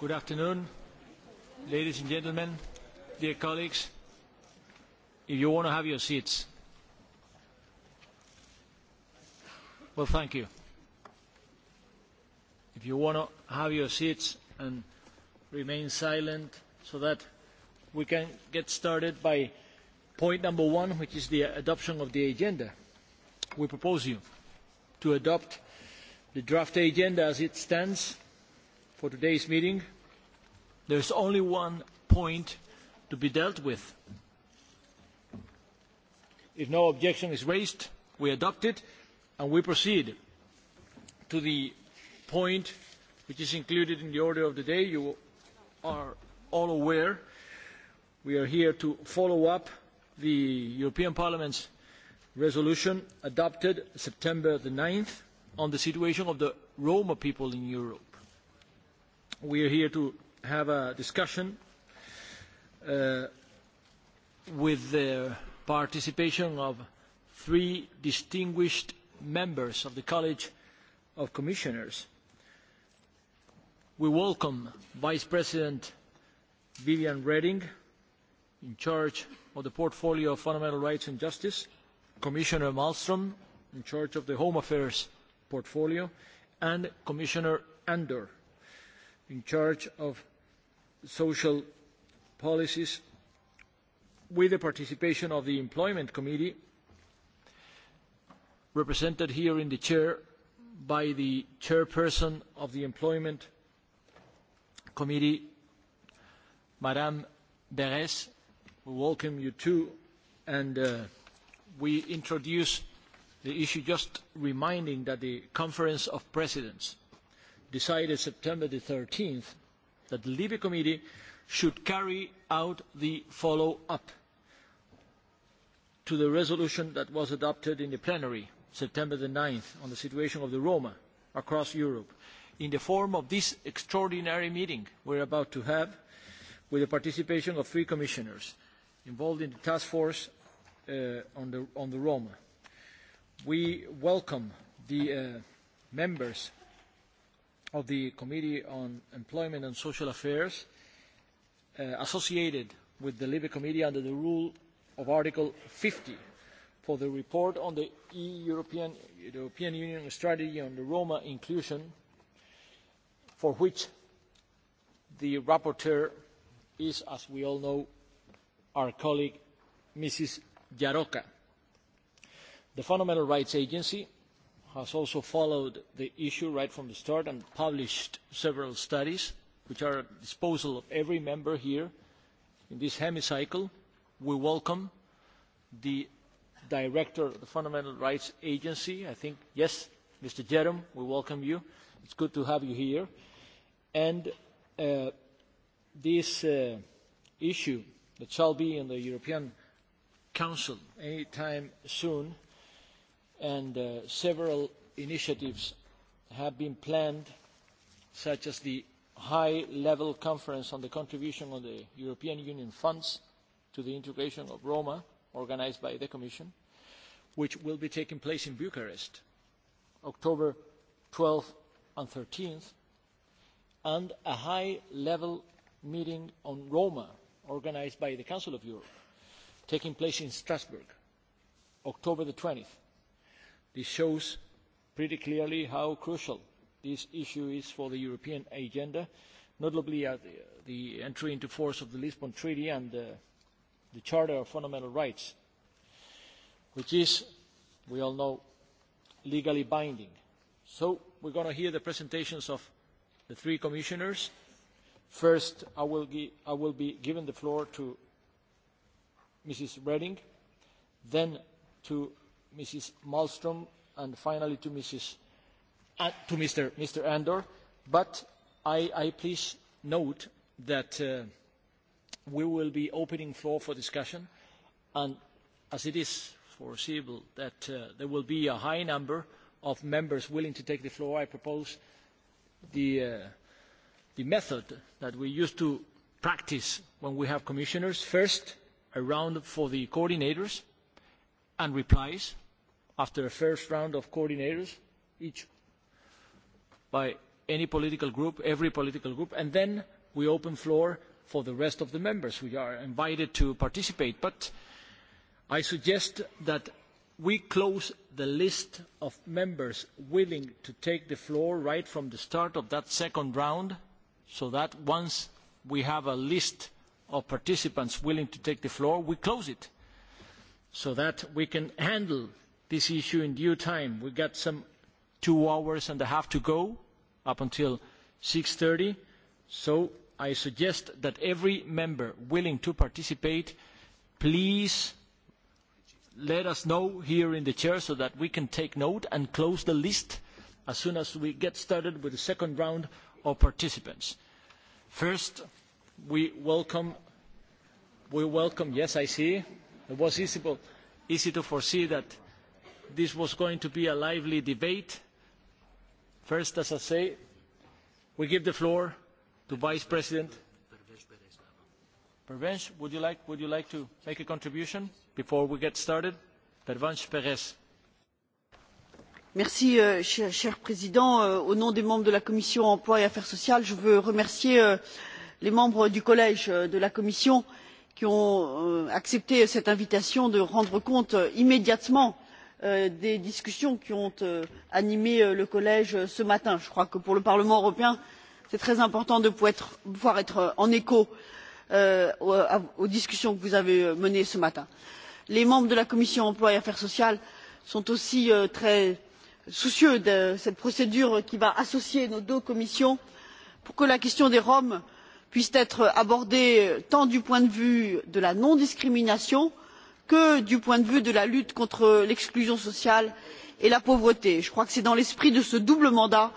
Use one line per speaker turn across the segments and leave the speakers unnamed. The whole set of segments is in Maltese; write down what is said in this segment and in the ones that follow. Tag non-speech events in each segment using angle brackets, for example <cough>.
Good afternoon, ladies and gentlemen, dear colleagues. If you want to have your seats. Well, thank you. If you want to have your seats and remain silent so that we can get started by point number one, which is the adoption of the agenda. We propose you to adopt the draft agenda as it stands for today's meeting. There is only one point to be dealt with. If no objection is raised, we adopt it and we proceed to the point which is included in the order of the day. You are all aware we are here to follow up the European Parliament's resolution adopted September the 9th on the situation of the Roma people in Europe we are here to have a discussion uh, with the participation of three distinguished members of the College of Commissioners. We welcome Vice President Vivian Reding, in charge of the portfolio of fundamental rights and justice, Commissioner Malmstrm, in charge of the Home Affairs portfolio, and Commissioner Andor, in charge of social policies with the participation of the Employment Committee, represented here in the chair by the chairperson of the Employment Committee, Madame Beres. We welcome you too, and uh, we introduce the issue just reminding that the Conference of Presidents – decided September the 13 that the Libe Committee should carry out the follow-up to the resolution that was adopted in the plenary September the 9th on the situation of the Roma across Europe in the form of this extraordinary meeting we are about to have with the participation of three commissioners involved in the task force uh, on, the, on the Roma. We welcome the uh, members of the Committee on Employment and Social Affairs uh, associated with the Libre Committee under the rule of Article 50 for the report on the European, European Union strategy on the Roma inclusion for which the rapporteur is, as we all know, our colleague Mrs. Jaroka. The Fundamental Rights Agency has also followed the issue right from the start and published several studies which are at the disposal of every member here in this hemicycle. We welcome the director of the Fundamental Rights Agency. I think, yes, Mr. Jerem, we welcome you. It's good to have you here. And uh, this uh, issue that shall be in the European Council any time soon – and uh, several initiatives have been planned, such as the high-level conference on the contribution of the European Union funds to the integration of Roma, organized by the Commission, which will be taking place in Bucharest, October 12th and 13th, and a high-level meeting on Roma, organized by the Council of Europe, taking place in Strasbourg, October the 20th This shows pretty clearly how crucial this issue is for the European agenda, notably at uh, the entry into force of the Lisbon Treaty and the, uh, the Charter of Fundamental Rights, which is, we all know, legally binding. So we're going to hear the presentations of the three commissioners. First, I will, I will be giving the floor to Mrs. Reding, then to Mrs. Malmstrom and finally to, Mrs., uh, to Mr. Mr. Andor. But I, I please note that uh, we will be opening floor for discussion and as it is foreseeable that uh, there will be a high number of members willing to take the floor, I propose the, uh, the method that we used to practice when we have commissioners. First, a round for the coordinators, and replies after a first round of coordinators each by any political group, every political group, and then we open floor for the rest of the members who are invited to participate. But I suggest that we close the list of members willing to take the floor right from the start of that second round, so that once we have a list of participants willing to take the floor, we close it so that we can handle this issue in due time. We've got some two hours and a half to go up until six thirty, so I suggest that every member willing to participate, please let us know here in the chair so that we can take note and close the list as soon as we get started with the second round of participants. First, we welcome, we welcome, yes, I see, It was easy, easy to foresee that this was going to be a lively debate. First, as I say, we give the floor to Vice President. Pervenche, would you like, would you like to make a contribution before we get started? Pervenche Perez.
Merci, euh, cher, cher Président. Euh, au nom des membres de la Commission emploi et affaires sociales, je veux remercier euh, les membres du Collège de la Commission qui ont euh, accepté cette invitation de rendre compte euh, immédiatement euh, des discussions qui ont animé le collège ce matin. je crois que pour le parlement européen il est très important de pouvoir être en écho aux discussions que vous avez menées ce matin. les membres de la commission de l'emploi et des affaires sociales sont aussi très soucieux de cette procédure qui va associer nos deux commissions pour que la question des roms puissent être abordées tant du point de vue de la non discrimination que du point de vue de la lutte contre l'exclusion sociale et la pauvreté. je crois que c'est dans l'esprit de ce double mandat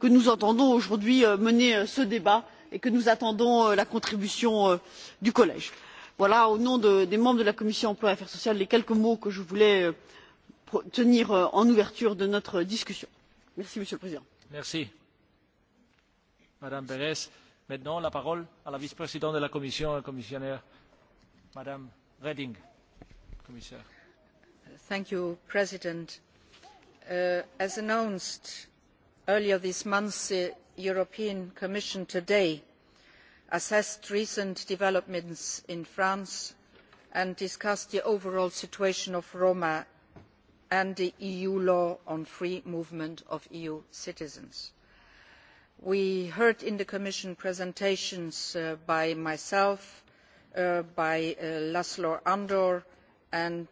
que nous entendons aujourd'hui euh, mener euh, ce débat et que nous attendons euh, la contribution du collège. voilà au nom des membres de la commission de l'emploi et des affaires sociales les quelques mots que je voulais tenir en ouverture de notre discussion. merci monsieur le président.
Madame Maintenant, la parole à la vice-présidente de la Commission, la commissionnaire, Madame Reding, commissaire.
Thank you, President. Uh, as announced earlier this month, the European Commission today assessed recent developments in France and discussed the overall situation of Roma and the EU law on free movement of EU citizens we heard in the commission presentations uh, by myself uh, by uh, lszl andor and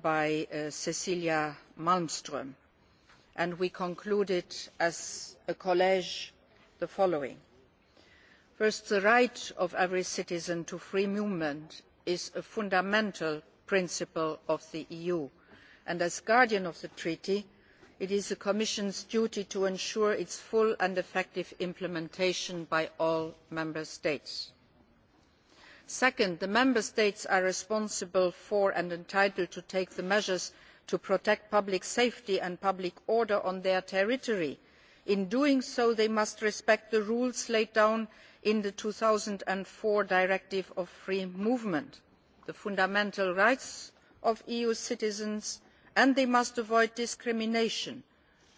by cecilia malmstrm and we concluded as a college the following first the right of every citizen to free movement is a fundamental principle of the eu and as guardian of the treaty it is the commission's duty to ensure its full and effective implementation by all member states. second the member states are responsible for and entitled to take the measures to protect public safety and public order on their territory. in doing so they must respect the rules laid down in the two thousand and four directive on free movement the fundamental rights of eu citizens and they must avoid discrimination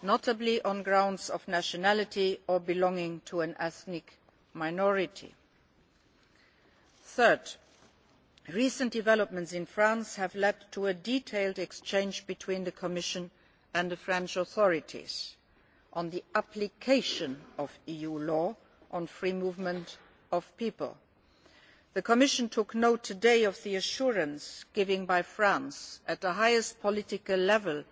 notably on grounds of nationality or belonging to an ethnic minority. third recent developments in france have led to a detailed exchange between the commission and the french authorities on the application of eu law on free movement of people the commission took note today of the assurance given by france at the highest political level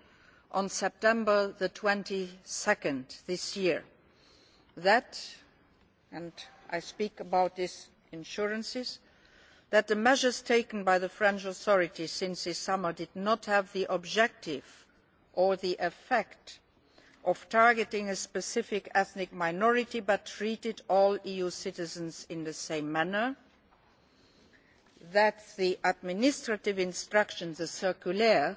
on september twenty two this year that and i speak about these assurances that the measures taken by the french authorities since this summer did not have the objective or the effect of targeting a specific ethnic minority but treated all eu citizens in the same manner that the administrative instruction the circulaire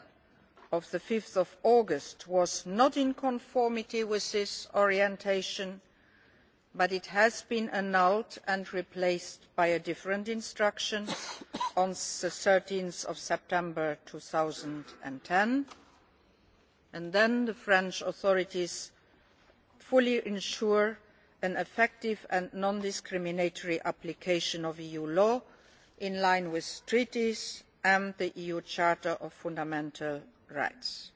of five august was not in conformity with this orientation but it has been annulled and replaced by a different instruction <coughs> on thirteen september two thousand and ten and then the french authorities fully ensure an effective and non discriminatory application of eu law in line with treaties and the eu charter of fundamental rights.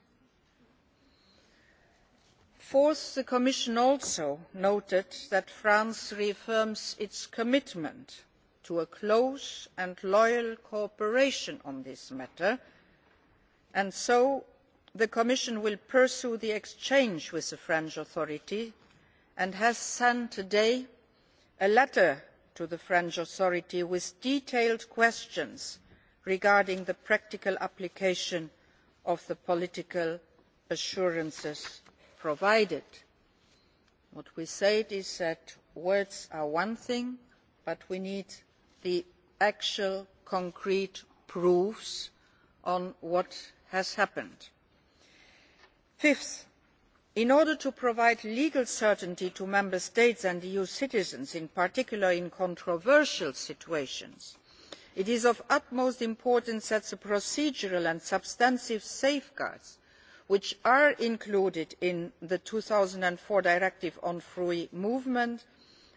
fourth the commission also noted that france reaffirms its commitment to a close and loyal cooperation on this matter and so the commission will pursue the exchange with the french authorities and has sent today a letter to the french authority with detailed questions regarding the practical application of the political assurances provided. what we said is that words are one thing but we need the actual concrete proofs on what has happened. fifth in order to provide legal certainty to member states and eu citizens in particular in controversial situations it is of utmost importance that the procedural and substantive safeguards which are included in the two thousand and four directive on free movement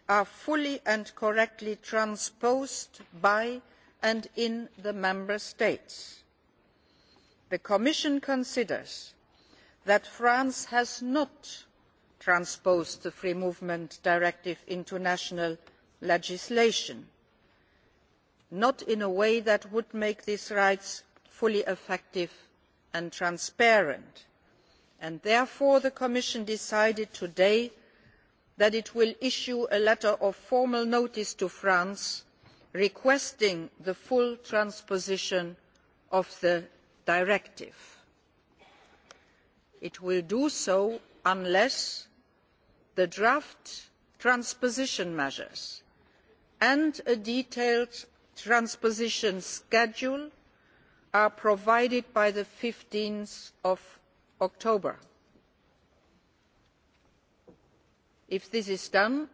are fully and correctly transposed by and in the member states. the commission considers that france has not transposed the free movement directive into national legislation not in a way that would make these rights fully effective and transparent and therefore the commission decided today that it will issue a letter of formal notice to france requesting the full transposition of the directive it will do so unless the draft transposition measures and a detailed transposition schedule are provided by fifteen october. if this is done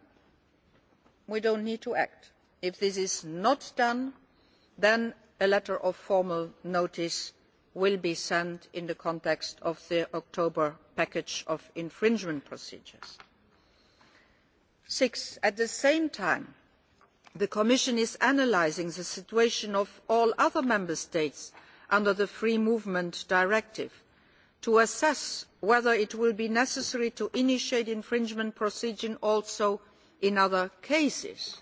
we do not need to act. if this is not done then a letter of formal notice will be sent in the context of the october package of infringement procedures. sixthly at the same time the commission is analysing the situation of all other member states under the free movement directive to assess whether it will be necessary to initiate infringement procedures also in other cases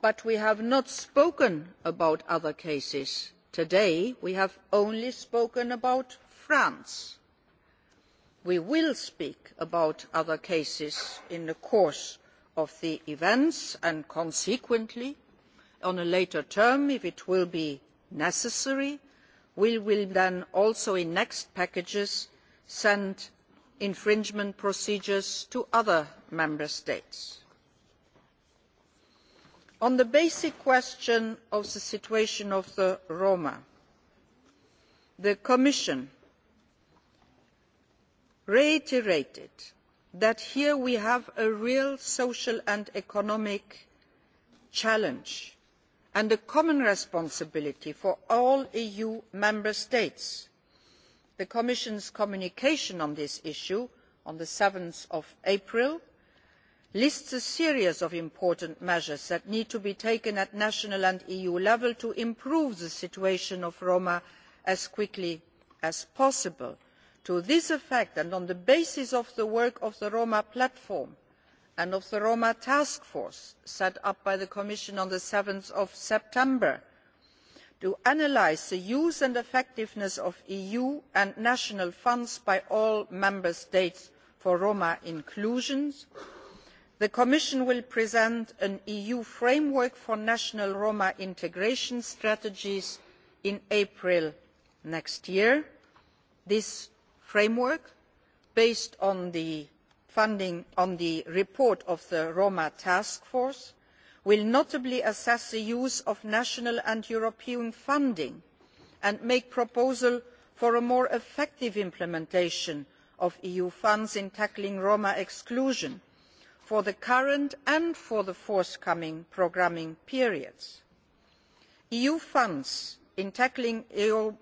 but we have not spoken about other cases today we have only spoken about france. we will speak about other cases in the course of the events and consequently at a later time if it will be necessary we will then also in next packages send infringement procedures to other member states on the basic question of the situation of the roma the commission reiterated that here we have a real social and economic challenge and a common responsibility for all eu member states. the commission's communication on this issue on seven april lists a series of important measures that need to be taken at national and eu level to improve the situation of roma as quickly as possible. to this effect and on the basis of the work of the roma platform and of the roma task force set up by the commission on seven september to analyse the use and effectiveness of eu and national funds by all member states for roma inclusion the commission will present an eu framework for national roma integration strategies in april next year. this framework based on the report of the roma task force will notably assess the use of national and european funding and make proposals for a more effective implementation of eu funds in tackling roma exclusion for the current and for the forthcoming programming periods. eu funds in tackling EU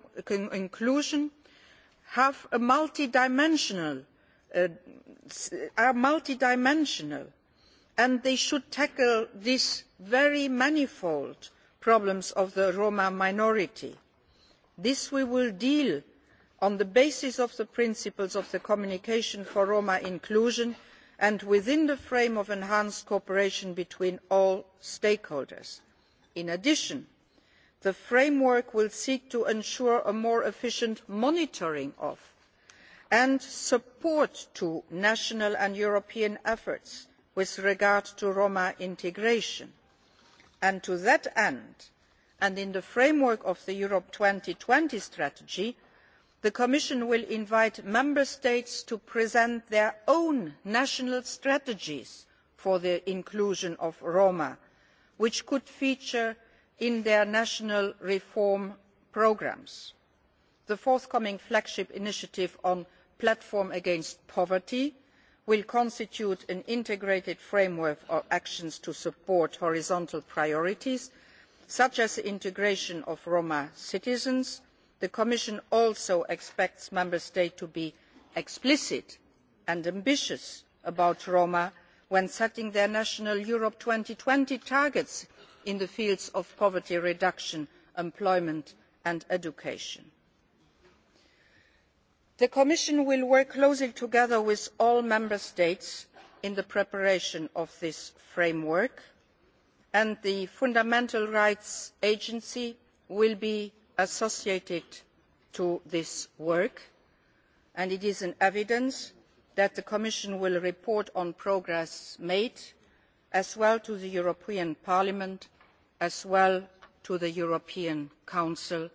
inclusion have a multi -dimensional, uh, are multidimensional and they should tackle these very manifold problems of the roma minority. this we will deal with on the basis of the principles of the communication for roma inclusion and within the frame of enhanced cooperation between all stakeholders. in addition the framework will seek to ensure a more efficient monitoring of and support to national and european efforts with regard to roma integration and to that end and in the framework of the europe two thousand and twenty strategy the commission will invite member states to present their own national strategies for the inclusion of roma which could feature in their national reform programmes the forthcoming flagship initiative on platform against poverty will constitute an integrated framework of actions to support horizontal priorities such as the integration of roma citizens the commission also expects member states to be explicit and ambitious about roma when setting their national europe two thousand and twenty targets in the fields of poverty reduction employment and education. the commission will work closely together with all member states in the preparation of this framework and the fundamental rights agency will be associated to this work and it is evident evidence that the commission will report on progress made as well to the european parliament as well as to the european council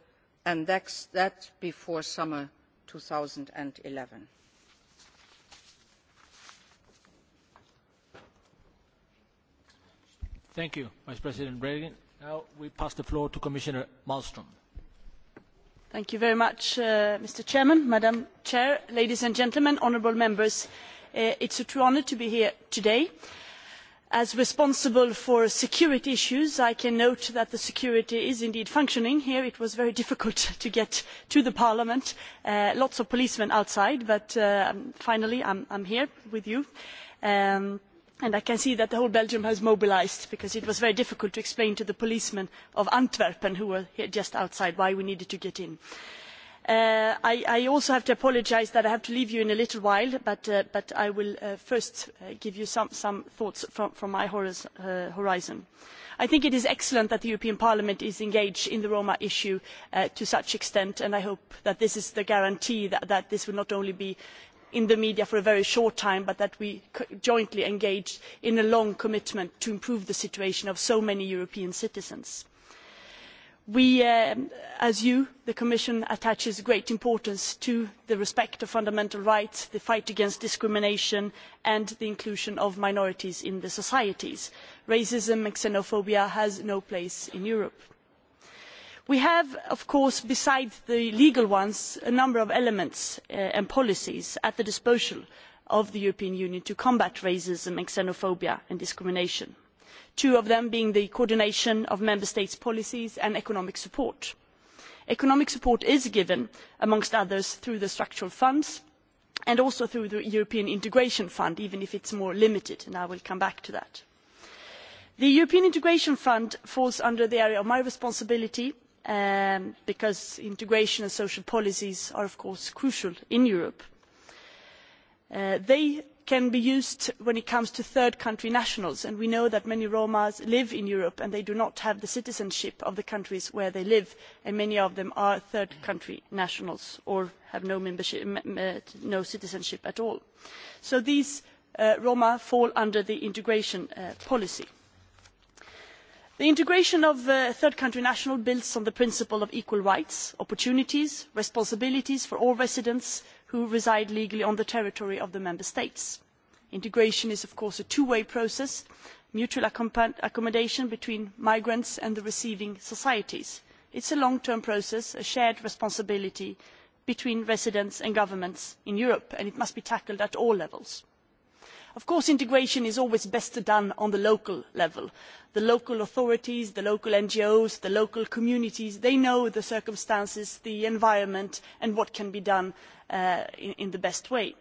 and that before summer. two thousand and eleven
thank you vice president reding. now we pass the floor to commissioner malmstrm.
Mr. Uh, President, Madam Chair, ladies and gentlemen, honourable members. Uh, it is a true honour to be here today. As responsible for security issues, I can note that the security is indeed functioning here. It was very <laughs> difficult to get to the Parliament. Uh, lots of policemen outside, but finally I am here with you. Um, And I can see that the whole Belgium has mobilised because it was very difficult to explain to the policemen of Antwerpen who were here just outside why we needed to get in. Uh, I, also have to apologise that I have to leave you in a little while, but, uh, I will uh, first give you some, thoughts from, my horizon. I think it is excellent that the European Parliament is engaged in the Roma issue to such an extent, and I hope that this is the guarantee that, that, this will not only be in the media for a very short time but that we jointly engaged in a long commitment to improve the situation of so many european citizens. we um, as you the commission attaches great importance to the respect of fundamental rights the fight against discrimination and the inclusion of minorities in societies. racism and xenophobia have no place in europe We have, of course, besides the legal ones, a number of elements uh, and policies at the disposal of the European Union to combat racism and xenophobia and discrimination, two of them being the coordination of Member States' policies and economic support. Economic support is given, amongst others, through the structural funds and also through the European Integration Fund, even if it is more limited, and I will come back to that. The European Integration Fund falls under the area of my responsibility, Um, because integration and social policies are of course crucial in Europe. Uh, they can be used when it comes to third country nationals and we know that many roma live in europe and they do not have the citizenship of the countries where they live and many of them are third country nationals or have no, uh, no citizenship at all. so these uh, roma fall under the integration policy the integration of uh, third country nationals builds on the principle of equal rights opportunities and responsibilities for all residents who reside legally on the territory of the member states. integration is of course a two way process mutual accommodation between migrants and the receiving societies. it is a long term process a shared responsibility between residents and governments in europe and it must be tackled at all levels of course integration is always best done at the local level the local authorities the local ngos the local communities they know the circumstances the environment and what can be done uh, in, the best way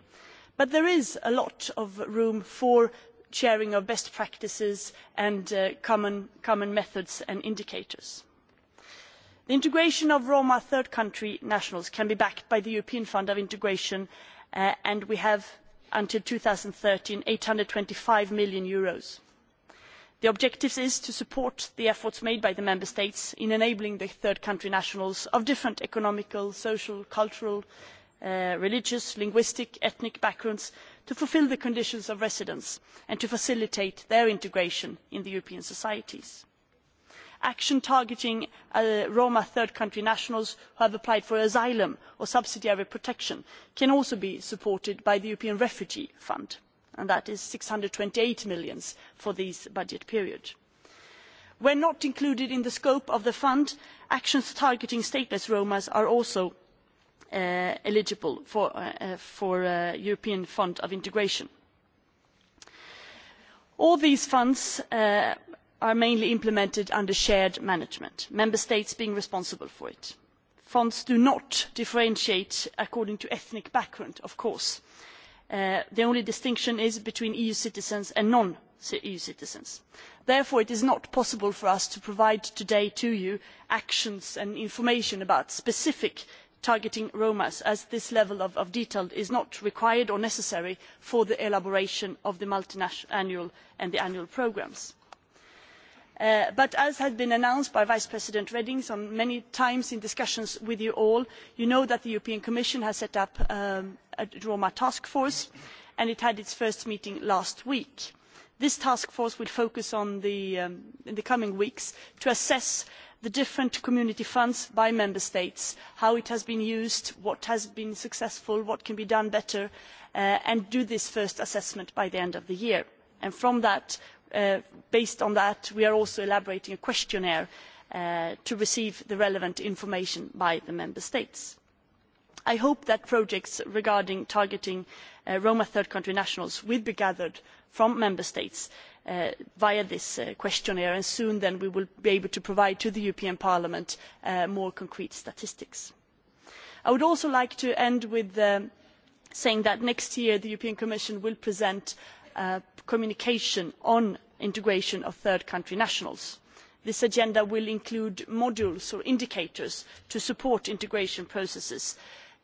but there is a lot of room for sharing of best practices and uh, common, common methods and indicators. The integration of Roma third country nationals can be backed by the European Fund of Integration uh, and we have until two thousand and thirteen eur eight hundred and twenty five million. the objective is to support the efforts made by the member states in enabling the third country nationals of different economic social cultural uh, religious linguistic and ethnic backgrounds to fulfil the conditions of residence and to facilitate their integration into european societies action targeting uh, roma third country nationals who have applied for asylum or subsidiary protection can also be supported by the european refugee fund and that is eur six hundred and twenty eight million for this budget period. when not included in the scope of the fund actions targeting stateless roma are also uh, eligible for the uh, european fund of integration. all these funds are mainly implemented under shared management, member states being responsible for it. Funds do not differentiate according to ethnic background, of course. Uh, the only distinction is between EU citizens and non-EU citizens. Therefore, it is not possible for us to provide today to you actions and information about specific targeting roma as this level of, of detail is not required or necessary for the elaboration of the multiannual and the annual programmes. Uh, but as has been announced by vice president reding many times in discussions with you all you know that the european commission has set up um, a roma task force and it had its first meeting last week. this task force will focus the, um, in the coming weeks on assessing the different community funds by member states how it has been used what has been successful what can be done better and uh, and do this first assessment by the end of the year from that Uh, based on that, we are also elaborating a questionnaire uh, to receive the relevant information by the member states. I hope that projects regarding targeting uh, Roma third country nationals will be gathered from member states via this questionnaire and soon then we will be able to provide to the European Parliament more concrete statistics. I would also like to end with um, saying that next year the European Commission will present Uh, communication on integration of third country nationals. this agenda will include modules or indicators to support integration processes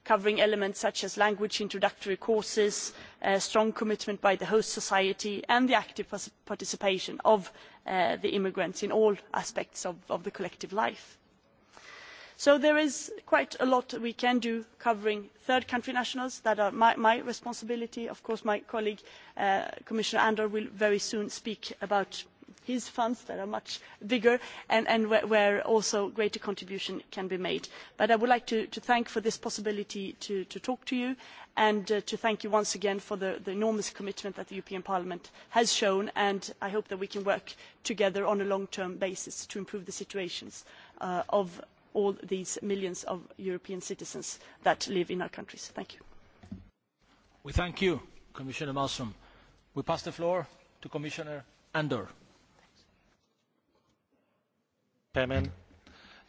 covering elements such as language introductory courses a uh, strong commitment by the host society and the active participation of uh, the immigrants in all aspects of, collective life so there is quite a lot we can do covering third country nationals that are my, responsibility of course my colleague uh, commissioner andor will very soon speak about his funds that are much bigger and, where, also greater contribution can be made. But I would like to, thank you for this possibility to, talk to you and uh, to thank you once again for the, enormous commitment that the European Parliament has shown and I hope that we can work together on a long-term basis to improve the situations uh, of all these millions of European citizens that live in our countries. Thank you.
We thank you, Commissioner Malmström. We pass the floor to Commissioner
Andor. Chairman,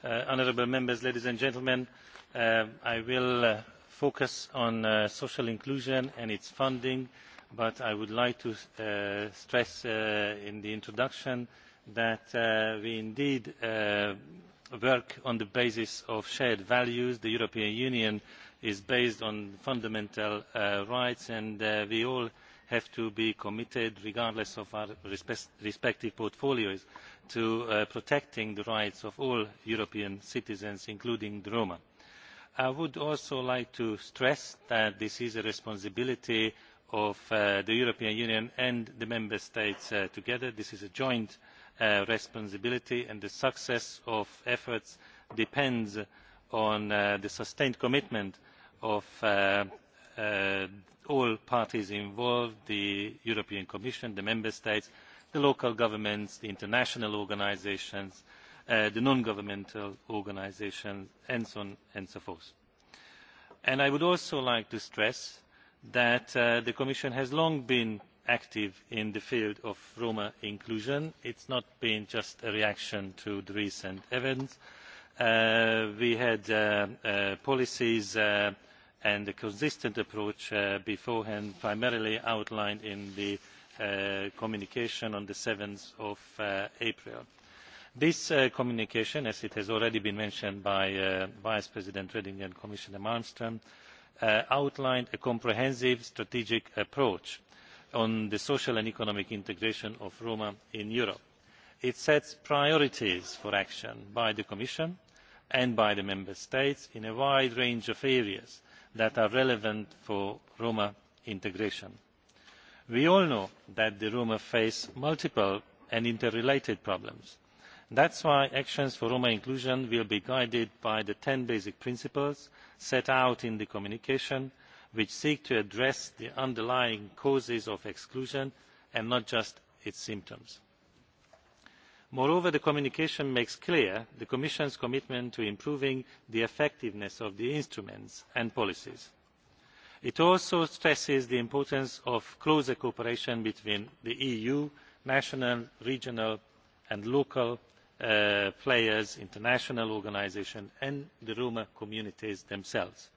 uh, honourable members, ladies and gentlemen, uh, I will uh, focus on uh, social inclusion and its funding, but I would like to uh, stress uh, in the introduction that uh, we indeed uh, work on the basis of shared values. the european union is based on fundamental uh, rights and uh, we all have to be committed regardless of our respective portfolios to uh, protecting the rights of all european citizens including the roma. i would also like to stress that this is a responsibility of the european union and the member states together. this is a joint Uh, responsibility and the success of efforts depends on uh, the sustained commitment of uh, all parties involved the european commission the member states the local governments the international organisations the non governmental organisations and so on and so forth. i would also like to stress that the commission has long been active in the field of roma inclusion. it has not been just a reaction to the recent events. Uh, we had uh, uh, policies and a consistent approach beforehand primarily outlined in the communication on seven april. this communication as has already been mentioned by vice president reding and commissioner malmstrm outlined a comprehensive strategic approach on the social and economic integration of roma in europe. it sets priorities for action by the commission and by the member states in a wide range of areas that are relevant for roma integration. we all know that the roma face multiple and interrelated problems. that is why actions for roma inclusion will be guided by the ten basic principles set out in the communication which seek to address the underlying causes of exclusion and not just its symptoms. moreover the communication makes clear the commission's commitment to improving the effectiveness of the instruments and policies. it also stresses the importance of closer cooperation between the eu national regional and local uh, players international organisations and the roma communities themselves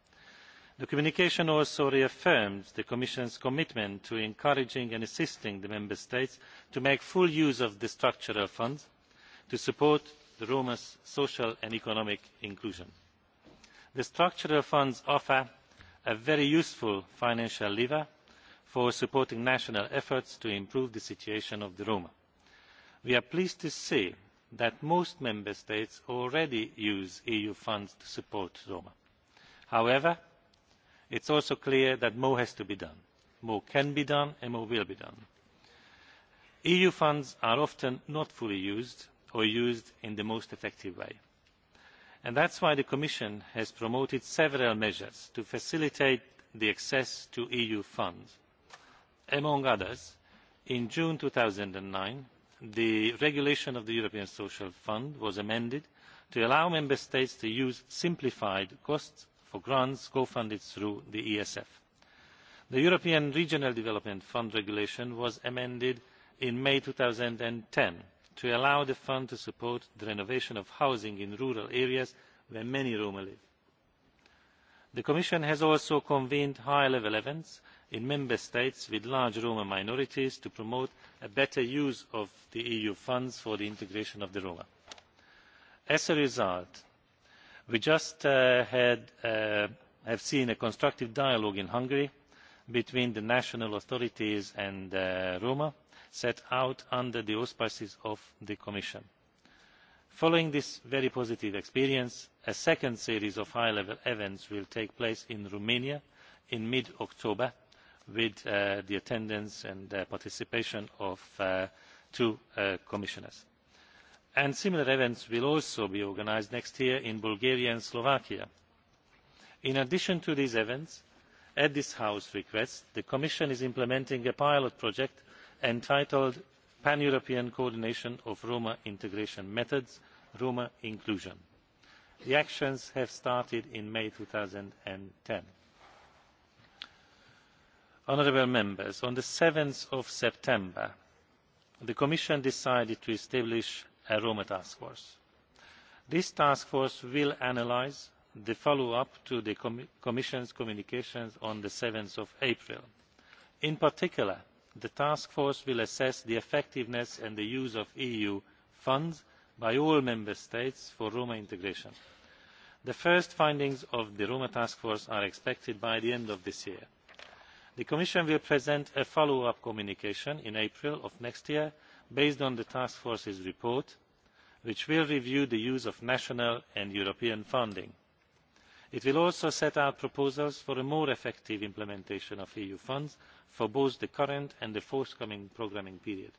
the communication also reaffirms the commission's commitment to encouraging and assisting the member states to make full use of the structural funds to support the roma's social and economic inclusion. the structural funds offer a very useful financial lever for supporting national efforts to improve the situation of the roma. we are pleased to see that most member states already use eu funds to support roma. however it is also clear that more has to be done more can be done and more will be done. eu funds are often not fully used or used in the most effective way and that is why the commission has promoted several measures to facilitate the access to eu funds. among others in june two thousand and nine the regulation of the european social fund was amended to allow member states to use simplified cost for grants co funded through the esf. the european regional development fund regulation was amended in may two thousand and ten to allow the fund to support the renovation of housing in rural areas where many roma live. the commission has also convened high level events in member states with large roma minorities to promote a better use of the eu funds for the integration of the roma. as a result we just uh, uh, have seen a constructive dialogue in hungary between the national authorities and uh, roma set out under the auspices of the commission. following this very positive experience a second series of high level events will take place in romania in mid october with the attendance and participation of two commissioners and similar events will also be organised next year in bulgaria and slovakia. in addition to these events at this house's request the commission is implementing a pilot project entitled pan european coordination of roma integration methods roma inclusion. the actions have started in may. two thousand and ten honourable members on seven september the commission decided to establish a roma task force. this task force will analyse the follow up to the commission's communications on seven april. in particular the task force will assess the effectiveness and the use of eu funds by all member states for roma integration. the first findings of the roma task force are expected by the end of this year. the commission will present a follow up communication in april of next year based on the task force's report which will review the use of national and european funding. it will also set out proposals for a more effective implementation of eu funds for both the current and the forthcoming programming period.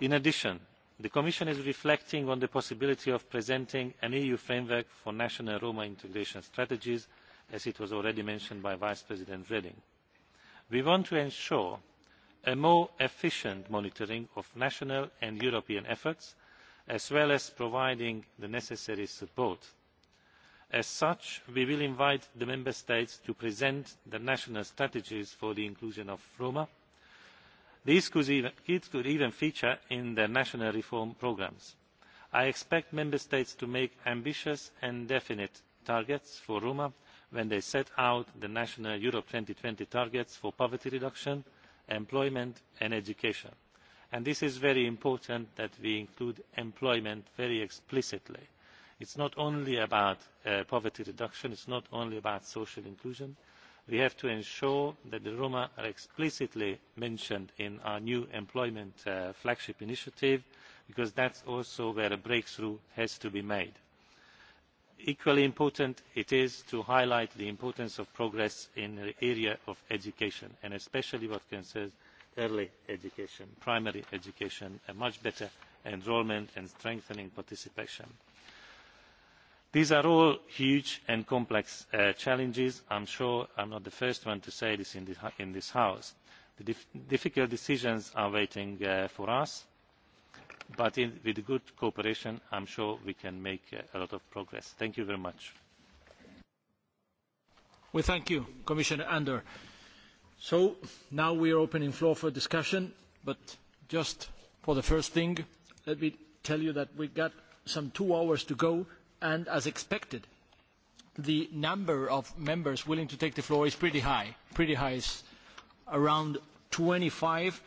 in addition the commission is reflecting on the possibility of presenting an eu framework for national roma integration strategies as was already mentioned by vice president reding. we want to ensure a more efficient monitoring of national and european efforts as well as providing the necessary support. as such we will invite the member states to present the national strategies for the inclusion of roma. these could even feature in their national reform programmes. i expect member states to make ambitious and definite targets for roma when they set out the national europe two thousand and twenty targets for poverty reduction employment and education. And this is very important that we include employment very explicitly. It is not only about uh, poverty reduction, it is not only about social inclusion. We have to ensure that the Roma are explicitly mentioned in our new employment uh, flagship initiative because that is also where a breakthrough has to be made equally important it is to highlight the importance of progress in the area of education and especially what concerns early education primary education and much better enrolment and strengthening participation. these are all huge and complex uh, challenges i am sure i am not the first one to say this in this, house. the difficult decisions are waiting uh, for us but in, with good cooperation i am sure we can make uh, a lot of progress. thank you very much.
we thank you commissioner andor. so now we are opening the floor for discussion but just for the first thing let me tell you that we have some two hours to go and as expected the number of members willing to take the floor is pretty high. pretty high is around twenty five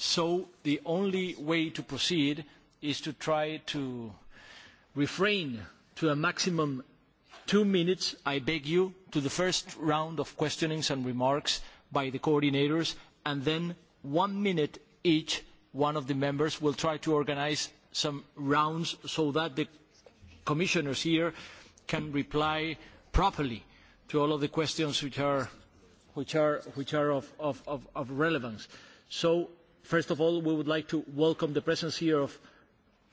So the only way to proceed is to try to refrain to a maximum two minutes, I beg you, to the first round of questionings and remarks by the coordinators, and then one minute each one of the members will try to organise some rounds so that the commissioners here can reply properly to all of the questions which are, which are, which are of, of, of relevance. So First of all, we would like to welcome the presence here of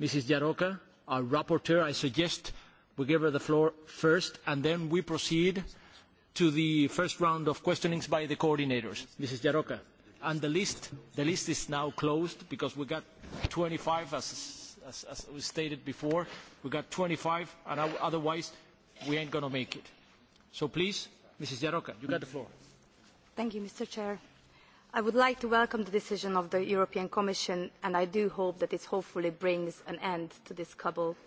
Mrs. Jaroka, our rapporteur. I suggest we give her the floor first, and then we proceed to the first round of questionings by the coordinators. Mrs. Jaroka, and the list, the list is now closed because we got 25, as, as, as we stated before. We got 25, and otherwise we ain't going to make it. So please, Mrs. Jaroka, you got the floor.
Thank you, Mr. Chair. I would like to welcome the decision of the European Commission and I do hope that it hopefully brings an end to this couple.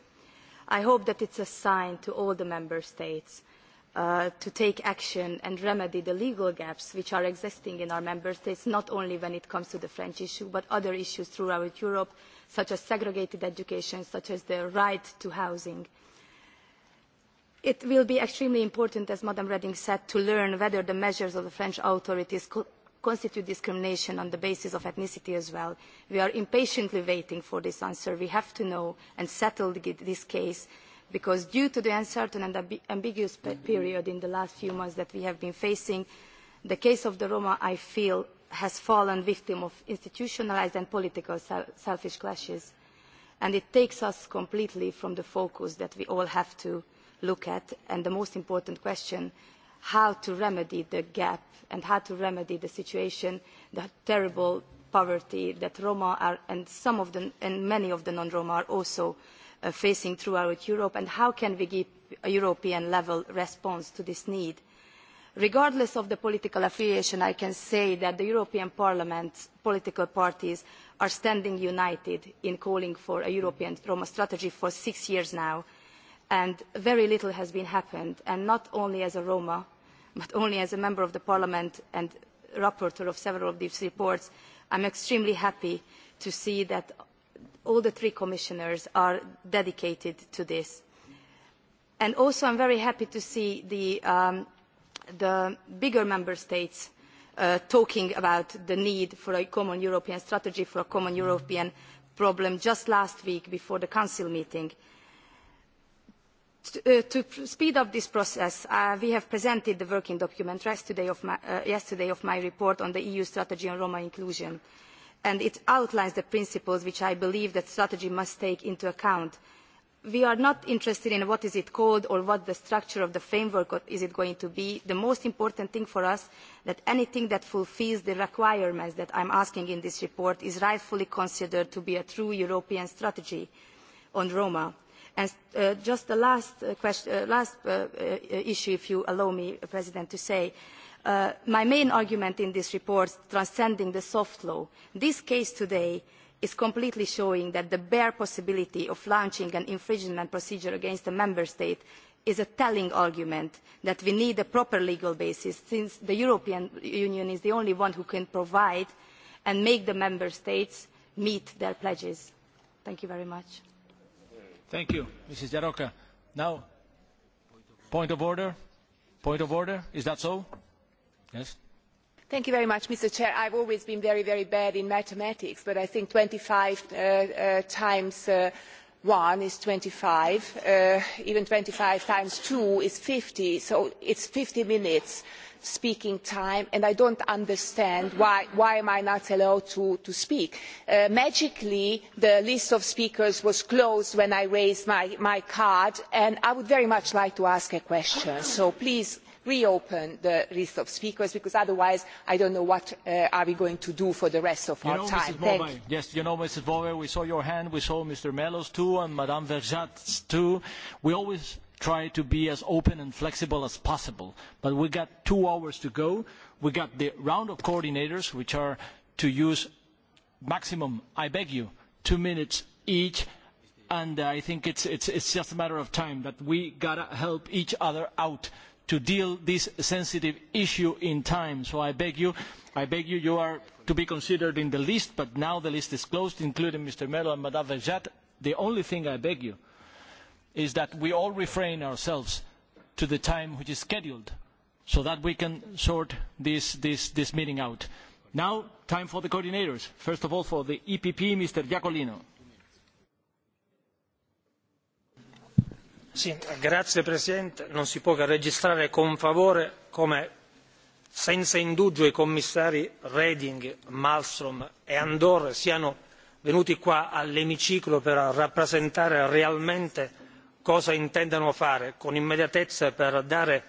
I hope that it is a sign to all the Member States uh, to take action and remedy the legal gaps which are existing in our Member States, not only when it comes to the French issue, but other issues throughout Europe, such as segregated education, such as the right to housing. It will be extremely important, as Madam Reding said, to learn whether the measures of the French authorities constitute discrimination on the basis of ethnicity as well. We are impatiently waiting for this answer. We have to know and settle this case because due to the uncertain and ambiguous period in the last few months that we have been facing, the case of the Roma, I feel, has fallen victim of institutionalised and political selfish clashes. And it takes us completely from the focus that we all have to look at. And the most important question how to remedy the gap and how to remedy the situation, the terrible poverty that Roma are, and some of the, and many of the non-Roma are also uh, facing throughout Europe, and how can we give a European level response to this need? Regardless of the political affiliation, I can say that the European Parliament's political parties are standing united in calling for a European Roma strategy for six years now and very little has been happened, and not only as a Roma, but only as a member of the parliament and rapporteur of several of these reports, I am extremely happy to see that all the three commissioners are dedicated to this. And also I am very happy to see the, um, the bigger member states uh, talking about the need for a common European strategy, for a common European problem just last week before the council meeting. To, uh, to speed up this process, uh, we have presented the working document yesterday of, my, uh, yesterday of my report on the EU strategy on Roma inclusion. And it outlines the principles which I believe that strategy must take into account. We are not interested in what is it called or what the structure of the framework is it going to be. The most important thing for us is that anything that fulfils the requirements that I am asking in this report is rightfully considered to be a true European strategy on Roma And uh, just the last, uh, question, uh, last uh, uh, issue, if you allow me, uh, President, to say, uh, my main argument in this report, transcending the soft law, this case today is completely showing that the bare possibility of launching an infringement procedure against a member state is a telling argument that we need a proper legal basis since the European Union is the only one who can provide and make the member states meet their pledges. Thank you very much.
Thank you, Mrs. Jaroka. Now, point of order. Point of order. Is that so? Yes.
Thank you very much, Mr. Chair. I've always been very, very bad in mathematics, but I think 25 uh, uh, times. Uh, one is twenty five, uh, even twenty five times two is fifty, so it's fifty minutes speaking time and I don't understand why, why am I not allowed to, to speak. Uh, magically, the list of speakers was closed when I raised my, my card and I would very much like to ask a question. So please reopen the list of speakers because otherwise I don't know what we uh, are we going to do for the rest of our time. Mrs. Thank you.
Yes, you know, Mrs. Bowe, we saw your hand, we saw Mr. Melo's too, and Ms Verjat's too. We always try to be as open and flexible as possible, but we have two hours to go. We got the round of coordinators, which are to use maximum, I beg you, two minutes each and I think it's, it's, it's just a matter of time that we gotta help each other out to deal with this sensitive issue in time. So I beg you, I beg you, you are to be considered in the list, but now the list is closed, including Mr. Melo and Madame Verjat. The only thing I beg you is that we all refrain ourselves to the time which is scheduled so that we can sort this, this, this meeting out. Now, time for the coordinators. First of all, for the EPP, Mr. Iacolino.
Signor Presidente, non si può che registrare con favore come senza indugio i commissari Reding, malmstrm e Andor siano venuti qua all'emiciclo per rappresentare realmente cosa intendano fare con immediatezza per dare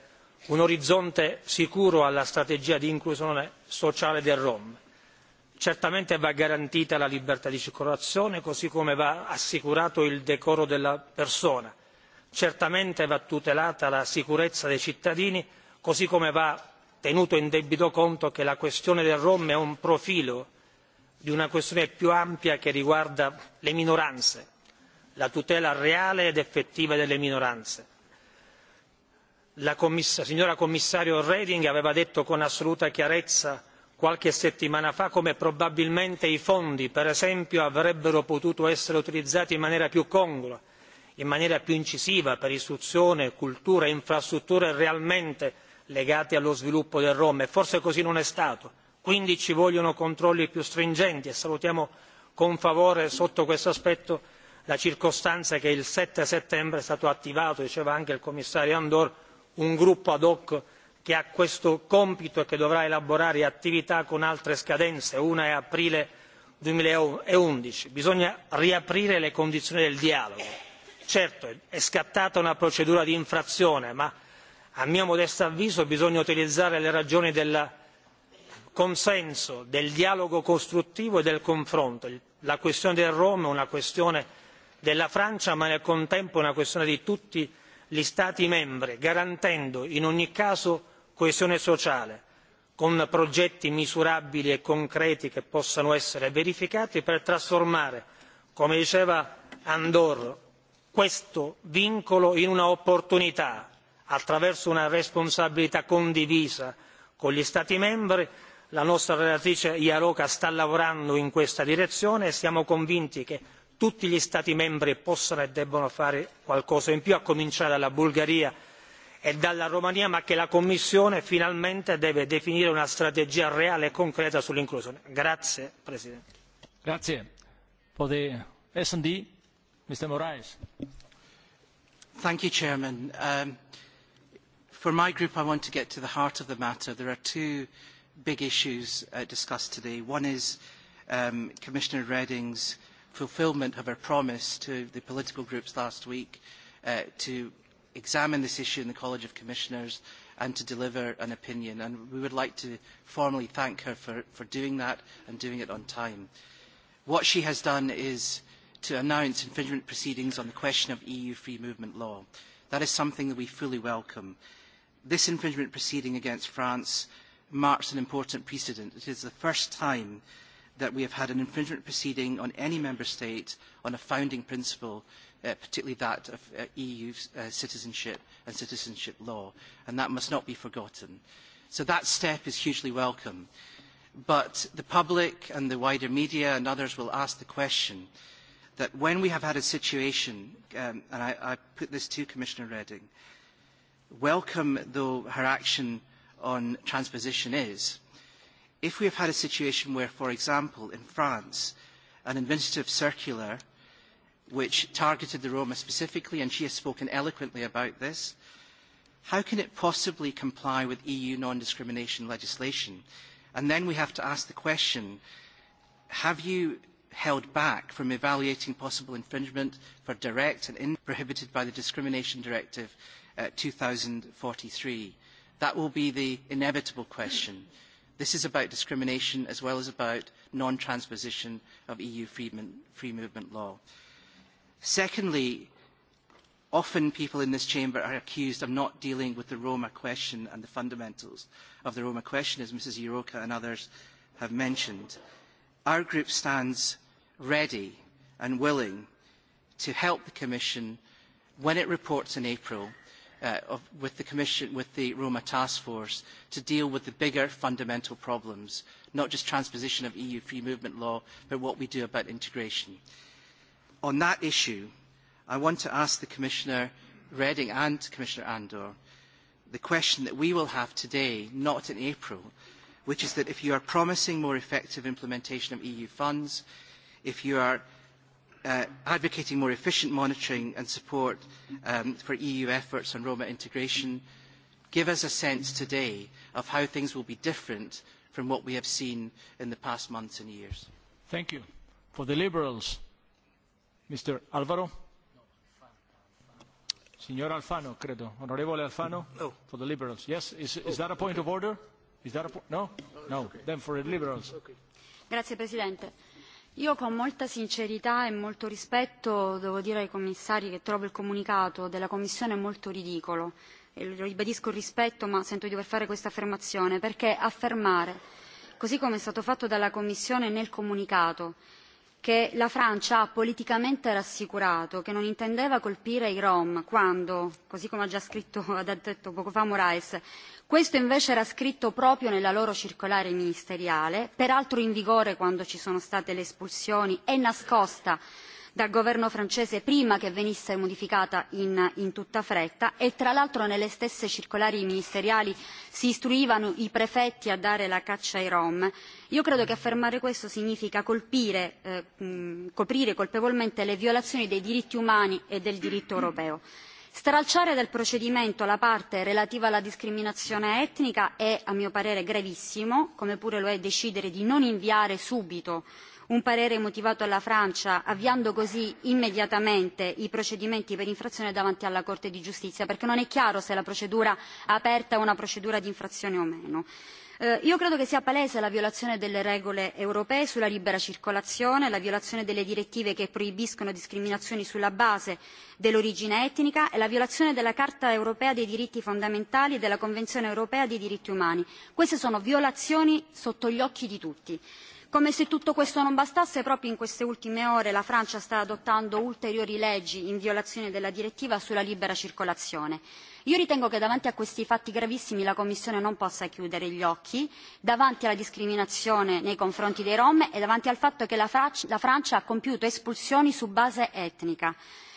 un orizzonte sicuro alla strategia di inclusione sociale del Rom. Certamente va garantita la libertà di circolazione, così come va assicurato il decoro della persona Certamente va tutelata la sicurezza dei cittadini, così come va tenuto in debito conto che la questione del Rom è un profilo di una questione più ampia che riguarda le minoranze, la tutela reale ed effettiva delle minoranze. La signora commissario Reding aveva detto con assoluta chiarezza qualche settimana fa come probabilmente i fondi, per esempio, avrebbero potuto essere utilizzati in maniera più congrua in maniera più incisiva per istruzione, cultura e infrastrutture realmente legate allo sviluppo del Rom e forse così non è stato. Quindi ci vogliono controlli più stringenti e salutiamo con favore sotto questo aspetto la circostanza che il sette settembre è stato attivato, diceva anche il commissario Andor, un gruppo ad hoc che ha questo compito e che dovrà elaborare attività con altre scadenze, una è aprile duemilaundici. Bisogna riaprire le condizioni del dialogo Certo, è scattata una procedura di infrazione, ma a mio modesto avviso bisogna utilizzare le ragioni del consenso, del dialogo costruttivo e del confronto. La questione del Rom è una questione della Francia, ma nel contempo è una questione di tutti gli Stati membri, garantendo in ogni caso coesione sociale, con progetti misurabili e concreti che possano essere verificati per trasformare, come diceva Andor, questo vincolo in un'opportunità attraverso una responsabilità condivisa con gli Stati membri. La nostra relatrice jrka sta lavorando in questa direzione e siamo convinti che tutti gli Stati membri possano e debbano fare qualcosa in più, a cominciare dalla Bulgaria e dalla Romania, ma che la Commissione finalmente deve definire una strategia reale e concreta sull'inclusione. Grazie Presidente.
Mr. Moraes. Thank you, Chairman. Um,
for my group, I want to get to the heart of the matter. There are two big issues uh, discussed today. One is um, Commissioner Reding's fulfilment of her promise to the political groups last week uh, to examine this issue in the College of Commissioners and to deliver an opinion. And we would like to formally thank her for, for doing that and doing it on time. What she has done is to announce infringement proceedings on the question of EU free movement law. That is something that we fully welcome. This infringement proceeding against France marks an important precedent. It is the first time that we have had an infringement proceeding on any member state on a founding principle, uh, particularly that of uh, EU uh, citizenship and citizenship law, and that must not be forgotten. So that step is hugely welcome. But the public and the wider media and others will ask the question, uh, that when we have had a situation, um, and I, I put this to Commissioner Reding, welcome though her action on transposition is, if we have had a situation where, for example, in France, an administrative circular which targeted the Roma specifically, and she has spoken eloquently about this, how can it possibly comply with EU non-discrimination legislation? And then we have to ask the question, have you held back from evaluating possible infringement for direct and in prohibited by the Discrimination Directive uh, 2043. That will be the inevitable question. This is about discrimination as well as about non-transposition of EU free, movement law. Secondly, often people in this chamber are accused of not dealing with the Roma question and the fundamentals of the Roma question, as Mrs. Iroka and others have mentioned. Our group stands ready and willing to help the Commission when it reports in April uh, of, with the Commission, with the Roma Task Force, to deal with the bigger fundamental problems, not just transposition of EU free movement law, but what we do about integration. On that issue, I want to ask the Commissioner Reding and Commissioner Andor the question that we will have today, not in April, which is that if you are promising more effective implementation of EU funds, if you are uh, advocating more efficient monitoring and support um, for EU efforts on Roma integration, give us a sense today of how things will be different from what we have seen in the past months and years.
Thank you. For the Liberals, Mr. Alvaro. Signor Alfano, credo. Onorevole Alfano, oh. for the Liberals. Yes, is, is that a point of order?
Grazie Presidente. Io con molta sincerità e molto rispetto devo dire ai commissari che trovo il comunicato della Commissione molto ridicolo. E lo ribadisco il rispetto ma sento di dover fare questa affermazione perché affermare, così come è stato fatto dalla Commissione nel comunicato, che la Francia ha politicamente rassicurato che non intendeva colpire i Rom quando, così come ha già scritto, <laughs> ha detto poco fa Moraes, questo invece era scritto proprio nella loro circolare ministeriale, peraltro in vigore quando ci sono state le espulsioni e nascosta dal governo francese prima che venisse modificata in, in tutta fretta e tra l'altro nelle stesse circolari ministeriali si istruivano i prefetti a dare la caccia ai rom. Io credo che affermare questo significa colpire, eh, coprire colpevolmente le violazioni dei diritti umani e del diritto europeo. Stralciare dal procedimento la parte relativa alla discriminazione etnica è, a mio parere, gravissimo, come pure lo è decidere di non inviare subito un parere motivato alla Francia, avviando così immediatamente i procedimenti per infrazione davanti alla Corte di giustizia, perché non è chiaro se la procedura aperta è una procedura di infrazione o meno. Eh, io credo che sia palese la violazione delle regole europee sulla libera circolazione, la violazione delle direttive che proibiscono discriminazioni sulla base dell'origine etnica e la violazione della Carta europea dei diritti fondamentali e della Convenzione europea dei diritti umani. Queste sono violazioni sotto gli occhi di tutti. Come se tutto questo non bastasse, proprio in queste ultime ore la Francia sta adottando ulteriori leggi in violazione della direttiva sulla libera circolazione. Io ritengo che davanti a questi fatti gravissimi la Commissione non possa chiudere gli occhi, davanti alla discriminazione nei confronti dei Rom e davanti al fatto che la, Francia, la Francia ha compiuto espulsioni su base etnica.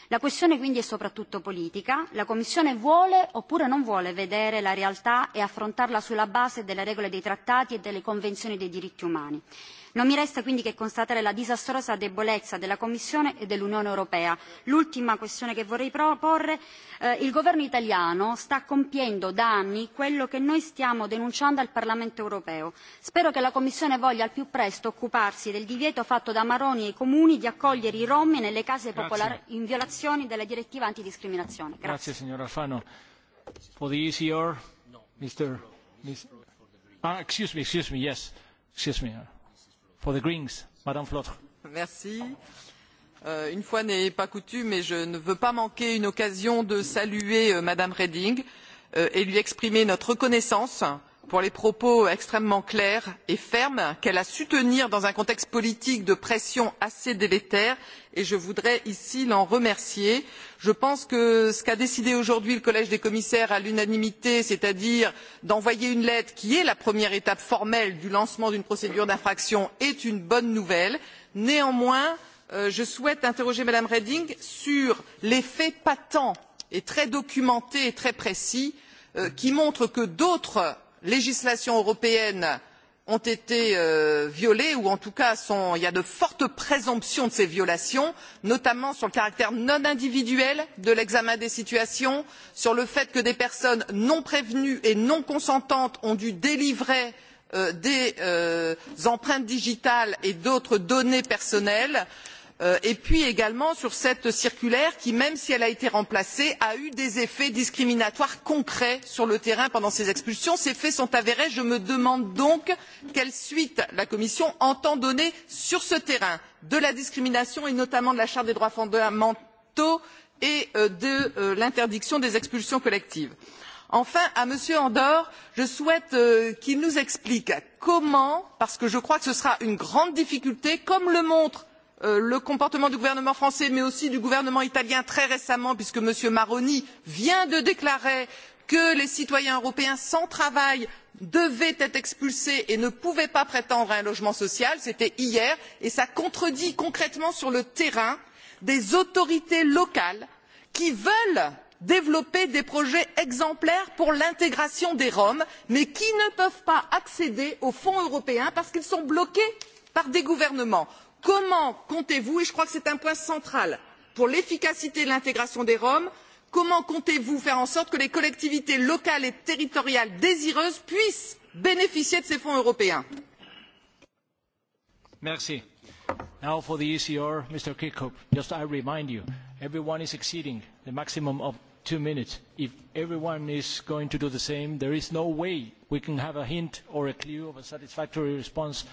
La questione quindi è soprattutto politica. La Commissione vuole oppure non vuole vedere la realtà e affrontarla sulla base delle regole dei trattati e delle convenzioni dei diritti umani. Non mi resta quindi che constatare la disastrosa debolezza della Commissione e dell'Unione Europea. L'ultima questione che vorrei proporre, eh, il governo italiano sta compiendo da anni quello che noi stiamo denunciando al Parlamento Europeo. Spero che la Commissione voglia al più presto occuparsi del divieto fatto da Maroni ai comuni di accogliere i Rom nelle case popolari in violazione della direttiva antidiscriminazione. Grazie.
Grazie Alfano. For the ECR, Mr. ah, excuse me, excuse me, yes, excuse me. Uh, for the Greens, Madame Flotre.
Merci. Euh, une fois n'est pas coutume mais je ne veux pas manquer une occasion de saluer euh, Madame Reding euh, et lui exprimer notre reconnaissance euh, pour les propos extrêmement clairs et fermes qu'elle a su tenir dans un contexte politique de pression assez délétère et je voudrais ici l'en remercier. je pense que ce qu'a décidé aujourd'hui le collège des commissaires à l'unanimité c'est à dire d'envoyer une lettre qui est la première étape formelle du lancement d'une procédure d'infraction est une bonne nouvelle. néanmoins euh, je souhaite interroger mme reding sur les faits patents et très documentés et très précis euh, qui montrent que d'autres législations européennes ont été euh, violées ou en tout cas sont, il y a de fortes présomptions de ces violations, notamment sur le caractère non individuel de l'examen des situations, sur le fait que des personnes non prévenues et non consentantes ont dû délivrer euh, des euh, empreintes digitales et d'autres données personnelles. Euh, et puis également sur cette circulaire qui même si elle a été remplacée a eu des effets discriminatoires concrets sur le terrain pendant ces expulsions. ces faits sont avérés je me demande donc quelle suite la commission entend donner sur ce terrain de la discrimination et notamment de la charte des droits fondamentaux et euh, de euh, l'interdiction des expulsions collectives. enfin à m. andor je souhaite qu'il nous explique comment parce que je crois que ce sera une grande difficulté comme le montrent Euh, le comportement du gouvernement français mais aussi du gouvernement italien très récemment puisque m. maroni vient de déclarer que les citoyens européens sans travail devaient être expulsés et ne pouvaient pas prétendre à un logement social c'était hier et cela contredit concrètement sur le terrain des autorités locales qui veulent développer des projets exemplaires pour l'intégration des roms mais qui ne peuvent pas accéder aux fonds européens parce qu'ils sont bloqués par des gouvernements comment comptez vous et je crois que c'est un point central pour l'efficacité de l'intégration des roms comment comptez vous faire en sorte que les collectivités locales et territoriales désireuses puissent bénéficier de ces fonds européens?
Merci. Now for the ECR, Mr. Kirkhope, just I remind you, everyone is exceeding the maximum of two minutes. If everyone is going to do the same, there is no way we can have a hint or a clue of a satisfactory response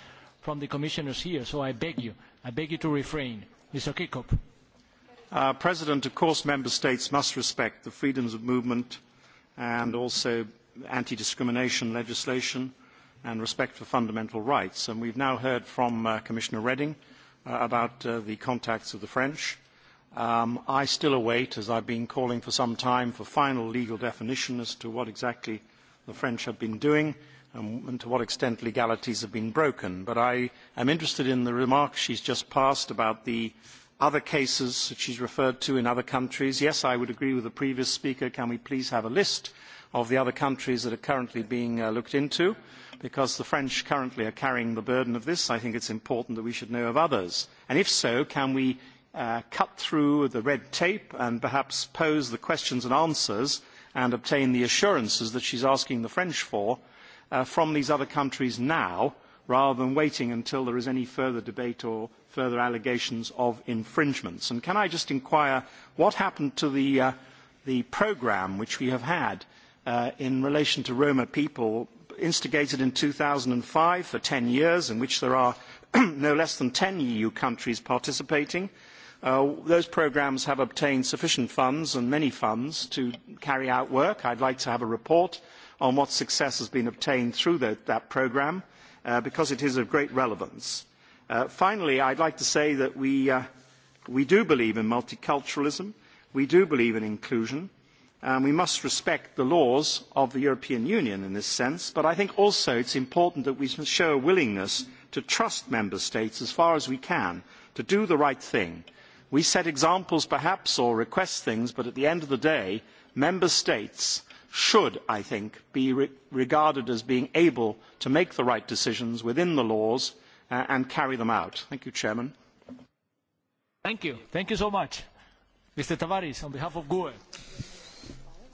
from the commissioners here, so I beg you, I beg you to refrain. Mr. Kirkhope.
Uh, President, of course, member states must respect the freedoms of movement and also anti-discrimination legislation and respect for fundamental rights. And we've now heard from uh, Commissioner Reding uh, about uh, the contacts of the French. Um, I still await, as I've been calling for some time, for final legal definition as to what exactly the French have been doing. Um, and, to what extent legalities have been broken. But I am interested in the she she's just passed about the other cases that she's referred to in other countries. Yes, I would agree with the previous speaker. Can we please have a list of the other countries that are currently being uh, looked into? Because the French currently are carrying the burden of this, I think it's important that we should know of others. And if so, can we uh, cut through the red tape and perhaps pose the questions and answers and obtain the assurances that she's asking the French for uh, from these other countries now rather than waiting until there is any further debate or further allegations of infringements. And can I just inquire what happened to the, uh, the programme which we have had uh, in relation to Roma people instigated in two thousand five for ten years in which there are <clears throat> no less than ten EU countries participating. Uh, those programmes have obtained sufficient funds and many funds to carry out work. I would like to have a report on what success has been obtained through the, that programme uh, because it is of great relevance. Uh, finally, I would like to say that we, uh, we, do believe in multiculturalism, we do believe in inclusion, and we must respect the laws of the European Union in this sense, but I think also it is important that we show a willingness to trust member states as far as we can to do the right thing. We set examples perhaps or request things, but at the end of the day, member states should, I think, be regarded as being able to make the right decisions within the laws uh, and carry them out. Thank you, Chairman.
Thank you. Thank you so much. Mr. Tavares, on behalf of GUE.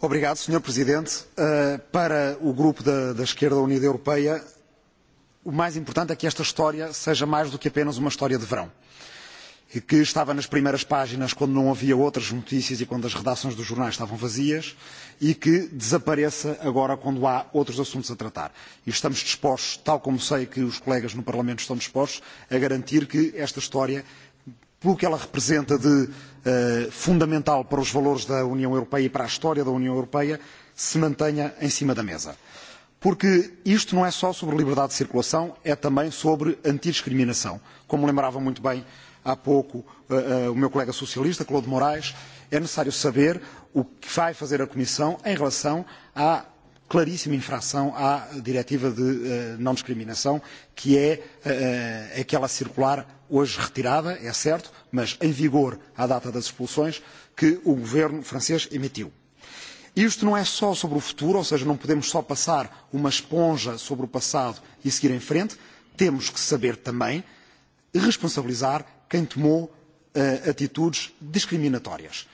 Obrigado, Presidente. Uh, para o grupo da, da Esquerda Unida Europeia, o mais importante é que esta história seja mais do que apenas uma história de verão. Uh, e que estava nas primeiras páginas quando não havia outras notícias e quando as redações dos jornais estavam vazias e que desapareça agora quando há outros assuntos a tratar. E estamos dispostos, tal como sei que os colegas no Parlamento estão dispostos, a garantir que esta história pelo que ela representa de uh, fundamental para os valores da União Europeia e para a história da União Europeia, se mantenha em cima da mesa. Porque isto não é só sobre liberdade de circulação, é também sobre antidiscriminação, como lembrava muito bem há pouco uh, o meu colega socialista, Claude Moraes, é necessário saber o que vai fazer a Comissão em relação à claríssima infração à diretiva de uh, eh, não discriminação, que é uh, aquela circular hoje retirada, é certo, mas em vigor à data das expulsões, que o governo francês emitiu. Isto não é só sobre o futuro, ou seja, não podemos só passar uma esponja sobre o passado e seguir em frente, temos que saber também responsabilizar quem tomou uh, atitudes discriminatórias.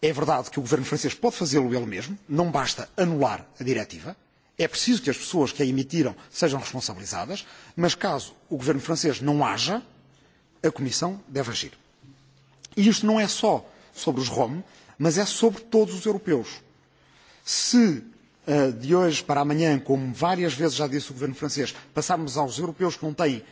É verdade que o governo francês pode fazê-lo ele mesmo, não basta anular a diretiva, é preciso que as pessoas que a emitiram sejam responsabilizadas, mas caso o governo francês não haja, a Comissão deve agir. E isto não é só sobre os ROM, mas é sobre todos os europeus. Se eh, de hoje para amanhã, como várias vezes já disse o governo francês, passarmos aos europeus que não têm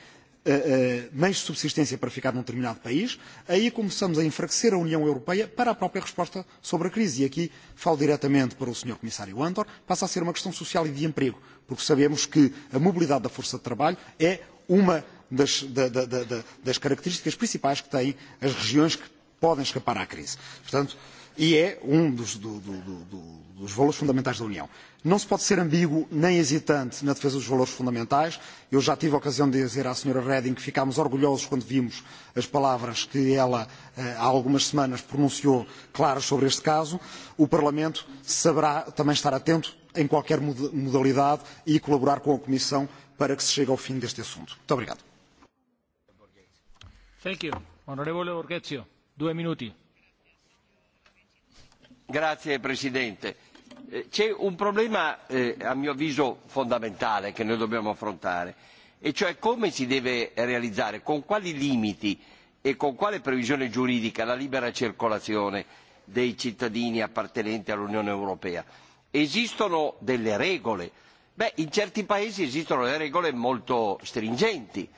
uh, eh, eh, meios de subsistência para ficar num determinado país, aí começamos a enfraquecer a União Europeia para a própria resposta sobre a crise. E aqui falo diretamente para o Sr. Comissário Andor, passa a ser uma questão social e de emprego, porque sabemos que a mobilidade da força de trabalho é uma das, da, da, da, das características principais que têm as regiões que podem escapar à crise. Portanto, uh, e é um dos, do, do, do, dos valores fundamentais da União. Não se pode ser ambíguo nem hesitante na defesa dos valores fundamentais. Eu já tive a ocasião de dizer à Sra. Reding que ficámos orgulhosos quando vimos as palavras que ela, eh, há algumas semanas, pronunciou claras sobre este caso. O Parlamento saberá também estar atento em qualquer modalidade e colaborar com a Comissão para que se chegue ao fim deste assunto. Muito obrigado.
Thank you. Honorable Orgezio,
due minuti. Grazie Presidente. Eh, c'è un problema, eh, a mio avviso, fondamentale che noi dobbiamo affrontare, e cioè come si deve realizzare, con quali limiti e con quale previsione giuridica la libera circolazione dei cittadini appartenenti all'Unione Europea. Esistono delle regole. Beh, in certi paesi esistono delle regole molto stringenti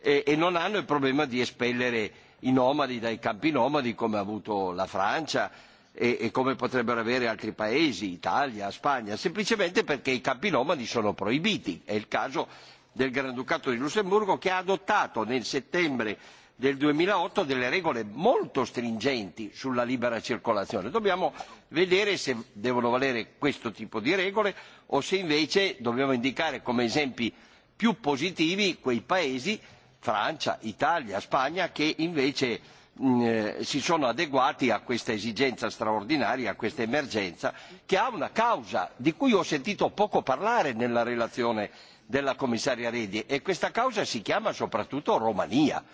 e, e non hanno il problema di espellere i nomadi dai campi nomadi come ha avuto la Francia, e, e come potrebbero avere altri paesi, Italia, Spagna, semplicemente perché i Campi nomadi sono proibiti. È il caso del Granducato di Lussemburgo che ha adottato nel settembre del duemilaotto delle regole molto stringenti sulla libera circolazione. Dobbiamo vedere se devono valere questo tipo di regole o se invece dobbiamo indicare come esempi più positivi quei paesi, Francia, Italia, Spagna, che invece Eh, si sono adeguati a questa esigenza straordinaria, a questa emergenza, che ha una causa di cui ho sentito poco parlare nella relazione della commissaria Redi e questa causa si chiama soprattutto Romania.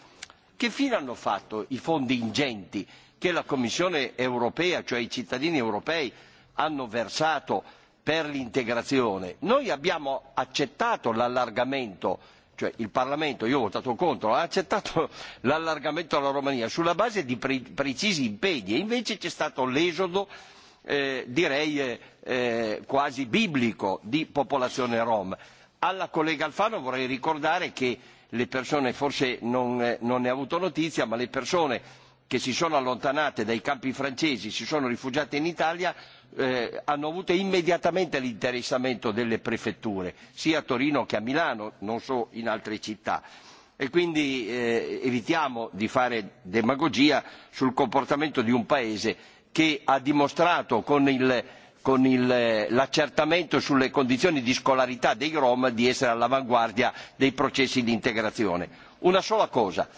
Che fine hanno fatto i fondi ingenti che la Commissione europea, cioè i cittadini europei, hanno versato per l'integrazione? Noi abbiamo accettato l'allargamento cioè il Parlamento, io ho votato contro, ha accettato <laughs> l'allargamento alla Romania sulla base di pre- precisi impegni e invece c'è stato l'esodo eh, direi eh, eh, quasi biblico di popolazione rom. Alla collega Alfano vorrei ricordare che le persone, forse non, eh, non ne ha avuto notizia, ma le persone che si sono allontanate dai campi francesi, si sono rifugiate in Italia, eh, hanno avuto immediatamente l'interessamento delle prefetture, sia a Torino che a Milano, non so in altre città. E quindi eh, evitiamo di fare demagogia sul comportamento di un Paese che ha dimostrato con il con eh, l'accertamento sulle condizioni di scolarità dei Rom di essere all'avanguardia dei processi di integrazione. Una sola cosa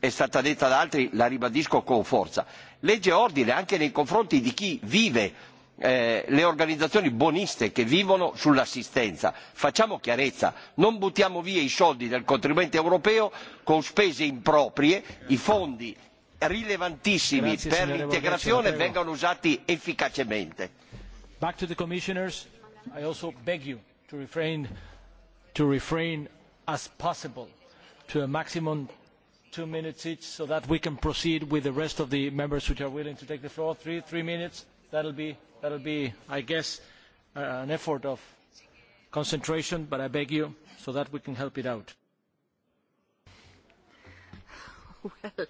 è stata detta da altri, la ribadisco con forza. Legge e ordine anche nei confronti di chi vive Eh, le organizzazioni buoniste che vivono sull'assistenza. Facciamo chiarezza, non buttiamo via i soldi del contribuente europeo con spese improprie, i fondi rilevantissimi Grazie, per l'integrazione vengano usati efficacemente.
Back to the commissioners. I also beg you to refrain, to refrain as possible to a maximum two minutes each so that we can proceed with the rest of the members which are willing to take the floor. Three, three minutes that'll be, that'll be I guess, uh, an effort of concentration, but I beg you, so that we can help it out. <laughs>
Well,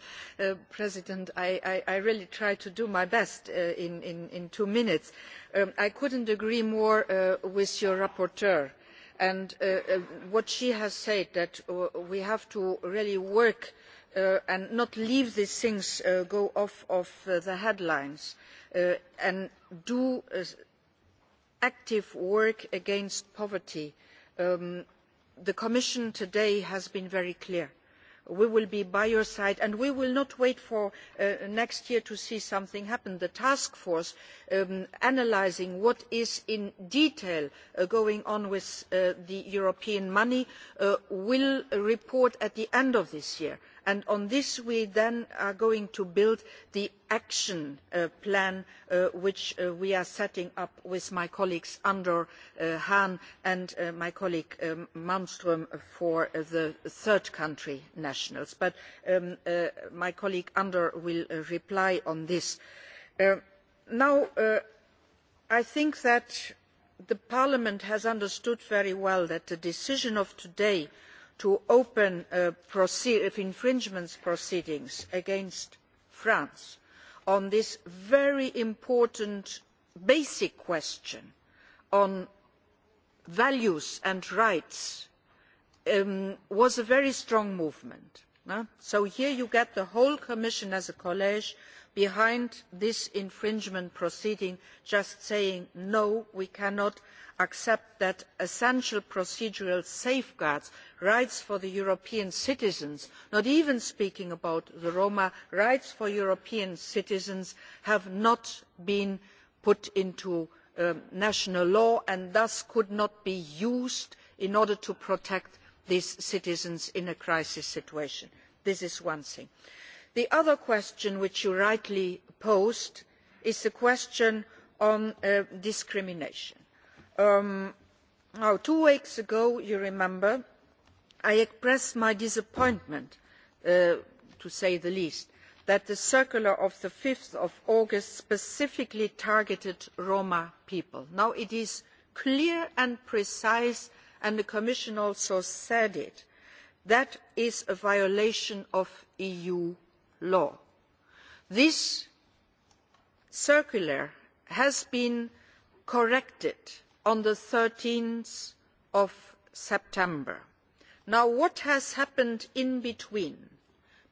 uh, President, I, I, I really try to do my best uh, in, in, in two minutes. Um, I couldn't agree more uh, with your rapporteur and uh, uh, what she has said that uh, we have to really work uh, uh, and not leave these things uh, go off of uh, the headlines uh, and do uh, active work against poverty. Um, the Commission today has been very clear. We will be by your side and we will not wait for uh, next year to see something happen. The task force um, analysing what is in detail uh, going on with uh, the European money uh, will report at the end of this year and on this we are then going to build the action uh, plan uh, which uh, we are setting up with my colleagues andor hahn and my colleague um, malmstrm for the third country nationals but um, my colleague andor will reply on this. now i think that parliament has understood very well that the decision of today to open uh, infringement proceedings against france on this very important basic question on values and rights um, was a very strong movement. so here you get the whole commission as a college behind this infringement proceeding just saying no we cannot accept that essential procedural safeguards rights for european citizens not even speaking about the roma rights for european citizens have not been put into um, national law and thus could not be used in order to protect these citizens in a crisis situation. this is one thing the other question which you rightly posed is the question on uh, discrimination. Um, two weeks ago you remember i expressed my disappointment uh, to say the least that the circular of five august specifically targeted roma people. now it is clear and precise and the commission also said it that is a violation of eu law. This circular has been corrected on the 13 of September. Now what has happened in between?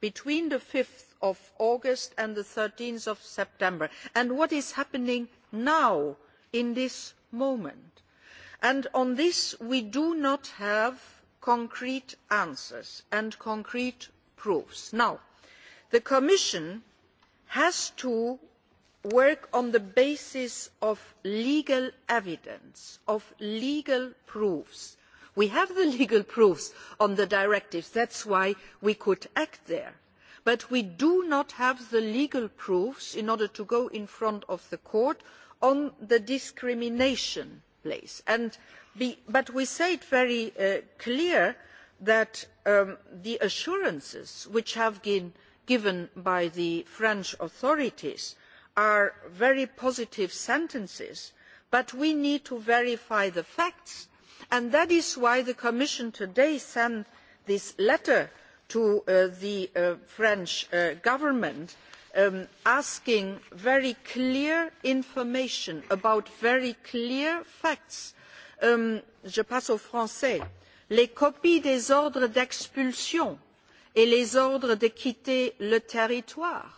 Between the 5th of August and the 13 of September and what is happening now in this moment. And on this we do not have concrete answers and concrete proofs. Now, the commission has to work on the basis of legal evidence of legal proofs. we have the <laughs> legal proofs on the directives that is why we could act there but we do not have the legal proofs in order to go in front of the court on the discrimination place. but we say it very uh, clearly that um, the assurances which have been given by the french authorities are very positive sentences but we need to verify the facts and that is why the commission today sent this letter to uh, the uh, french uh, government um, asking for very clear information about very clear facts. Um, je passe au français les copies des ordres d'expulsion et les ordres de quitter le territoire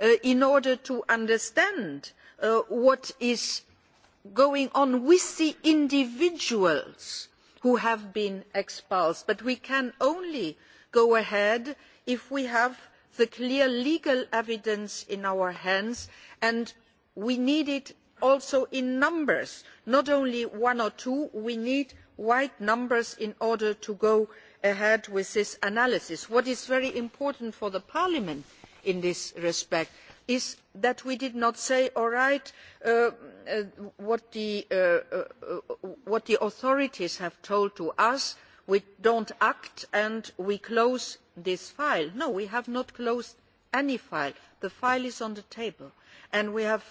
uh, in order to understand uh, what is going on with the individuals who have been expelled. But we can only go ahead if we have the clear legal evidence in our hands and we need it also in numbers, not only one or two, we need wide numbers in order to go ahead with this analysis. What is very important for Parliament in this respect is that we did not say all right uh, uh, uh, what, the, authorities have told to us we do not act and we close this file. no we have not closed any file. the file is on the table and we have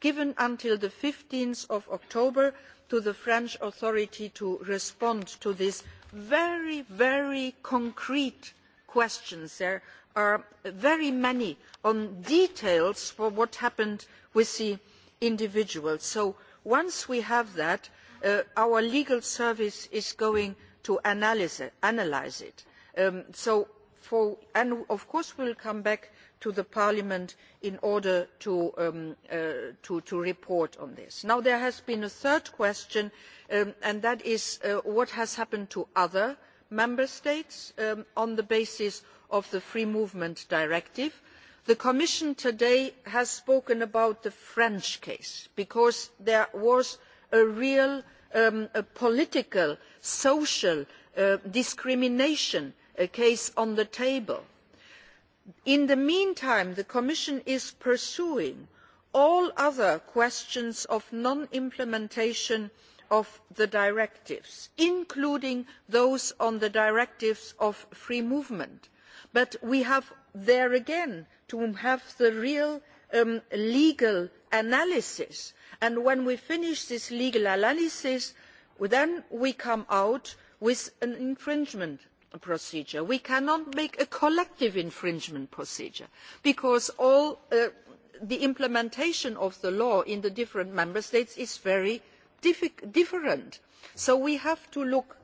given until fifteen october to the french authority to respond to this very, very concrete questions. There are very many on details for what happened with the individuals. So once we have that, uh, our legal service is going to analyze, analyze it. Um, so for, and of course we will come back to parliament in order um, uh, to, report on this. Now, there has been a third question um, and that is uh, what has happened to other member states um, on the basis of the free movement directive. the commission today has spoken about the french case because there was a real political social uh, discrimination case on the table in the meantime the commission is pursuing all other questions of non implementation of the directives including those on the directives on free movement but we have there again to have the real um, legal analysis and when we finish this legal analysis then we come out with an infringement procedure. We cannot make a collective infringement procedure because all uh, the implementation of the law in the different member states is very different. So we have to look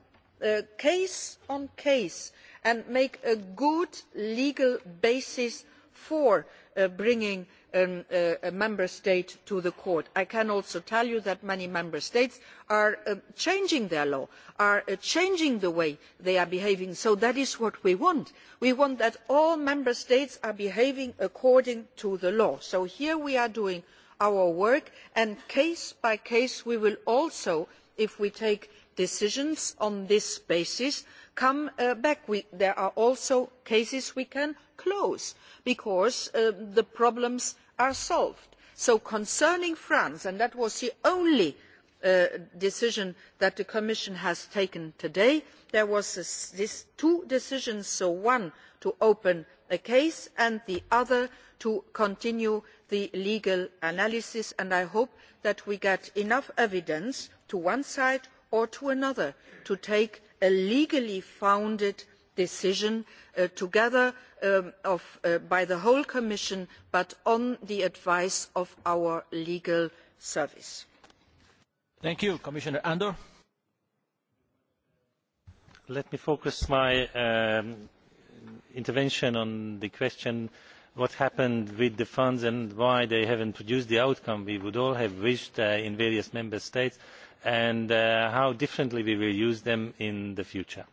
uh, case on case and make a good legal basis for uh, bringing Um, uh, a member state to the court. i can also tell you that many member states are uh, changing their law are uh, changing the way they are behaving so that is what we want. we want that all member states are behaving according to the law. so here we are doing our work and case by case we will also if we take decisions on this basis come back. there are also cases we can close because um, the problems are solved. so concerning france and that was the only uh, decision that the commission has taken today there were two decisions so one to open a case and the other to continue the legal analysis and i hope that we get enough evidence to one side or to another to take a legally founded decision uh, together um, uh, by the whole commission but on the advice of our legal service. thank you commissioner andor.
let me focus my um, intervention on the question what happened with the funds and why they have not produced the outcome we would all have wished uh, in various member states and uh, how differently we will use them in the future.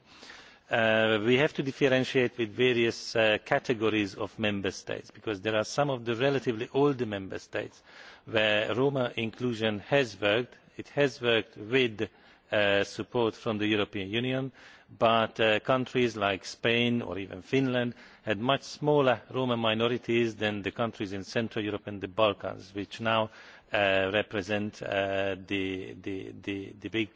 Uh, we have to differentiate with various uh, categories of member states because there are some of the relatively older member states where roma inclusion has worked it has worked with uh, support from the european union but uh, countries like spain or even finland had much smaller roma minorities than the countries in central europe and the balkans which now uh, represent uh, the, the, the, the big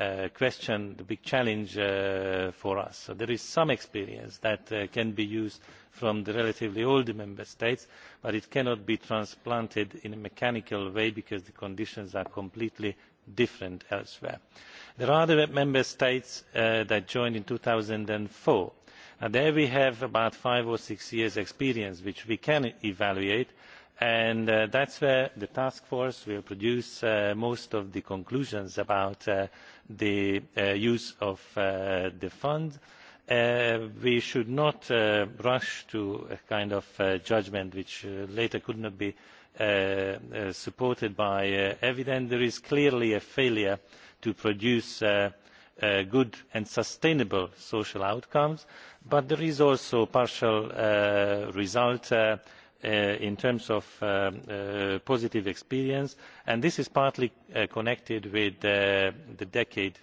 Uh, question, the big challenge uh, for us. So there is some experience that uh, can be used from the relatively older member states, but it cannot be transplanted in a mechanical way because the conditions are completely different elsewhere. There are other member states uh, that joined in 2004. Now there we have about five or six years' experience, which we can evaluate, and uh, that is where the task force will produce uh, most of the conclusions about uh, the uh, use of uh, the fund. Uh, we should not rush to a kind of judgment which later could not be supported by evidence. there is clearly a failure to produce good and sustainable social outcomes but there is also a partial result uh, in terms of uh uh, positive experience and this is partly uh, connected with uh, the decade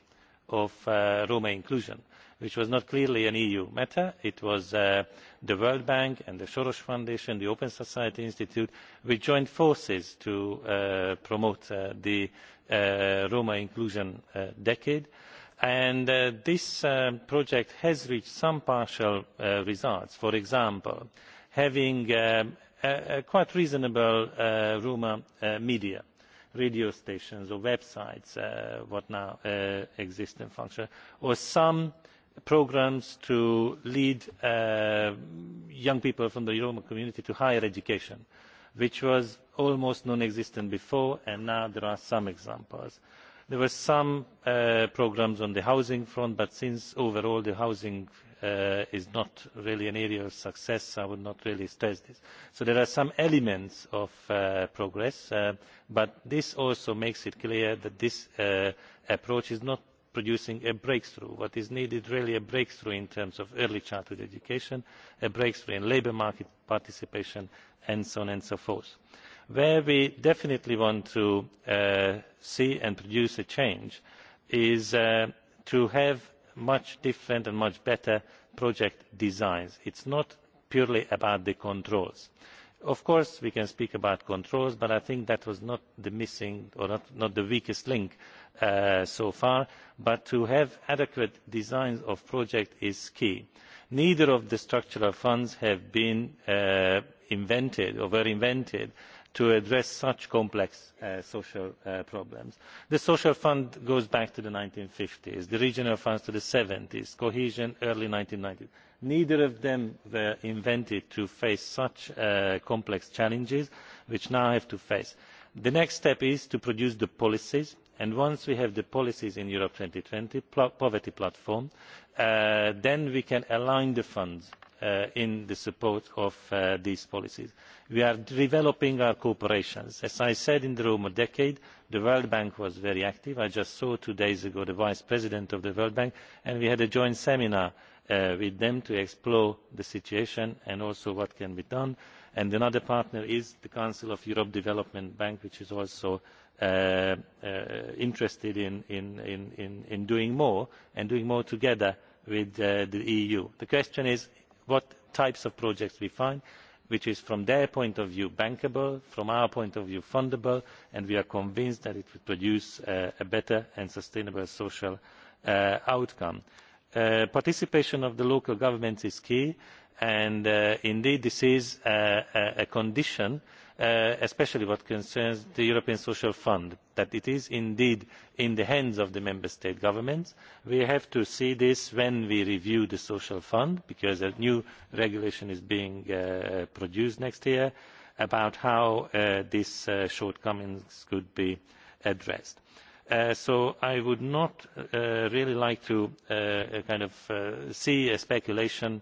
of uh, roma inclusion which was not clearly an eu matter it was uh, the world bank and the soros foundation the open society institute which joined forces to promote the roma inclusion decade and uh, this uh, project has reached some partial uh, results for example having um, a quite reasonable uh, Roma uh, media, radio stations or websites uh, what now uh, exist and function, or some programs to lead uh, young people from the Roma community to higher education, which was almost non-existent before, and now there are some examples. There were some uh, programs on the housing front, but since overall the housing uh, is not really an area of success. I would not really stress this. So there are some elements of uh, progress, uh, but this also makes it clear that this uh, approach is not producing a breakthrough. What is needed really a breakthrough in terms of early childhood education, a breakthrough in labour market participation, and so on and so forth. Where we definitely want to uh, see and produce a change is uh, to have much different and much better project designs. it is not purely about the controls. of course we can speak about controls but i think that was not the missing or not, not the weakest link uh, so far but to have adequate designs of projects is key. neither of the structural funds have been uh, invented or were invented to address such complex uh, social uh, problems. The social fund goes back to the fifty s the regional funds to the seventies, s cohesion early ninety s Neither of them were invented to face such uh, complex challenges which now have to face. The next step is to produce the policies and once we have the policies in Europe and twenty poverty platform, then we can align the funds Uh, in the support of uh, these policies. we are developing our cooperation. as i said in the Roma decade the world bank was very active. i just saw two days ago the vice president of the world bank and we had a joint seminar uh, with them to explore the situation and also what can be done. another partner is the council of europe development bank which is also interested in, in doing more and doing more together with the eu. the question is what types of projects we find which is from their point of view bankable from our point of view fundable and we are convinced that it will produce uh, a better and sustainable social uh, outcome. Uh, participation of the local governments is key and indeed this is a, condition uh, especially what concerns the European Social Fund, that it is indeed in the hands of the member state governments. We have to see this when we review the social fund, because a new regulation is being uh, produced next year about how uh, these uh, shortcomings could be addressed. Uh, so i would not uh, really like to uh, kind of uh, see a speculation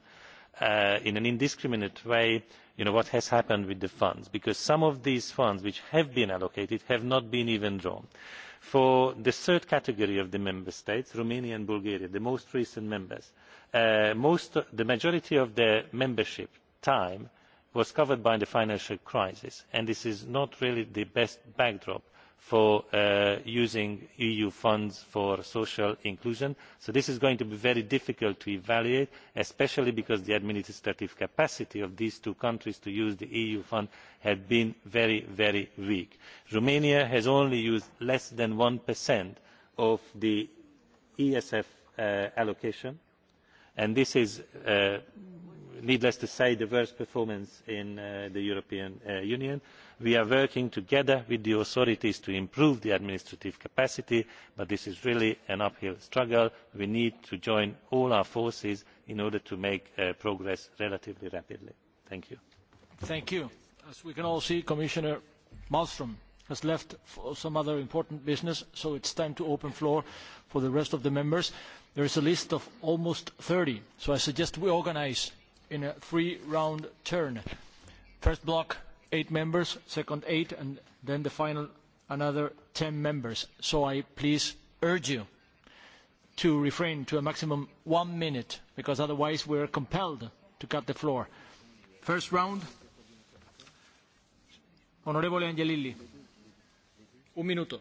uh, in an indiscriminate way you know, what has happened with the funds, because some of these funds which have been allocated have not been even drawn. For the third category of the member states, Romania and Bulgaria, the most recent members, uh, most, the majority of their membership time was covered by the financial crisis, and this is not really the best backdrop for uh, using eu funds for social inclusion so this is going to be very difficult to evaluate especially because the administrative capacity of these two countries to use the eu fund has been very very weak. romania has only used less than one of the esf uh, allocation and this is uh, needless to say the worst performance in uh, the european uh, union. we are working together with the authorities to improve the administrative capacity but this is really an uphill struggle. we need to join all our forces in order to make uh, progress relatively rapidly. thank you.
Thank you. as we can all see commissioner malmstrm has left for some other important business so it is time to open the floor for the rest of the members. there is a list of almost thirty so i suggest we organise in a three-round turn. First block, eight members, second eight, and then the final another ten members. So I please urge you to refrain to a maximum one minute, because otherwise we are compelled to cut the floor. First round, Honorable Angelilli, un minuto.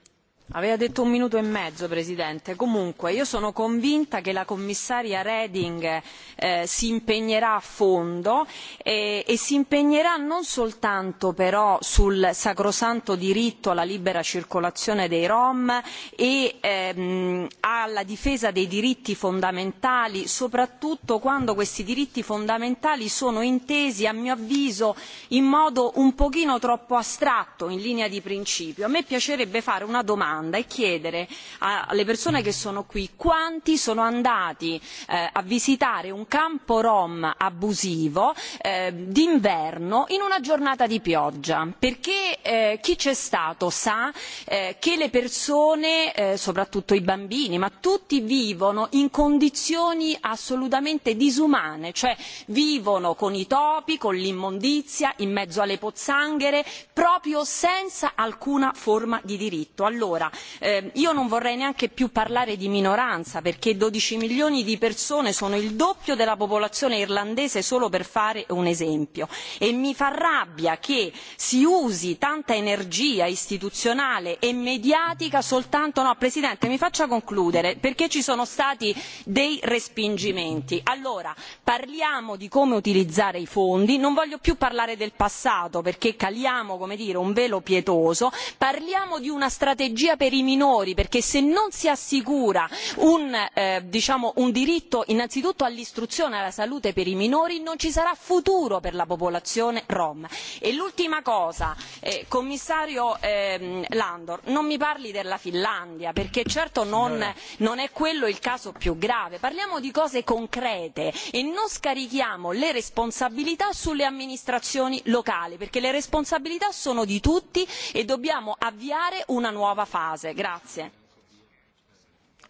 Aveva detto un minuto e mezzo, Presidente. Comunque, io sono convinta che la commissaria Reding eh, si impegnerà a fondo e, e si impegnerà non soltanto però sul sacrosanto diritto alla libera circolazione dei Rom e ehm, alla difesa dei diritti fondamentali, soprattutto quando questi diritti fondamentali sono intesi, a mio avviso, in modo un pochino troppo astratto, in linea di principio. A me piacerebbe fare una domanda domanda e chiedere alle persone che sono qui quanti sono andati eh, a visitare un campo rom abusivo eh, d'inverno in una giornata di pioggia, perché eh, chi c'è stato sa eh, che le persone, eh, soprattutto i bambini, ma tutti vivono in condizioni assolutamente disumane, cioè vivono con i topi, con l'immondizia, in mezzo alle pozzanghere, proprio senza alcuna forma di diritto. Allora, Ehm, io non vorrei neanche più parlare di minoranza perché dodici milioni di persone sono il doppio della popolazione irlandese solo per fare un esempio e mi fa rabbia che si usi tanta energia istituzionale e mediatica soltanto no Presidente mi faccia concludere perché ci sono stati dei respingimenti allora parliamo di come utilizzare i fondi non voglio più parlare del passato perché caliamo come dire un velo pietoso parliamo di una strategia sia per i minori, perché se non si assicura un, eh, diciamo, un diritto innanzitutto all'istruzione e alla salute per i minori, non ci sarà futuro per la popolazione rom. E l'ultima cosa, eh, commissario eh, Landor, non mi parli della Finlandia, perché certo non, non è quello il caso più grave. Parliamo di cose concrete e non scarichiamo le responsabilità sulle amministrazioni locali, perché le responsabilità sono di tutti e dobbiamo avviare una nuova fase base. Grazie.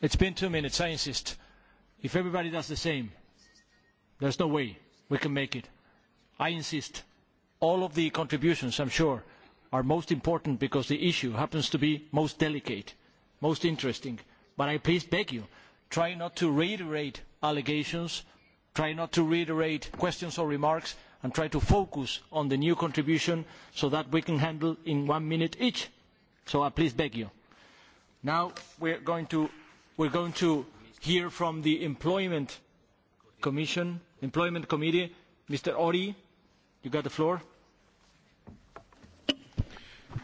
It's been two minutes, I insist. If everybody does the same, there's no way we can make it. I insist. All of the contributions, I'm sure, are most important because the issue happens to be most delicate, most interesting. But I please beg you, try not to reiterate allegations, try not to reiterate questions or remarks, and try to focus on the new contribution so that we can handle in one minute each. So I please beg you. Now we're going to, we're going to hear from the Employment Commission, Employment Committee. Mr. Ori, you got the floor.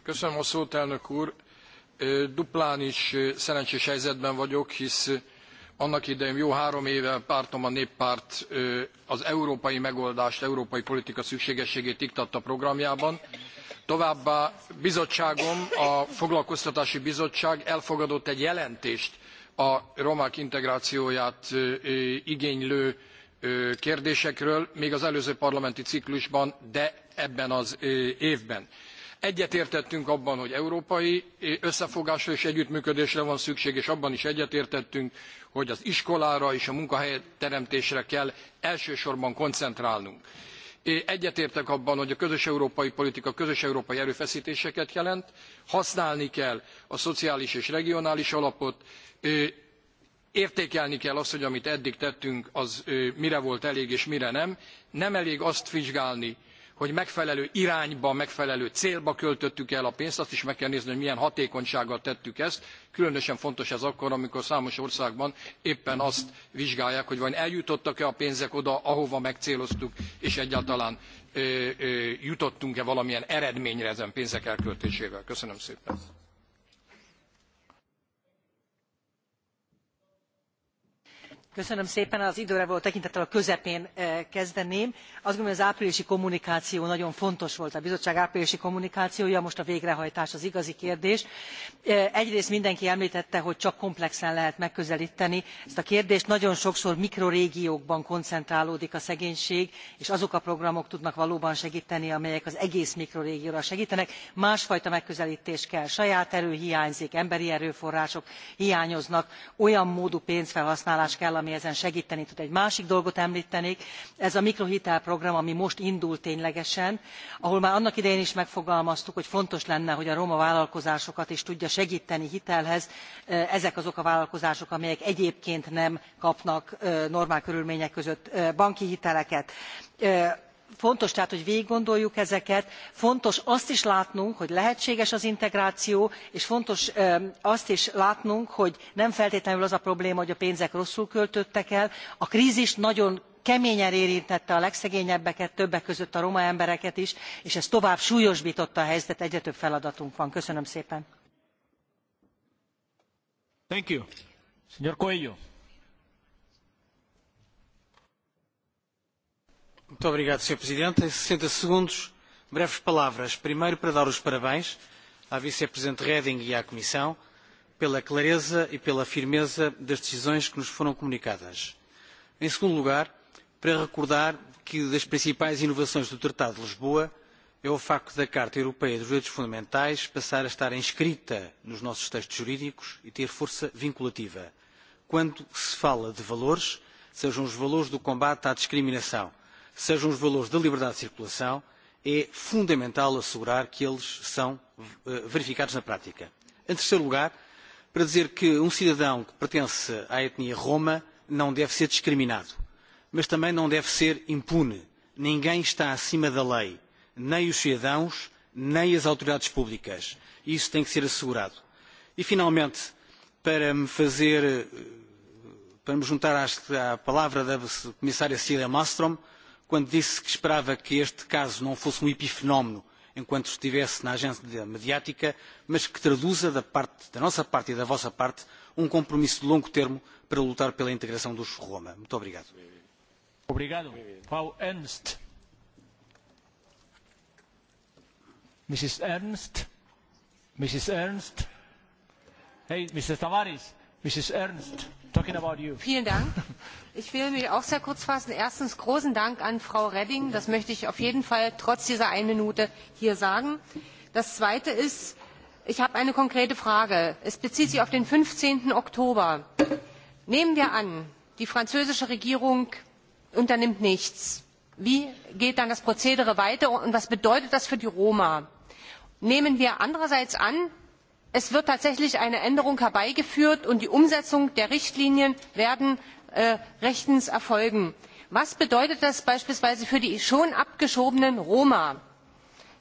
Köszönöm a szót, elnök úr. Duplán is szerencsés helyzetben vagyok, hisz annak idején jó három éve pártom a néppárt az európai megoldást, európai politika szükségességét iktatta programjában Továbbá bizottságom, a Foglalkoztatási Bizottság elfogadott egy jelentést a romák integrációját igénylő kérdésekről, még az előző parlamenti ciklusban, de ebben az évben. Egyetértettünk abban, hogy európai összefogásra és együttműködésre van szükség, és abban is egyetértettünk, hogy az iskolára és a munkahelyteremtésre kell elsősorban koncentrálnunk. Egyetértek abban, hogy a közös európai politika közös európai erőfeszítéseket jelent, használni kell a szociális és regionális alapot, értékelni kell azt, hogy amit eddig tettünk, az mire volt elég és mire nem. Nem elég azt vizsgálni, hogy megfelelő irányba, megfelelő célba költöttük el a pénzt, azt is meg kell nézni, hogy milyen hatékonysággal tettük ezt. Különösen fontos ez akkor, amikor számos országban éppen azt vizsgálják, hogy vajon eljutottak-e a pénzek oda, ahova megcéloztuk, és egyáltalán jutottunk-e valamilyen eredményre ezen pénzek elköltésével. Köszönöm szépen.
Köszönöm szépen, az időre volt tekintettel a közepén eh, kezdeném. Azt gondolom, hogy az áprilisi kommunikáció nagyon fontos volt, a bizottság áprilisi kommunikációja, most a végrehajtás az igazi kérdés. Eh, egyrészt mindenki említette, hogy csak komplexen lehet megközelíteni ezt a kérdést. Nagyon sokszor mikrorégiókban koncentrálódik a szegénység, és azok a programok tudnak valóban segíteni, amelyek az egész mikrorégióra segítenek. Másfajta megközelítés kell. Saját erő hiányzik, emberi erőforrások hiányoznak, olyan módú pénzfelhasználás kell, ami ezen segíteni tud. Egy másik dolgot említenék, ez a mikrohitelprogram, ami most indul ténylegesen, ahol már annak idején is megfogalmaztuk, hogy fontos lenne, hogy a roma vállalkozásokat is tudja segíteni hitelhez. Ezek azok a vállalkozások, amelyek egyébként nem kapnak normál körülmények között banki hiteleket fontos tehát, hogy végiggondoljuk ezeket, fontos azt is látnunk, hogy lehetséges az integráció, és fontos azt is látnunk, hogy nem feltétlenül az a probléma, hogy a pénzek rosszul költöttek el. A krízis nagyon keményen érintette a legszegényebbeket, többek között a roma embereket is, és ez tovább súlyosbította a helyzetet, egyre több feladatunk van. Köszönöm szépen.
Thank you. Señor Coelho.
Muito obrigado, Sr. Presidente. Em 60 segundos, breves palavras. Primeiro, para dar os parabéns à Vice-Presidente Reding e à Comissão pela clareza e pela firmeza das decisões que nos foram comunicadas. Em segundo lugar, para recordar que das principais inovações do Tratado de Lisboa é o facto da Carta Europeia dos Direitos Fundamentais passar a estar inscrita nos nossos textos jurídicos e ter força vinculativa. Quando se fala de valores, sejam os valores do combate à discriminação, sejam os valores da liberdade de circulação, é fundamental assegurar que eles são eh, verificados na prática. Em terceiro lugar, para dizer que um cidadão que pertence à etnia Roma não deve ser discriminado, mas também não deve ser impune. Ninguém está acima da lei, nem os cidadãos, nem as autoridades públicas. Isso tem que ser assegurado. E, finalmente, para me fazer, eh, para me juntar à palavra da Comissária Cília Malmström, quando disse que esperava que este caso não fosse um epifenómeno enquanto estivesse na agenda mediática, mas que traduza da, parte, da nossa parte e da vossa parte um compromisso de longo termo para lutar pela integração dos Roma. Muito obrigado.
Obrigado. Frau
Ernst.
Mrs. Ernst. Mrs. Ernst. Hey, Mr. Tavares. Mrs. Ernst, talking about you.
Vielen Dank. Ich will mich auch sehr kurz fassen. Erstens großen Dank an Frau Redding. Das möchte ich auf jeden Fall trotz dieser einen Minute hier sagen. Das Zweite ist, ich habe eine konkrete Frage. Es bezieht sich auf den 15. Oktober. Nehmen wir an, die französische Regierung unternimmt nichts. Wie geht dann das Prozedere weiter und was bedeutet das für die Roma? Nehmen wir andererseits an, es wird tatsächlich eine änderung herbeigeführt und die umsetzung der richtlinien werden äh, rechtens erfolgen. was bedeutet das beispielsweise für die schon abgeschobenen roma?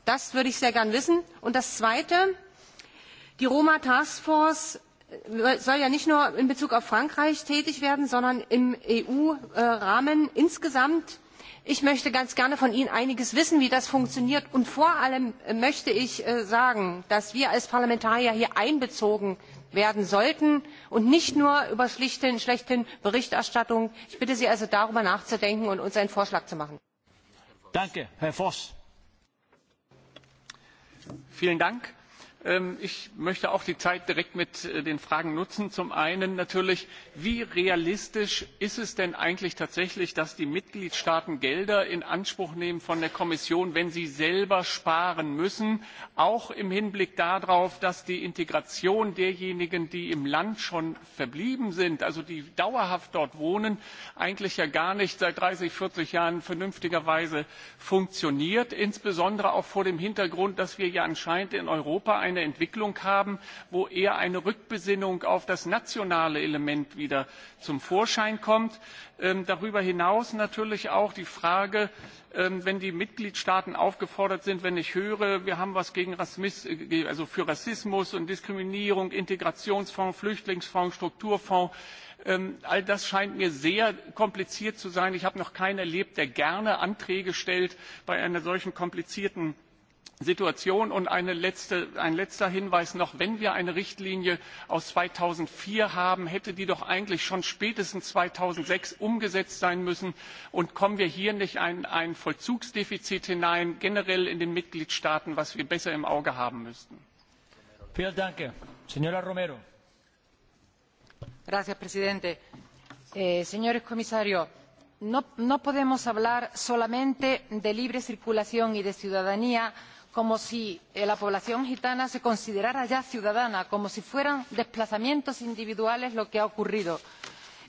das würde ich sehr gern wissen. und das zweite die roma task force äh, soll ja nicht nur in bezug auf frankreich tätig werden sondern im eu äh, rahmen insgesamt Ich möchte ganz gerne von Ihnen einiges wissen, wie das funktioniert. Und vor allem äh, möchte ich äh, sagen, dass wir als Parlamentarier hier einbezogen werden sollten und nicht nur über schlichthin, schlechte Berichterstattung. Ich bitte Sie also darüber nachzudenken und uns einen Vorschlag zu machen.
Danke, Herr Voss.
Vielen Dank. Ähm, ich möchte auch die Zeit direkt mit äh, den Fragen nutzen. Zum einen natürlich, wie realistisch ist es denn eigentlich tatsächlich, dass die Mitgliedstaaten Gelder in Anspruch nehmen von der Kommission, wenn sie selber sparen müssen, auch im Hinblick darauf, dass die Integration derjenigen, die im Land schon verblieben sind, also die dauerhaft dort wohnen, eigentlich ja gar nicht seit dreißig, vierzig Jahren vernünftigerweise funktioniert, insbesondere auch vor dem Hintergrund, dass wir ja anscheinend in Europa eine Entwicklung haben, wo eher eine Rückbesinnung auf das nationale Element wieder zum Vorschein kommt. Ähm, darüber hinaus natürlich auch die Frage, ähm, wenn die Mitgliedstaaten aufgefordert sind, wenn ich höre, wir haben was gegen Rassismus, äh, also für Rassismus und Diskriminierung, Integrationsfonds, Flüchtlingsfonds, Strukturfonds, ähm, all das scheint mir sehr kompliziert zu sein. Ich habe noch keinen erlebt, der gerne Anträge stellt bei einer solchen komplizierten Situation und letzte, ein letzter Hinweis noch, wenn wir eine Richtlinie aus 2004 haben, hätte die doch eigentlich schon spätestens 2006 umgesetzt sein müssen und kommen wir hier nicht ein, ein Vollzugsdefizit hinein, generell in den Mitgliedstaaten, was wir besser im Auge haben müssten.
Vielen Dank. Romero. Gracias,
Presidente. Eh, señores comisarios, no, no podemos hablar solamente de libre circulación y de ciudadanía, como si eh, la población gitana se considerara ya ciudadana, como si fueran desplazamientos individuales lo que ha ocurrido.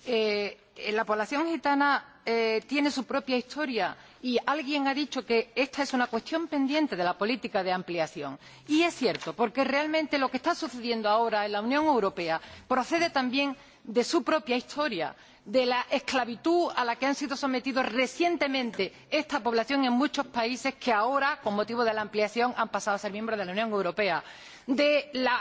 Eh, eh, la población gitana eh, tiene su propia historia y alguien ha dicho que esta es una cuestión pendiente de la política de ampliación. Y es cierto, porque realmente lo que está sucediendo ahora en la Unión Europea procede también de de su propia historia, de la esclavitud a la que han sido sometidos recientemente esta población en muchos países que ahora, con motivo de la ampliación, han pasado a ser miembros de la Unión Europea, de, la,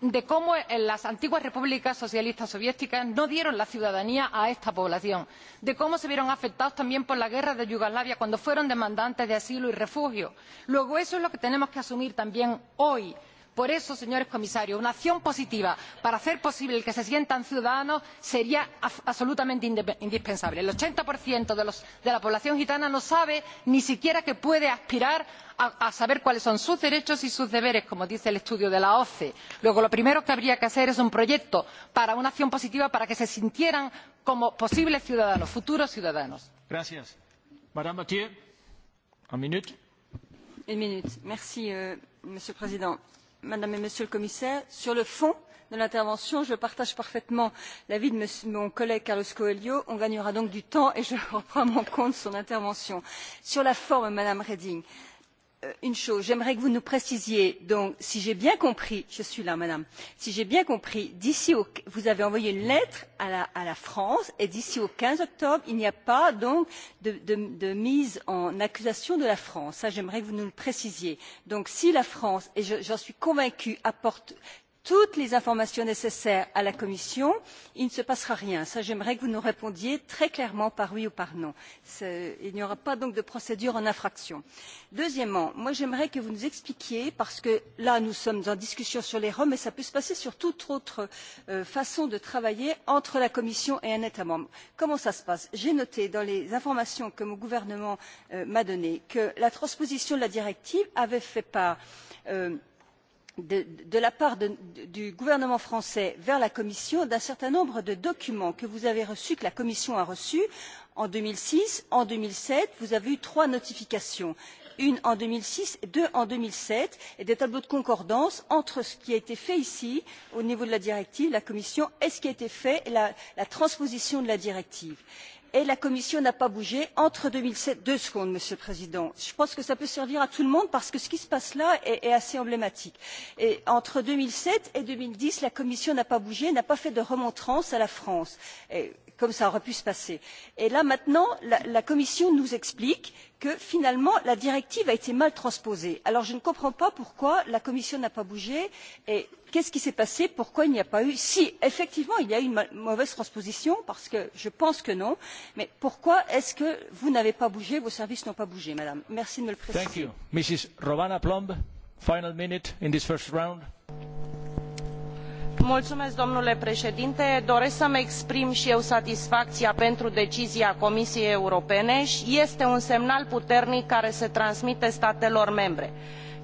de cómo en las antiguas repúblicas socialistas soviéticas no dieron la ciudadanía a esta población, de cómo se vieron afectados también por la guerra de Yugoslavia cuando fueron demandantes de asilo y refugio. Luego eso es lo que tenemos que asumir también hoy Por eso, señores comisarios, una acción positiva para hacer posible que se sientan ciudadanos sería absolutamente indispensable. El ochenta de, los, de la población gitana no sabe ni siquiera que puede aspirar a, a saber cuáles son sus derechos y sus deberes, como dice el estudio de la OCE. Luego, lo primero que habría que hacer es un proyecto para una acción positiva para que se sintieran como posibles ciudadanos, futuros ciudadanos.
Gracias. Madame Mathieu, un
euh,
Madame et Monsieur le Commissaire. Sur le fond de l'intervention, je partage parfaitement l'avis de mon collègue Carlos Coelho. On gagnera donc du temps et je <laughs> reprends mon compte son intervention. Sur la forme, Madame Reding, euh, Euh, une chose, j'aimerais que vous nous précisiez, donc si j'ai bien compris, je suis là madame, si j'ai bien compris, d'ici au, vous avez envoyé une lettre à la, à la France et d'ici au 15 octobre, il n'y a pas donc de, de, de mise en accusation de la France. Ça, j'aimerais que vous nous le précisiez. Donc si la France, et j'en suis convaincue, apporte toutes les informations nécessaires à la Commission, il ne se passera rien. Ça, j'aimerais que vous nous répondiez très clairement par oui ou par non. Il n'y aura pas donc de procédure en infraction. Deuxièmement, moi j'aimerais que vous nous expliquiez, parce que là nous sommes en discussion sur les Roms, mais ça peut se passer sur toute autre euh, façon de travailler entre la Commission et un État membre. Comment ça se passe J'ai noté dans les informations que mon gouvernement euh, m'a données que la transposition de la directive avait fait part euh, de, de la part de, du gouvernement français vers la Commission d'un certain nombre de documents que vous avez reçus, que la Commission a reçus en deux mille six, en deux mille sept, vous avez eu trois notifications une en deux mille six, deux en deux mille sept, et des tableaux de concordance entre ce qui a été fait ici au niveau de la directive, la Commission, et ce qui a été fait, la, la transposition de la directive et la commission n'a pas bougé entre deux mille sept deux secondes monsieur le président je pense que cela peut servir à tout le monde parce que ce qui se passe là est, est assez emblématique et entre deux mille sept et deux mille dix la commission n'a pas bougé n'a pas fait de remontrances à la france et comme cela aurait pu se passer. Et là maintenant, la, la Commission nous explique que finalement la directive a été mal transposée. Alors je ne comprends pas pourquoi la Commission n'a pas bougé et qu'est-ce qui s'est passé, pourquoi il n'y a pas eu, si effectivement il y a eu une mauvaise transposition, parce que je pense que non, mais pourquoi est-ce que vous n'avez pas bougé, vos services n'ont pas
bougé, madame Merci de me le
préciser. Thank you. Mrs. final minute in this first round.
Mulțumesc, domnule președinte. Doresc să-mi exprim și eu satisfacția pentru decizia Comisiei Europene și este un semnal puternic care se transmite statelor membre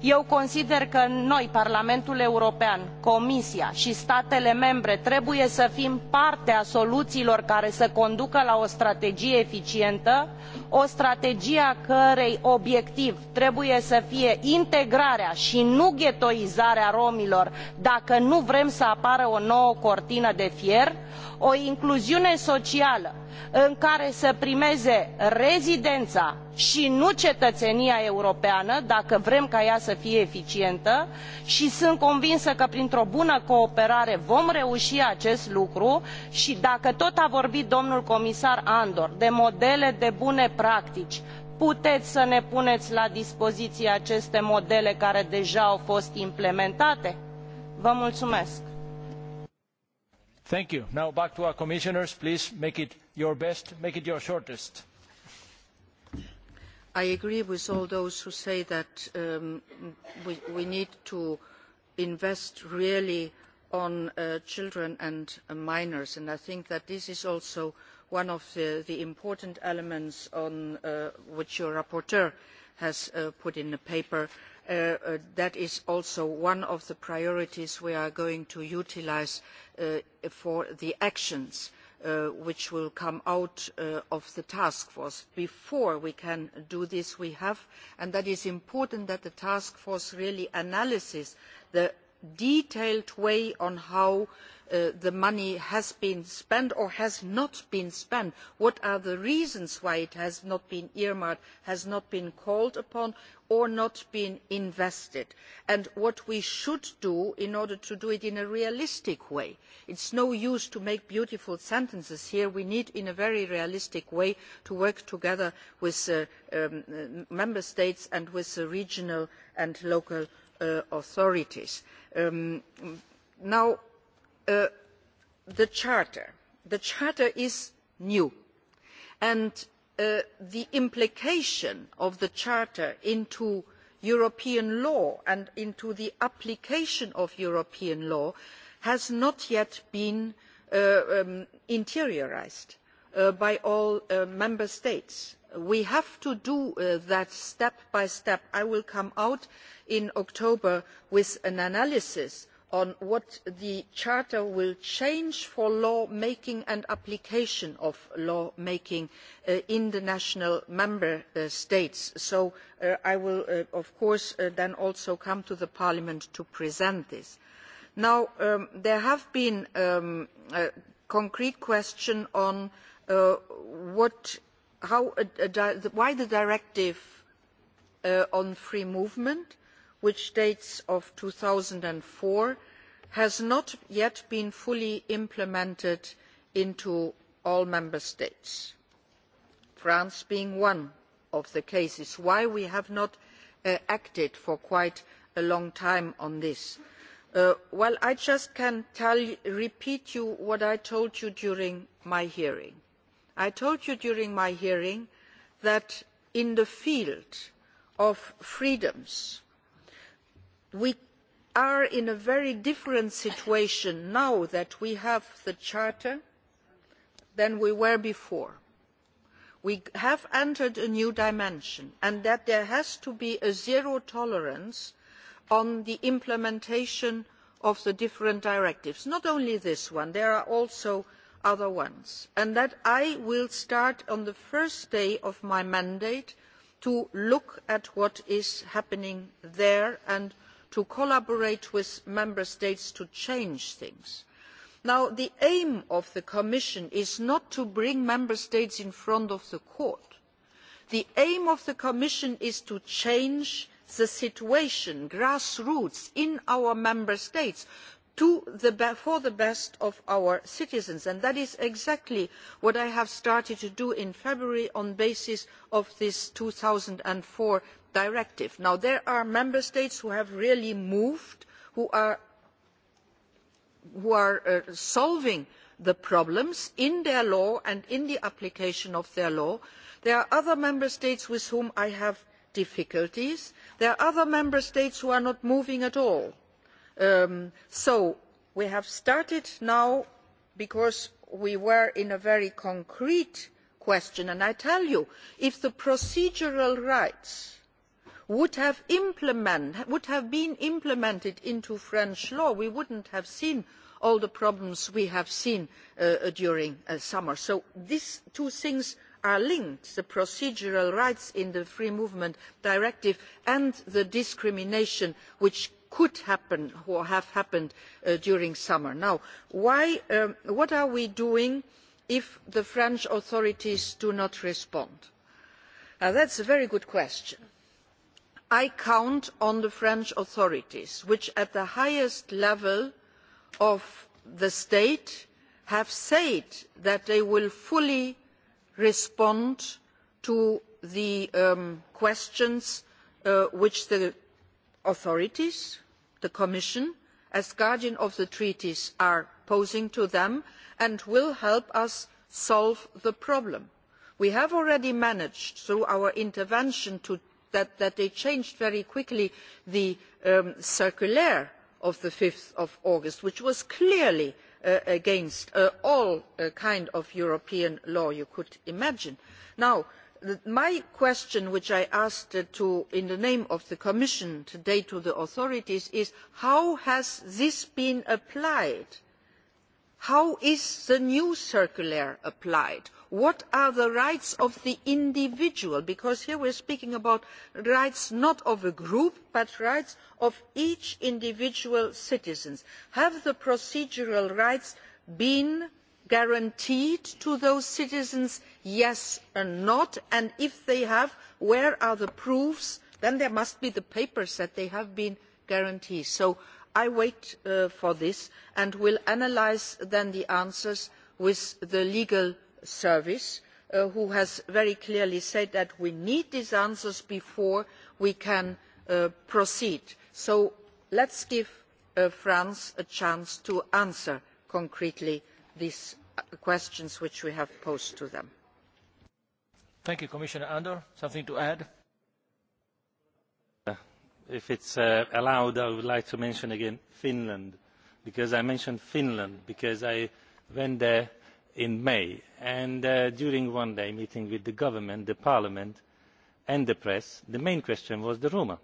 eu consider că noi parlamentul european comisia i statele membre trebuie să fim parte a soluiilor care să conducă la o strategie eficientă o strategie a cărei obiectiv trebuie să fie integrarea i nu ghetoizarea romilor dacă nu vrem să apară o nouă cortină de fier o incluziune socială în care să primeze rezidena i nu cetăenia europeană dacă vrem ca ea să fie eficientă i sunt convinsă că printr o bună cooperare vom reui acest lucru i dacă tot a vorbit domnul comisar andor de modele de bune practici putei să ne punei la dispoziie aceste modele care deja au fost implementate?
Vă mulțumesc! Thank you. Now back to our commissioners. Please make it your best, make it your shortest.
I agree with all those who say that um, we, we, need to invest really on uh, children and uh, minors, and I think that this is also one of the, the important elements on, uh, which your rapporteur has uh, put in the paper. Uh, uh, that is also one of the priorities we are going to utilise for the actions Uh, which will come out uh, of the task force. Before we can do this, we have, and that is important that the task force really analyses the detailed way on how Uh, the money has been spent or has not been spent what are the reasons why it has not been earmarked has not been called upon or not been invested and what we should do in order to do it in a realistic way. it is no use to make beautiful sentences here we need in a very realistic way to work together with the uh, um, uh, member states and with the regional and local authorities. Um, now Uh, the charter. The charter is new and uh, the implication of the charter into European law and into the application of European law has not yet been uh, um, interiorised by all member states. We have to do that step by step. I will come out in October with an analysis on what the charter will change for law making and application of law making uh, in the national member uh, states so uh, i will of course then also come to parliament to present this. now um, there have been um, concrete questions on how, why the directive on free movement which dates of two thousand and four has not yet been fully implemented in all member states france being one of the cases why we have not uh, acted for quite a long time on this. Uh, well i just can just repeat to you what i told you during my hearing. i told you during my hearing that in the field of freedoms we are in a very different situation now that we have the charter than we were before. We have entered a new dimension and that there has to be a zero tolerance on the implementation of the different directives. Not only this one, there are also other ones. And that I will start on the first day of my mandate to look at what is happening there and to collaborate with member states to change things. the aim of the commission is not to bring member states in front of the court. the aim of the commission is to change the situation grassroots in our member states the, for the best of our citizens and that is exactly what i have started to do in february on the basis of this two thousand and four directive. Now, there are member states who have really moved, who are, uh, solving the problems in their law and in the application of their law. There are other member states with whom I have difficulties. There are other member states who are not moving at all. Um, so we have started now because we were in a very concrete question and I tell you, if the procedural rights would have, would have been implemented into French law, we would not have seen all the problems we have seen uh, uh, during uh, summer. So these two things are linked, the procedural rights in the Free Movement Directive and the discrimination which could happen or have happened uh, during summer. Now, why, um, what are we doing if the French authorities do not respond? That is a very good question i count on the french authorities which at the highest level of the state have said that they will fully respond to the um, questions uh, which the authorities the commission as guardian of the treaties are posing to them and will help us solve the problem. we have already managed through our intervention to that, that they changed very quickly the um, circular of the 5th of August, which was clearly uh, against uh, all uh, kinds of European law you could imagine. Now, the, my question, which I asked uh, to, in the name of the Commission today to the authorities, is how has this been applied? How is the new circular applied? what are the rights of the individual because here we are speaking about rights not of a group but rights of each individual citizen. have the procedural rights been guaranteed to those citizens yes or no and if they have where are the proofs then there must be the papers that they have been guaranteed. so i wait uh, for this and will analyse then the answers with the legal service uh, who has very clearly said that we need these answers before we can uh, proceed. so let us give uh, france a chance to answer concretely these questions which we have posed to them.
thank you commissioner andor something to add?
if it is allowed i would like to mention again finland because i mentioned finland because i went there in May. And uh, during one day meeting with the government, the parliament and the press, the main question was the Roma.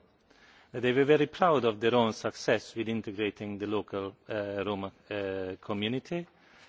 They were very proud of their own success with integrating the local uh, Roma uh, community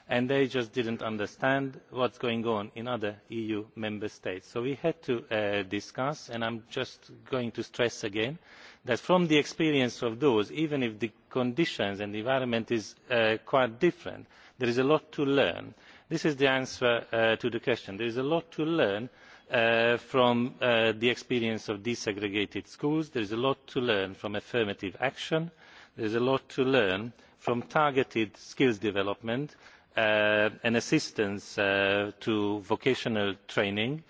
and they just did not understand what is going on in other eu member states. so we had to uh, discuss and i am just going to stress again that from the experience of those even if the conditions and the environment is uh, quite different there is a lot to learn this is the answer uh, to the question. there is a lot to learn uh, from uh, the experience of desegregated schools there is a lot to learn from affirmative action there is a lot to learn from targeted skills development and assistance to vocational training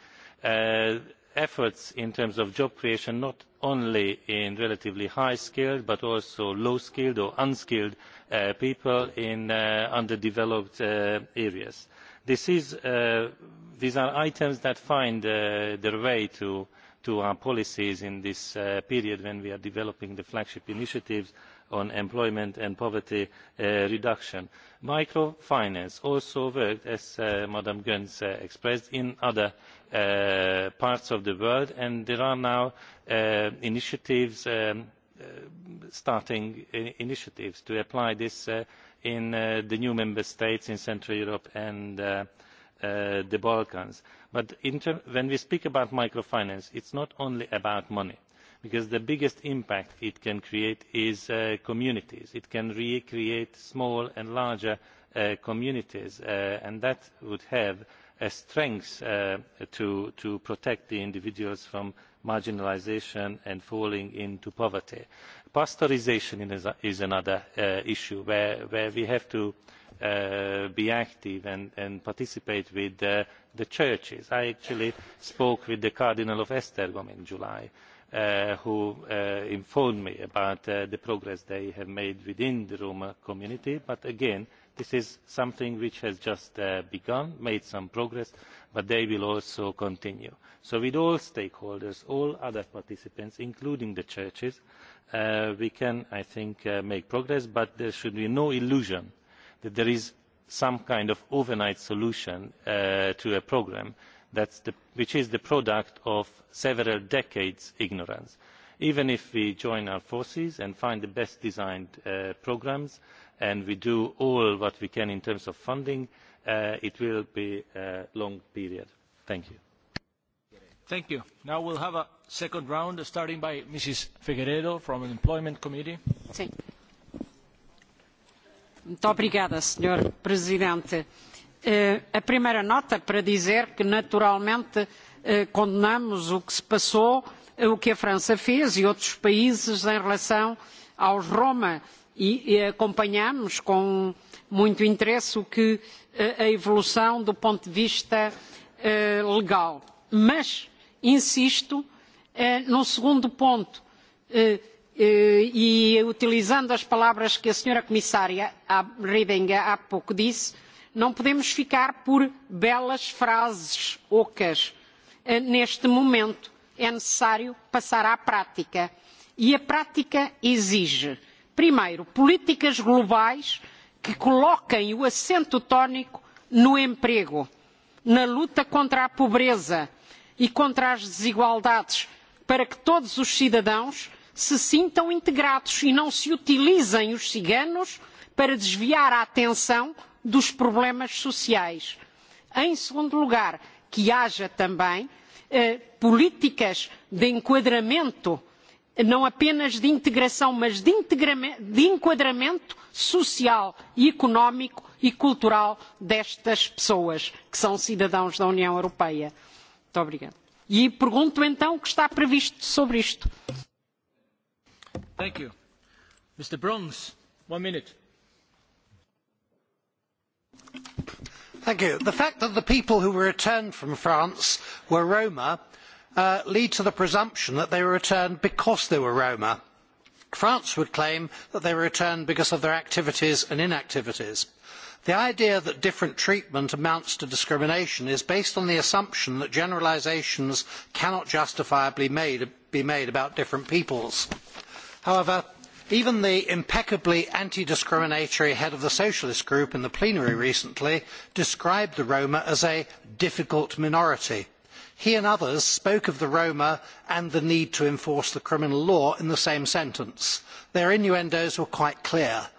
efforts in terms of job creation not only in relatively high skilled but also low skilled or unskilled people in underdeveloped areas This is, uh, these are items that find uh, their way to, to our policies in this uh, period when we are developing the flagship initiatives on employment and poverty uh, reduction. microfinance also worked as uh, ms uh, expressed in other uh, parts of the world and there are now uh, initiatives um, uh, starting initiatives to apply this in uh, the new member states in central europe and uh, uh, the balkans but in term, when we speak about microfinance it is not only about money because the biggest impact it can create is uh, communities it can recreate small and larger uh, communities uh, and that would have a strength uh, to, to protect the individuals from marginalisation and falling into poverty. Pasteurisation is, another uh, issue where, where we have to uh, be active and, and participate with uh, the churches. I actually spoke with the Cardinal of Esztergom in July uh, who uh, informed me about uh, the progress they have made within the Roma community, but again, this is something which has just uh, begun made some progress but they will also continue. so with all stakeholders all other participants including the churches uh, we can i think uh, make progress but there should be no illusion that there is some kind of overnight solution uh, to a problem the, which is the product of several decades' ignorance. even if we join our forces and find the best designed uh, programmes and we do all what we can in terms of funding, uh, it will be a long period. Thank you.
Thank you. Now we'll have a second round, starting by Mrs. Figueiredo from the Employment Committee. Sim. Muito obrigada, Sr. Presidente. Uh, a primeira
nota para dizer que, naturalmente, uh, condenamos o que se passou, o que a França fez e outros países em relação aos Roma E, e acompanhamos com muito interesse o que, eh, a evolução do ponto de vista eh, legal. Mas, insisto, uh, eh, no segundo ponto, e utilizando as palavras que a senhora comissária Reding há pouco disse, não podemos ficar por belas frases ocas. Neste momento é necessário passar à prática. E a prática exige Primeiro, políticas globais que coloquem o assento tónico no emprego, na luta contra a pobreza e contra as desigualdades, para que todos os cidadãos se sintam integrados e não se utilizem os ciganos para desviar a atenção dos problemas sociais. Em segundo lugar, que haja também eh, políticas de enquadramento não apenas de integração, mas de, de enquadramento social, e económico e cultural destas pessoas que são cidadãos da União Europeia. Muito obrigada. E pergunto então o que está previsto sobre isto.
Thank you. Mr. Bruns, one minute.
Thank you. The fact that the people who were returned from France were Roma Uh, lead to the presumption that they were returned because they were Roma. France would claim that they were returned because of their activities and inactivities. The idea that different treatment amounts to discrimination is based on the assumption that generalisations cannot justifiably be made about different peoples. However, even the impeccably anti-discriminatory head of the socialist group in the plenary recently described the Roma as a difficult minority He and others spoke of the Roma and the need to enforce the criminal law in the same sentence. Their innuendos were quite clear.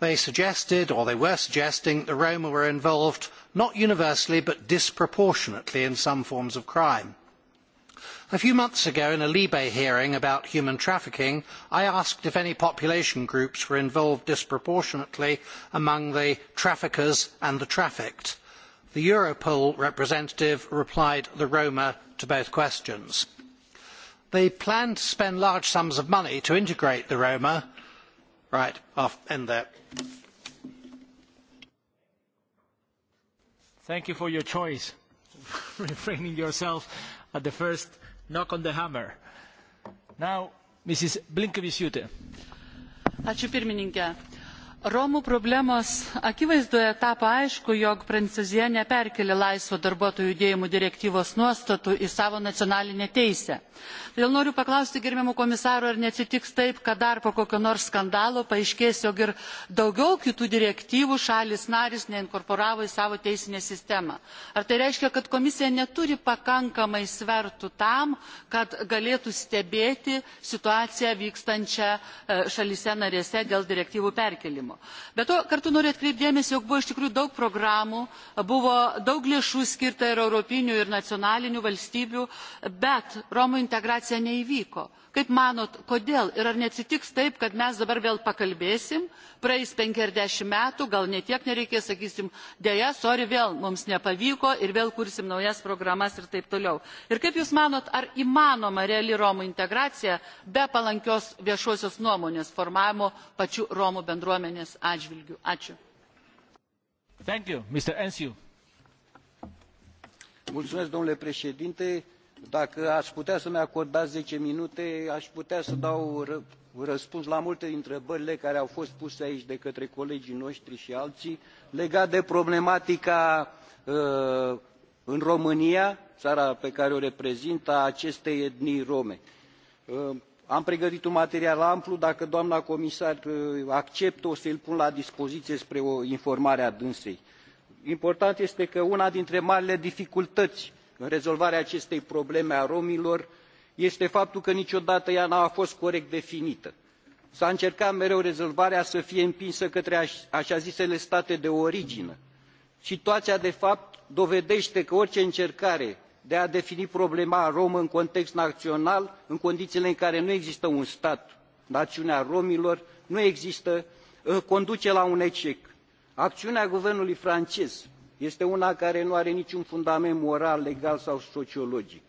They suggested, or they were suggesting, that the Roma were involved not universally but disproportionately in some forms of crime. A few months ago, in a Libe hearing about human trafficking, I asked if any population groups were involved disproportionately among the traffickers and the trafficked The Europol representative replied the Roma to both questions. They plan to spend large sums of money to integrate the Roma. Right, I'll end there. Thank you for your
choice, <laughs> refraining yourself at the first knock on the hammer. Now, Mrs. Blinkevichute.
Ačiū Romų problemos akivaizdoje tapo aišku, jog Prancūzija neperkelė laisvo darbuotojų judėjimų direktyvos nuostatų į savo nacionalinę teisę. Todėl noriu paklausti gerbiamų komisarų, ar neatsitiks taip, kad dar po kokio nors skandalo paaiškės, jog ir daugiau kitų direktyvų šalis narys neinkorporavo į savo teisinę sistemą. Ar tai reiškia, kad komisija neturi pakankamai svertų tam, kad galėtų stebėti situaciją vykstančią e, šalise narėse dėl direktyvų perkelimo? Be to kartu noriu atkreipti dėmesį, jog buvo iš tikrųjų daug programų, buvo daug lėšų skirta ir europinių, ir nacionalinių valstybių, bet Romų integracija neįvyko. Kaip manot, kodėl ir ar neatsitiks taip, kad mes dabar vėl pakalbėsim, praeis 50 metų, gal ne tiek nereikės, sakysim, dėja, sorry, vėl mums nepavyko ir vėl kursim naujas programas ir taip toliau. Ir kaip Jūs manot, ar įmanoma reali Romų integracija be palankios viešosios nuomonės formavimo pačių Romų bendruomenės atžvilgių? Ačiū.
Thank you, Mr. Ensiu. Mulțumesc, domnule președinte Dacă aș putea să-mi acordați 10 minute, aș putea să dau răspuns la multe întrebările care au fost puse aici de către colegii noștri și alții legat de problematica uh, în România, țara pe care o reprezint, a acestei etnii rome. Uh, am pregătit un material amplu, dacă doamna comisar uh, acceptă, o să-l pun la dispoziție spre o informare a dânsei. Important este că una dintre marile dificultăți în rezolvarea acestei probleme a romilor este faptul că niciodată ea nu a fost corect definită. s a încercat mereu rezolvarea să fie împinsă către așa zisele state de origine. situaia de fapt dovedește că orice încercare de a defini problema romă în context național în condițiile în care nu există un stat naiunea romilor nu există uh, conduce la un eșec. acțiunea guvernului francez este una care nu are niciun fundament moral, legal sau sociologic.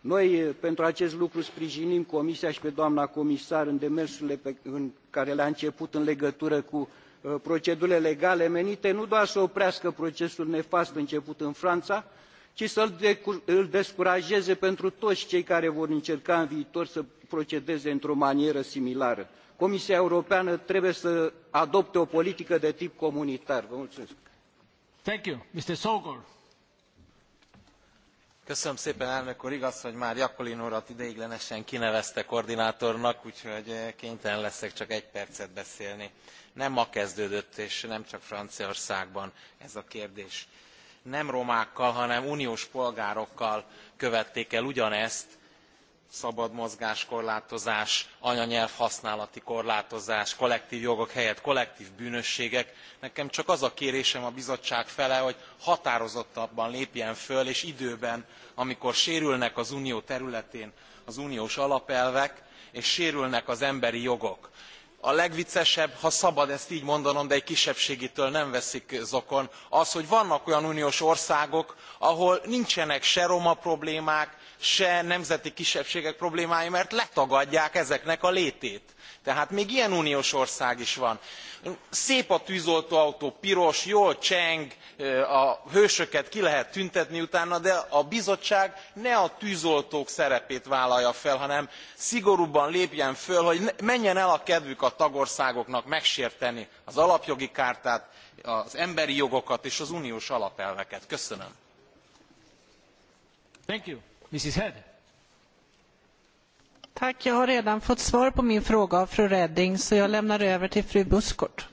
Noi, e, pentru acest lucru, sprijinim Comisia și pe doamna comisar în demersurile pe în care le-a început în legătură cu e, procedurile legale menite nu doar să oprească procesul nefast început în Franța, ci să îl, îl descurajeze pentru toți cei care vor încerca în viitor să procedeze într-o manieră similară. Comisia Europeană trebuie să adopte o politică de tip comunitar. Vă mulțumesc. Thank you. Mr.
Köszönöm szépen, elnök úr. Igaz, hogy már Jakolin urat ideiglenesen kinevezte koordinátornak, úgyhogy eh, kénytelen leszek csak egy percet beszélni. Nem ma kezdődött, és nem csak Franciaországban ez a kérdés. Nem romákkal, hanem uniós polgárokkal követték el ugyanezt, szabad mozgáskorlátozás, anyanyelv használati korlátozás, kollektív jogok helyett kollektív bűnösségek. Nekem csak az a kérésem a bizottság fele, hogy határozottabban lépjen föl, és időben, amikor sérülnek az unió területén az uniós alapelvek, és sérülnek az emberi jogok. A legviccesebb, ha szabad ezt így mondanom, de egy kisebbségitől nem veszik zokon, az, hogy vannak olyan uniós országok, ahol nincsenek se roma problémák, se nemzeti kisebbségek problémái, mert letagadják ezeknek a létét. Tehát még ilyen uniós ország is van. Szép a tűzoltóautó, piros, jól cseng, a hősöket ki lehet tüntetni utána, de a bizottság ne a tűzoltók szerepét vállalja fel, hanem szigorúbban lépjen föl, hogy menjen el a kedvük a tagországoknak megsérteni az alapjogi kártát, az emberi jogokat és az uniós alapelveket. Köszönöm.
Mrs. Head.
Tack, jag har redan fått svar på min fråga av fru Redding så jag lämnar över till fru Buskort.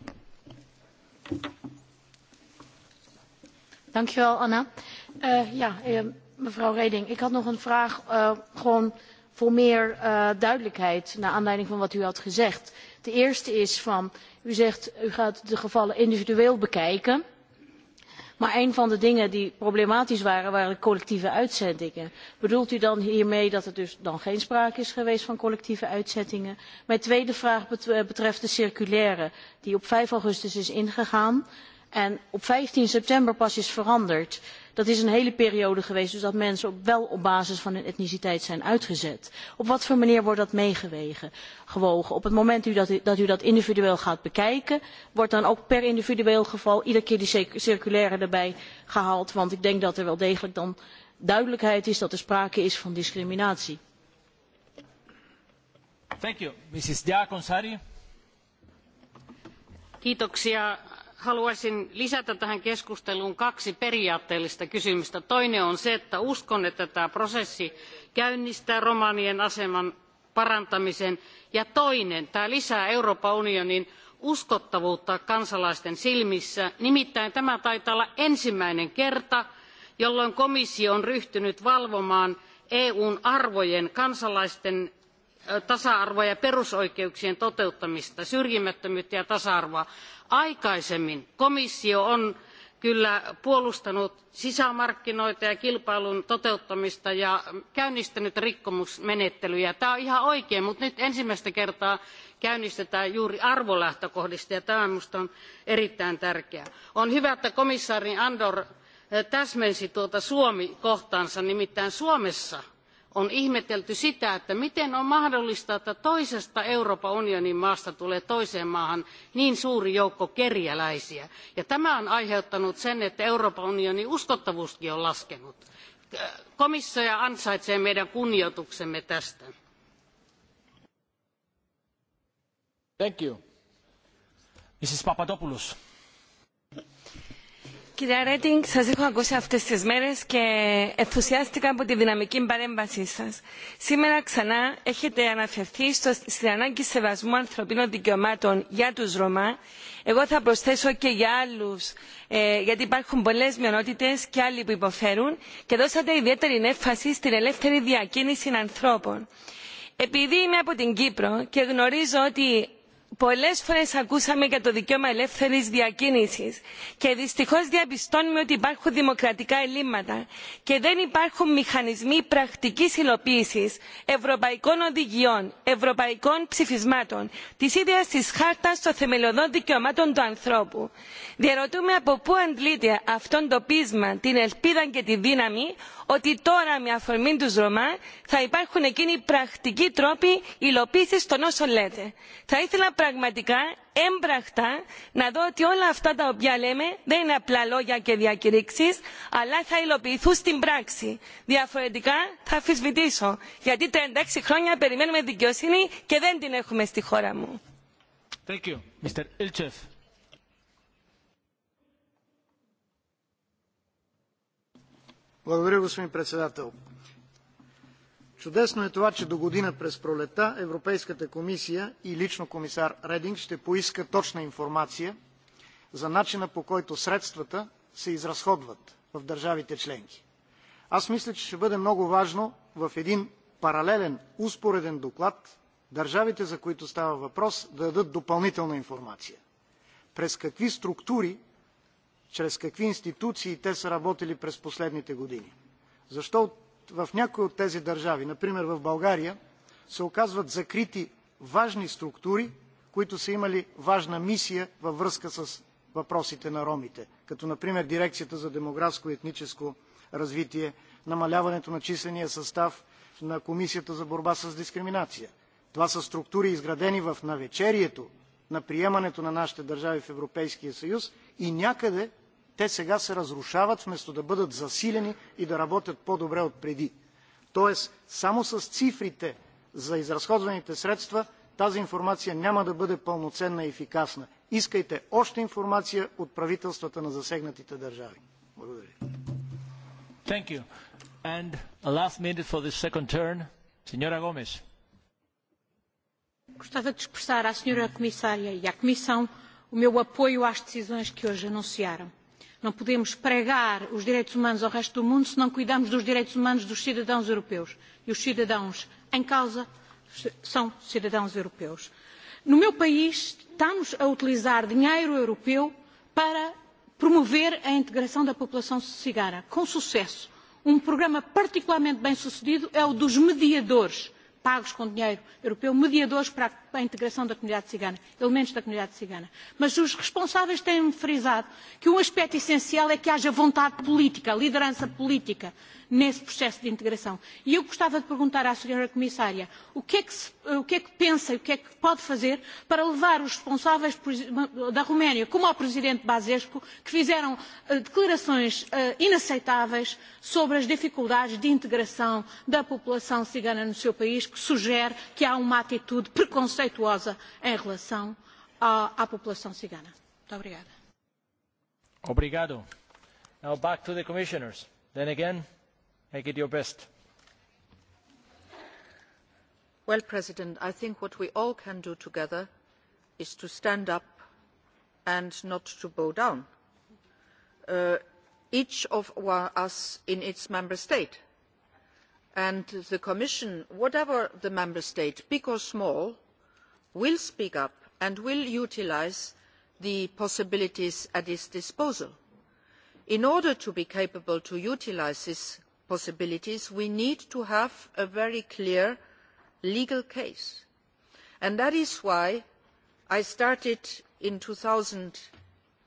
Dankjewel Anna. Uh, ja, uh, mevrouw Reding, ik had nog een vraag uh, gewoon voor meer uh, duidelijkheid naar aanleiding van wat u had gezegd. De eerste is van, u zegt u gaat de gevallen individueel bekijken. Maar een van de dingen die problematisch waren, waren collectieve uitzettingen. Bedoelt u dan hiermee dat er dus dan geen sprake is geweest van collectieve uitzettingen? Mijn tweede vraag eh, betreft de circulaire, die op 5 augustus is ingegaan en op 15 september pas is veranderd. Dat is een hele periode geweest, dus dat mensen wel op basis van hun etniciteit zijn uitgezet. Op wat voor manier wordt dat meegewogen? Op het moment u dat, dat u dat individueel gaat bekijken, wordt dan ook per individueel geval iedere keer die circulaire erbij gehaald. Want ik denk dat er wel degelijk dan duidelijkheid is dat er sprake is van discriminatie.
Thank you. Mrs. Diakonsari.
Kiitoksia haluaisin lisätä tähän keskusteluun kaksi periaatteellista kysymystä. Toinen on se, että uskon, että tämä prosessi käynnistää romanien aseman parantamisen. Ja toinen, tämä lisää Euroopan unionin uskottavuutta kansalaisten silmissä. Nimittäin tämä taitaa olla ensimmäinen kerta, jolloin komissio on ryhtynyt valvomaan EUn arvojen kansalaisten tasa-arvoa ja perusoikeuksien toteuttamista, syrjimättömyyttä ja tasa-arvoa. Aikaisemmin komissio on kyllä puolustanut sisämarkkinoita ja kilpailun toteuttamista ja käynnistänyt rikkomusmenettelyjä. Tämä on ihan oikein, mutta nyt ensimmäistä kertaa käynnistetään juuri arvolähtökohdista ja tämä minusta on erittäin tärkeää. On hyvä, että komissaari Andor täsmensi tuota Suomi-kohtaansa, nimittäin Suomessa – on ihmetelty sitä, että miten on mahdollista, että toisesta Euroopan unionin maasta tulee toiseen maahan niin suuri joukko kerjäläisiä. Ja tämä on aiheuttanut sen, että Euroopan unionin uskottavuuskin on laskenut. Komissio ansaitsee meidän kunnioituksemme tästä.
Thank you. Mrs. Papadopoulos.
Κυρία Ρέτινγκ, σας έχω ακούσει αυτές τις μέρες και ενθουσιάστηκα από τη δυναμική παρέμβασή σας. Σήμερα ξανά έχετε αναφερθεί στο, στην ανάγκη σεβασμού ανθρωπίνων δικαιωμάτων για τους Ρωμά. Εγώ θα προσθέσω και για άλλους, ε, γιατί υπάρχουν πολλές μειονότητες και άλλοι που υποφέρουν και δώσατε ιδιαίτερη έμφαση στην ελεύθερη διακίνηση ανθρώπων. Επειδή είμαι από την Κύπρο και γνωρίζω ότι Πολλές φορές ακούσαμε για το δικαίωμα ελεύθερης διακίνησης και δυστυχώς διαπιστώνουμε ότι υπάρχουν δημοκρατικά ελλείμματα και δεν υπάρχουν μηχανισμοί πρακτικής υλοποίησης ευρωπαϊκών οδηγιών, ευρωπαϊκών ψηφισμάτων, της ίδιας της χάρτας των θεμελιωδών δικαιωμάτων του ανθρώπου. Διαρωτούμε από πού αντλείται αυτό το πείσμα, την ελπίδα και τη δύναμη ότι τώρα με αφορμή του Ρωμά θα υπάρχουν εκείνοι πρακτικοί τρόποι υλοποίηση των όσων λέτε. Θα ήθελα πραγματικά έμπρακτα να δω ότι όλα αυτά τα οποία λέμε δεν είναι απλά λόγια και διακηρύξεις, αλλά θα υλοποιηθούν στην πράξη. Διαφορετικά θα αφισβητήσω, γιατί 36 χρόνια περιμένουμε δικαιοσύνη και δεν την έχουμε στη χώρα μου.
Thank you. Mr. Ilchev.
Благодаря, господин председател. Чудесно е това, че до година през пролета Европейската комисия и лично комисар Рединг ще поиска точна информация за начина по който средствата се изразходват в държавите членки. Аз мисля, че ще бъде много важно в един паралелен, успореден доклад държавите, за които става въпрос, да дадат допълнителна информация. През какви структури чрез какви институции те са работили през последните години. Защо в някои от тези държави, например в България, се оказват закрити важни структури, които са имали важна мисия във връзка с въпросите на ромите, като например Дирекцията за демографско и етническо развитие, намаляването на числения състав на Комисията за борба с дискриминация. Това са структури, изградени в навечерието на приемането на нашите държави в Европейския съюз и някъде те сега се разрушават, вместо да бъдат засилени и да работят по-добре от преди. Тоест, само с цифрите за изразходваните средства тази информация няма да бъде пълноценна и ефикасна. Искайте още информация от правителствата на засегнатите държави. Благодаря.
Thank you. And a last minute for the second turn, Senhora Gomes.
Gostava de expressar à Senhora Comissária e à Comissão o meu apoio às decisões que hoje anunciaram Não podemos pregar os direitos humanos ao resto do mundo se não cuidamos dos direitos humanos dos cidadãos europeus. E os cidadãos em causa são cidadãos europeus. No meu país, estamos a utilizar dinheiro europeu para promover a integração da população cigana, com sucesso. Um programa particularmente bem sucedido é o dos mediadores, pagos com dinheiro europeu, mediadores para a a integração da comunidade cigana, elementos da comunidade cigana. Mas os responsáveis têm frisado que um aspecto essencial é que haja vontade política, liderança política nesse processo de integração. E eu gostava de perguntar à Sra. Comissária o que, é que se, o que é que pensa e o que é que pode fazer para levar os responsáveis da Roménia, como ao Presidente Basescu, que fizeram eh, declarações eh, inaceitáveis sobre as dificuldades de integração da população cigana no seu país, que sugere que há uma atitude preconceituosa preconceituosa em relação à, à população cigana. Muito obrigada.
Obrigado. Now back to the commissioners. Then again,
make it your best. Well, President, I think what we all can do together is to stand up and not to bow down. Uh, each of us in its member state and the Commission, whatever the member state, big or small, will speak up and will utilise the possibilities at its disposal. In order to be capable to utilise these possibilities, we need to have a very clear legal case. And that is why I started in, 2000,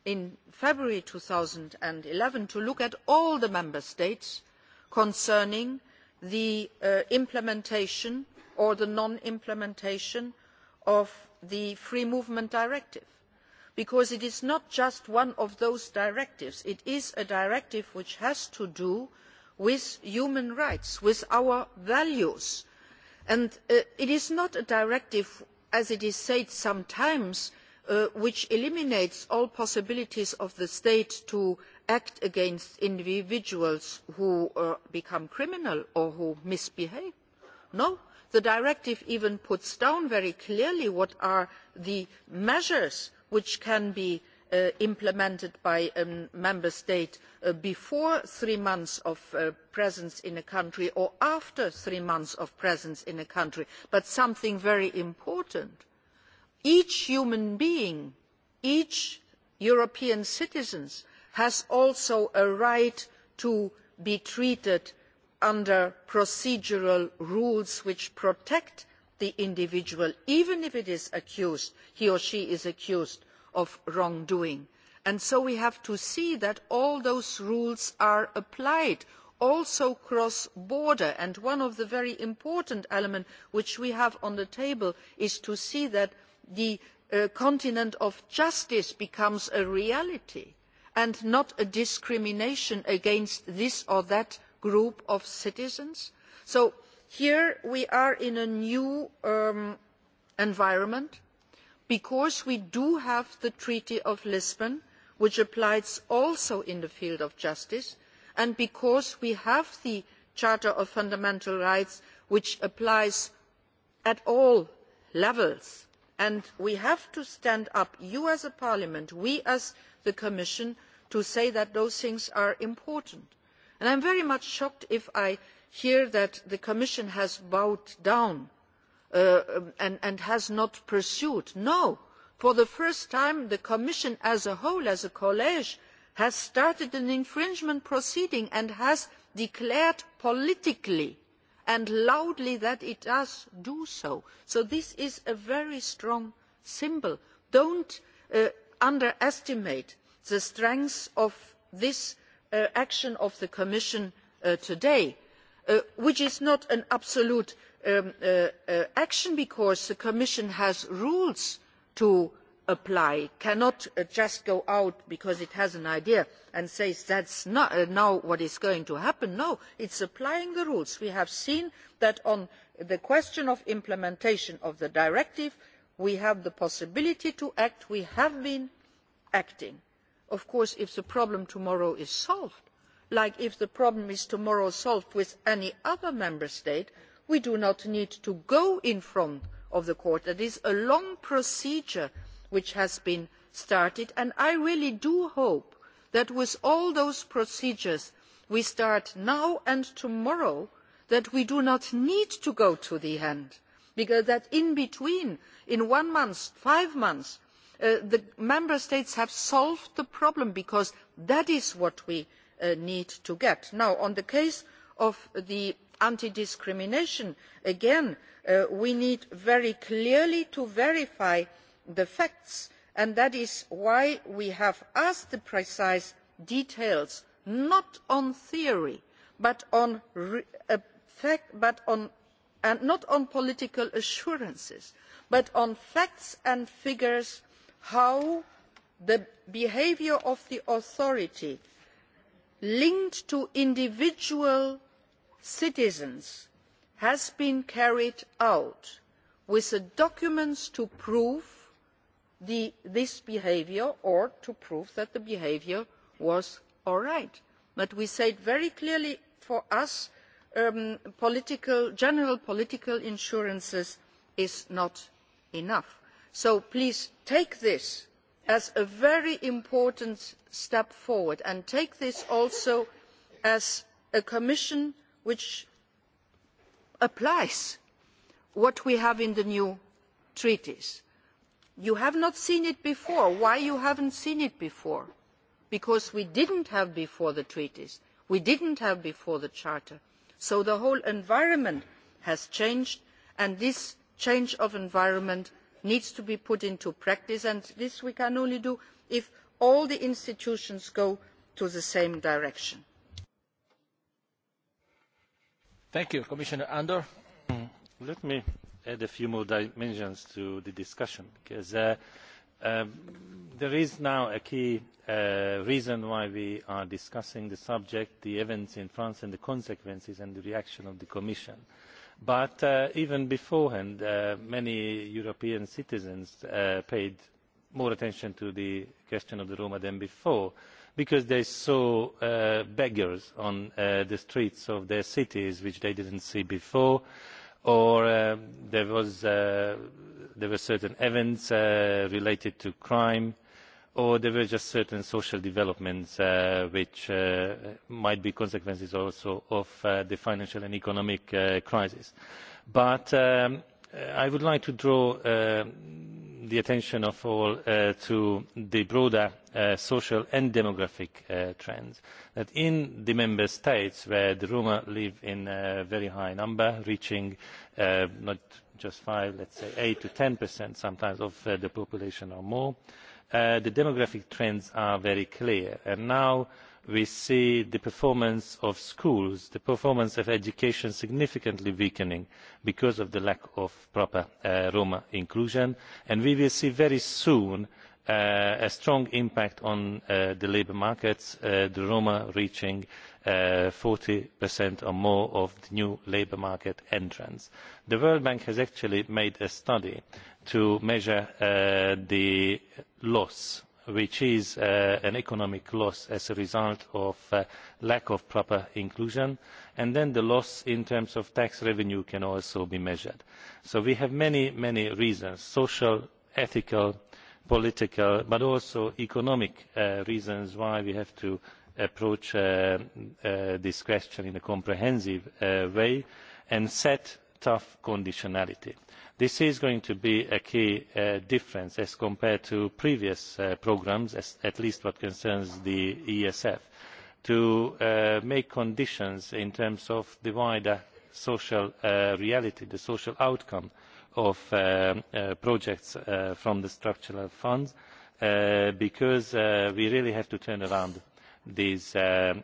in February eleven to look at all the member states concerning the uh, implementation or the non-implementation of the free movement directive because it is not just one of those directives it is a directive which has to do with human rights with our values and uh, it is not a directive as is said sometimes uh, which eliminates all possibilities of the state to act against individuals who uh, become criminals or who misbehave no The directive even puts down very clearly what are the measures which can be uh, implemented by a um, member state uh, before three months of uh, presence in a country or after three months of presence in a country. But something very important, each human being, each European citizen has also a right to be treated under procedural rules which protect the individual even if accused, he or she is accused of wrongdoing so we have to see that all those rules are applied also cross border and one of the very important elements which we have on the table is to see that the uh, continent of justice becomes a reality and not a discrimination against this or that group of citizens. So here we are in a new um, environment because we do have the Treaty of Lisbon, which applies also in the field of justice, and because we have the Charter of Fundamental Rights, which applies at all levels. And we have to stand up, you as a parliament, we as the commission, to say that those things are important I am very much shocked if I hear that the Commission has bowed down uh, um, and, has not pursued. No, for the first time, the Commission as a whole, as a college, has started an infringement proceeding and has declared politically and loudly that it does do so. So this is a very strong symbol. Do not uh, underestimate the strength of this Uh, action of the commission uh, today uh, which is not an absolute um, action because the commission has rules to apply It cannot just go out because it has an idea and say that is now what is going to happen. no it is applying the rules. we have seen that on the question of implementation of the directive we have the possibility to act we have been acting Of course, if the problem tomorrow is solved, like if the problem is tomorrow solved with any other member state, we do not need to go in front of the court. That is a long procedure which has been started, and I really do hope that with all those procedures we start now and tomorrow, that we do not need to go to the end, because that in between, in one month, five months, Uh, the member states have solved the problem because that is what we uh, need to get. now on the case of anti discrimination again uh, we need very clearly to verify the facts and that is why we have asked for precise details not on theory but on but on and not on political assurances but on facts and figures how the behaviour of the authority linked to individual citizens has been carried out with the documents to prove the, this behaviour or to prove that the behaviour was all right. But we said very clearly for us um, political, general political insurances is not enough so please take this as a very important step forward and take this also as a commission which applies what we have in the new treaties. You have not seen it before. Why have you not seen it before? Because we did not have before the treaties. We did not have before the charter. So the whole environment has changed and this change of environment needs to be put into practice and this we can only do if all the institutions go in the same direction.
Commissioner Andor. Mm, let me add a few more dimensions to the discussion because uh, um, there is now a key uh, reason why we are discussing the subject, the events in France and the consequences and the reaction of the Commission but uh, even beforehand uh, many european citizens uh, paid more attention to the question of the roma than before because they saw uh, beggars on uh, the streets of their cities which they did not see before or uh, there, was, there were certain events related to crime or there were just certain social developments uh, which uh, might be consequences also of uh, the financial and economic uh, crisis. But um, I would like to draw uh, the attention of all uh, to the broader uh, social and demographic uh, trends. That in the member states where the Roma live in a very high number, reaching uh, not just five, let's say eight to ten percent sometimes of uh, the population or more, Uh, the demographic trends are very clear and now we see the performance of schools the performance of education significantly weakening because of the lack of proper uh, roma inclusion and we will see very soon uh, a strong impact on the labour markets the roma reaching forty or more of the new labour market entrants. the world bank has actually made a study to measure uh, the loss, which is uh, an economic loss as a result of uh, lack of proper inclusion, and then the loss in terms of tax revenue can also be measured. So we have many, many reasons, social, ethical, political, but also economic uh, reasons why we have to approach uh, uh, this question in a comprehensive uh, way and set tough conditionality. this is going to be a key uh, difference as compared to previous uh, programmes at least what concerns the esf to uh, make conditions in terms of the wider social reality the social outcome of projects from the structural funds because we really have to turn around these um,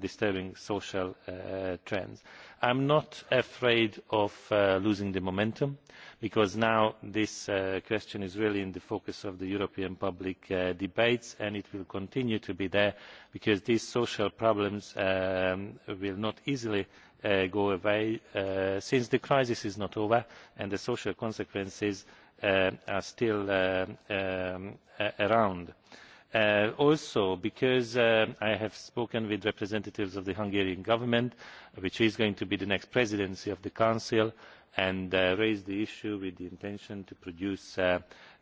disturbing social trends i am not afraid of uh, losing the momentum because now this uh, question is really in the focus of the european public uh, debates and it will continue to be there because these social problems um, will not easily go away since the crisis is not over and the social consequences are still um, around Uh, also because uh, i have spoken with representatives of the hungarian government which is going to be the next presidency of the council and uh, raised the issue with the intention to produce uh,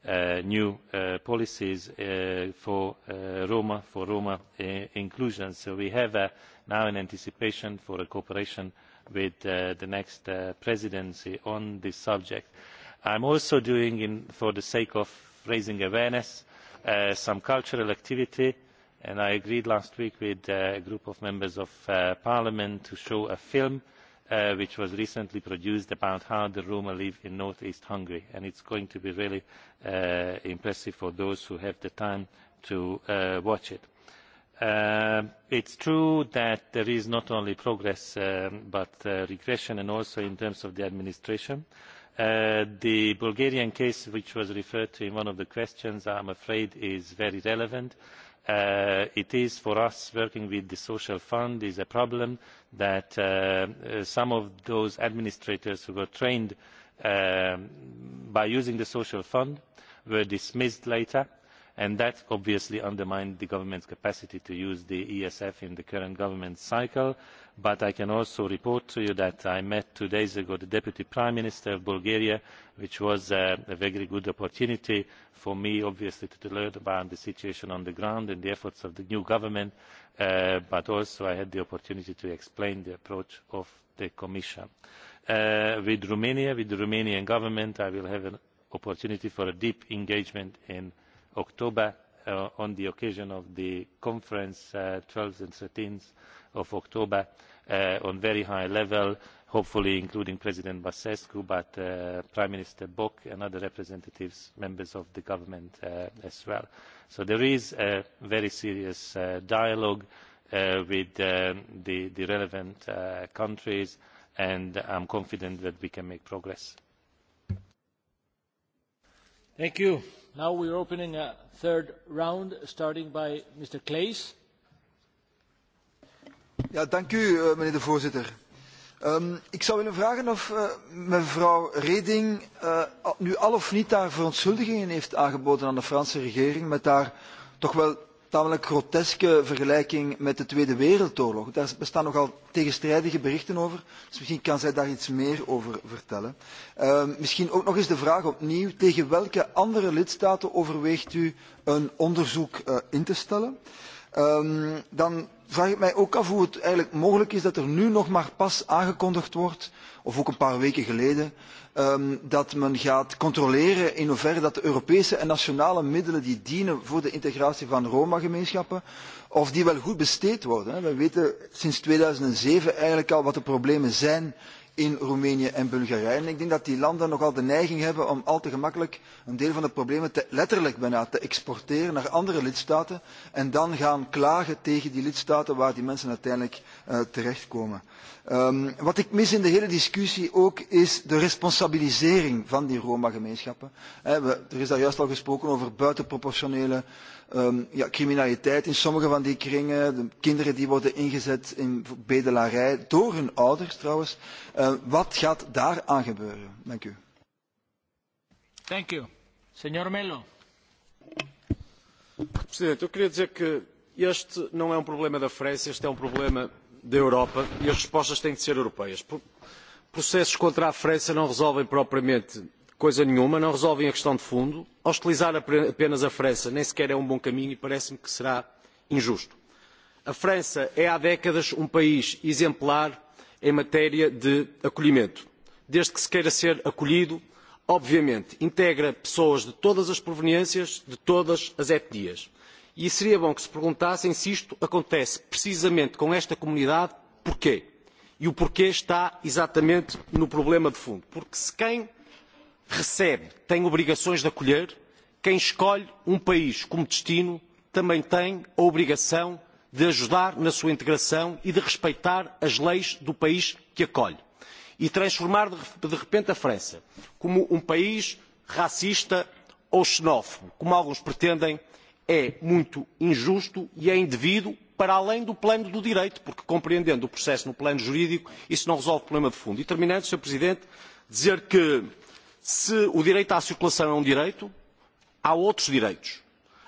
uh, new uh, policies for roma, for roma inclusion. so we have now an anticipation for a cooperation with the next presidency on this subject. i am also doing in, for the sake of raising awareness Uh, some cultural activity and i agreed last week with uh, a group of members of uh, parliament to show a film which was recently produced about how the roma live in north east hungary and it is going to be really impressive for those who have the time to watch it. It is true that there is not only progress um, but regression and also in terms of the administration. Uh, the bulgarian case which was referred to in one of the questions i am afraid is very relevant. Uh, it is for us working with the social fund is a problem that uh, some of those administrators who were trained um, by using the social fund were dismissed later and that obviously undermined the government's capacity to use the esf in the current government cycle but i can also report to you that i met two days ago the deputy prime minister of bulgaria which was a very good opportunity for me obviously to learn about the situation on the ground and the efforts of the new government uh, but also i had the opportunity to explain the approach of the commission. Uh, with romania with the romanian government i will have an opportunity for a deep engagement in october uh, on the occasion of the conference twelve and thirteen of october uh, on very high level, hopefully including President Basescu, but uh, Prime Minister Bok and other representatives, members of the government uh, as well. So there is a very serious uh, dialogue uh, with um, the, the relevant uh, countries, and I'm confident that we can make progress.
Thank you. Now we're opening a third round, starting by Mr. Claes.
Ja, dank u, eh, meneer de voorzitter. Um, ik zou willen vragen of uh, mevrouw Reding uh, nu al of niet haar verontschuldigingen heeft aangeboden aan de Franse regering met haar toch wel tamelijk groteske vergelijking met de Tweede Wereldoorlog. Daar bestaan nogal tegenstrijdige berichten over, dus misschien kan zij daar iets meer over vertellen. Uh, misschien ook nog eens de vraag opnieuw, tegen welke andere lidstaten overweegt u een onderzoek uh, in te stellen? Um, dan vraag ik mij ook af hoe het eigenlijk mogelijk is dat er nu nog maar pas aangekondigd wordt, of ook een paar weken geleden, um, dat men gaat controleren in hoeverre dat de Europese en nationale middelen die dienen voor de integratie van Roma-gemeenschappen, of die wel goed besteed worden. We weten sinds 2007 eigenlijk al wat de problemen zijn in Roemenië en Bulgarije. En ik denk dat die landen nogal de neiging hebben om al te gemakkelijk een deel van de problemen te, letterlijk bijna te exporteren naar andere lidstaten en dan gaan klagen tegen die lidstaten waar die mensen uiteindelijk uh, terechtkomen. Um, wat ik mis in de hele discussie ook is de responsabilisering van die Roma-gemeenschappen. Er is daar juist al gesproken over buitenproportionele um, ja, criminaliteit in sommige van die kringen. De kinderen die worden ingezet in bedelarij, door hun ouders trouwens. Uh, wat gaat daar aan gebeuren? Dank u.
Dank u. Senor Mello. Presidente,
eu queria dizer dit este não um probleem van de Frans, França, este é um problema da Europa e as respostas têm de ser europeias. Processos contra a França não resolvem propriamente coisa nenhuma, não resolvem a questão de fundo. Hostilizar apenas a França nem sequer é um bom caminho e parece-me que será injusto. A França é há décadas um país exemplar em matéria de acolhimento. Desde que se queira ser acolhido, obviamente, integra pessoas de todas as proveniências, de todas as etnias. E seria bom que se perguntassem se isto acontece precisamente com esta comunidade, porquê? E o porquê está exatamente no problema de fundo. Porque se quem recebe tem obrigações de acolher, quem escolhe um país como destino também tem a obrigação de ajudar na sua integração e de respeitar as leis do país que acolhe. E transformar de repente a França como um país racista ou xenófobo, como alguns pretendem é muito injusto e é indevido para além do plano do direito, porque compreendendo o processo no plano jurídico, isso não resolve o problema de fundo. E terminando, Sr. Presidente, dizer que se o direito à circulação é um direito, há outros direitos.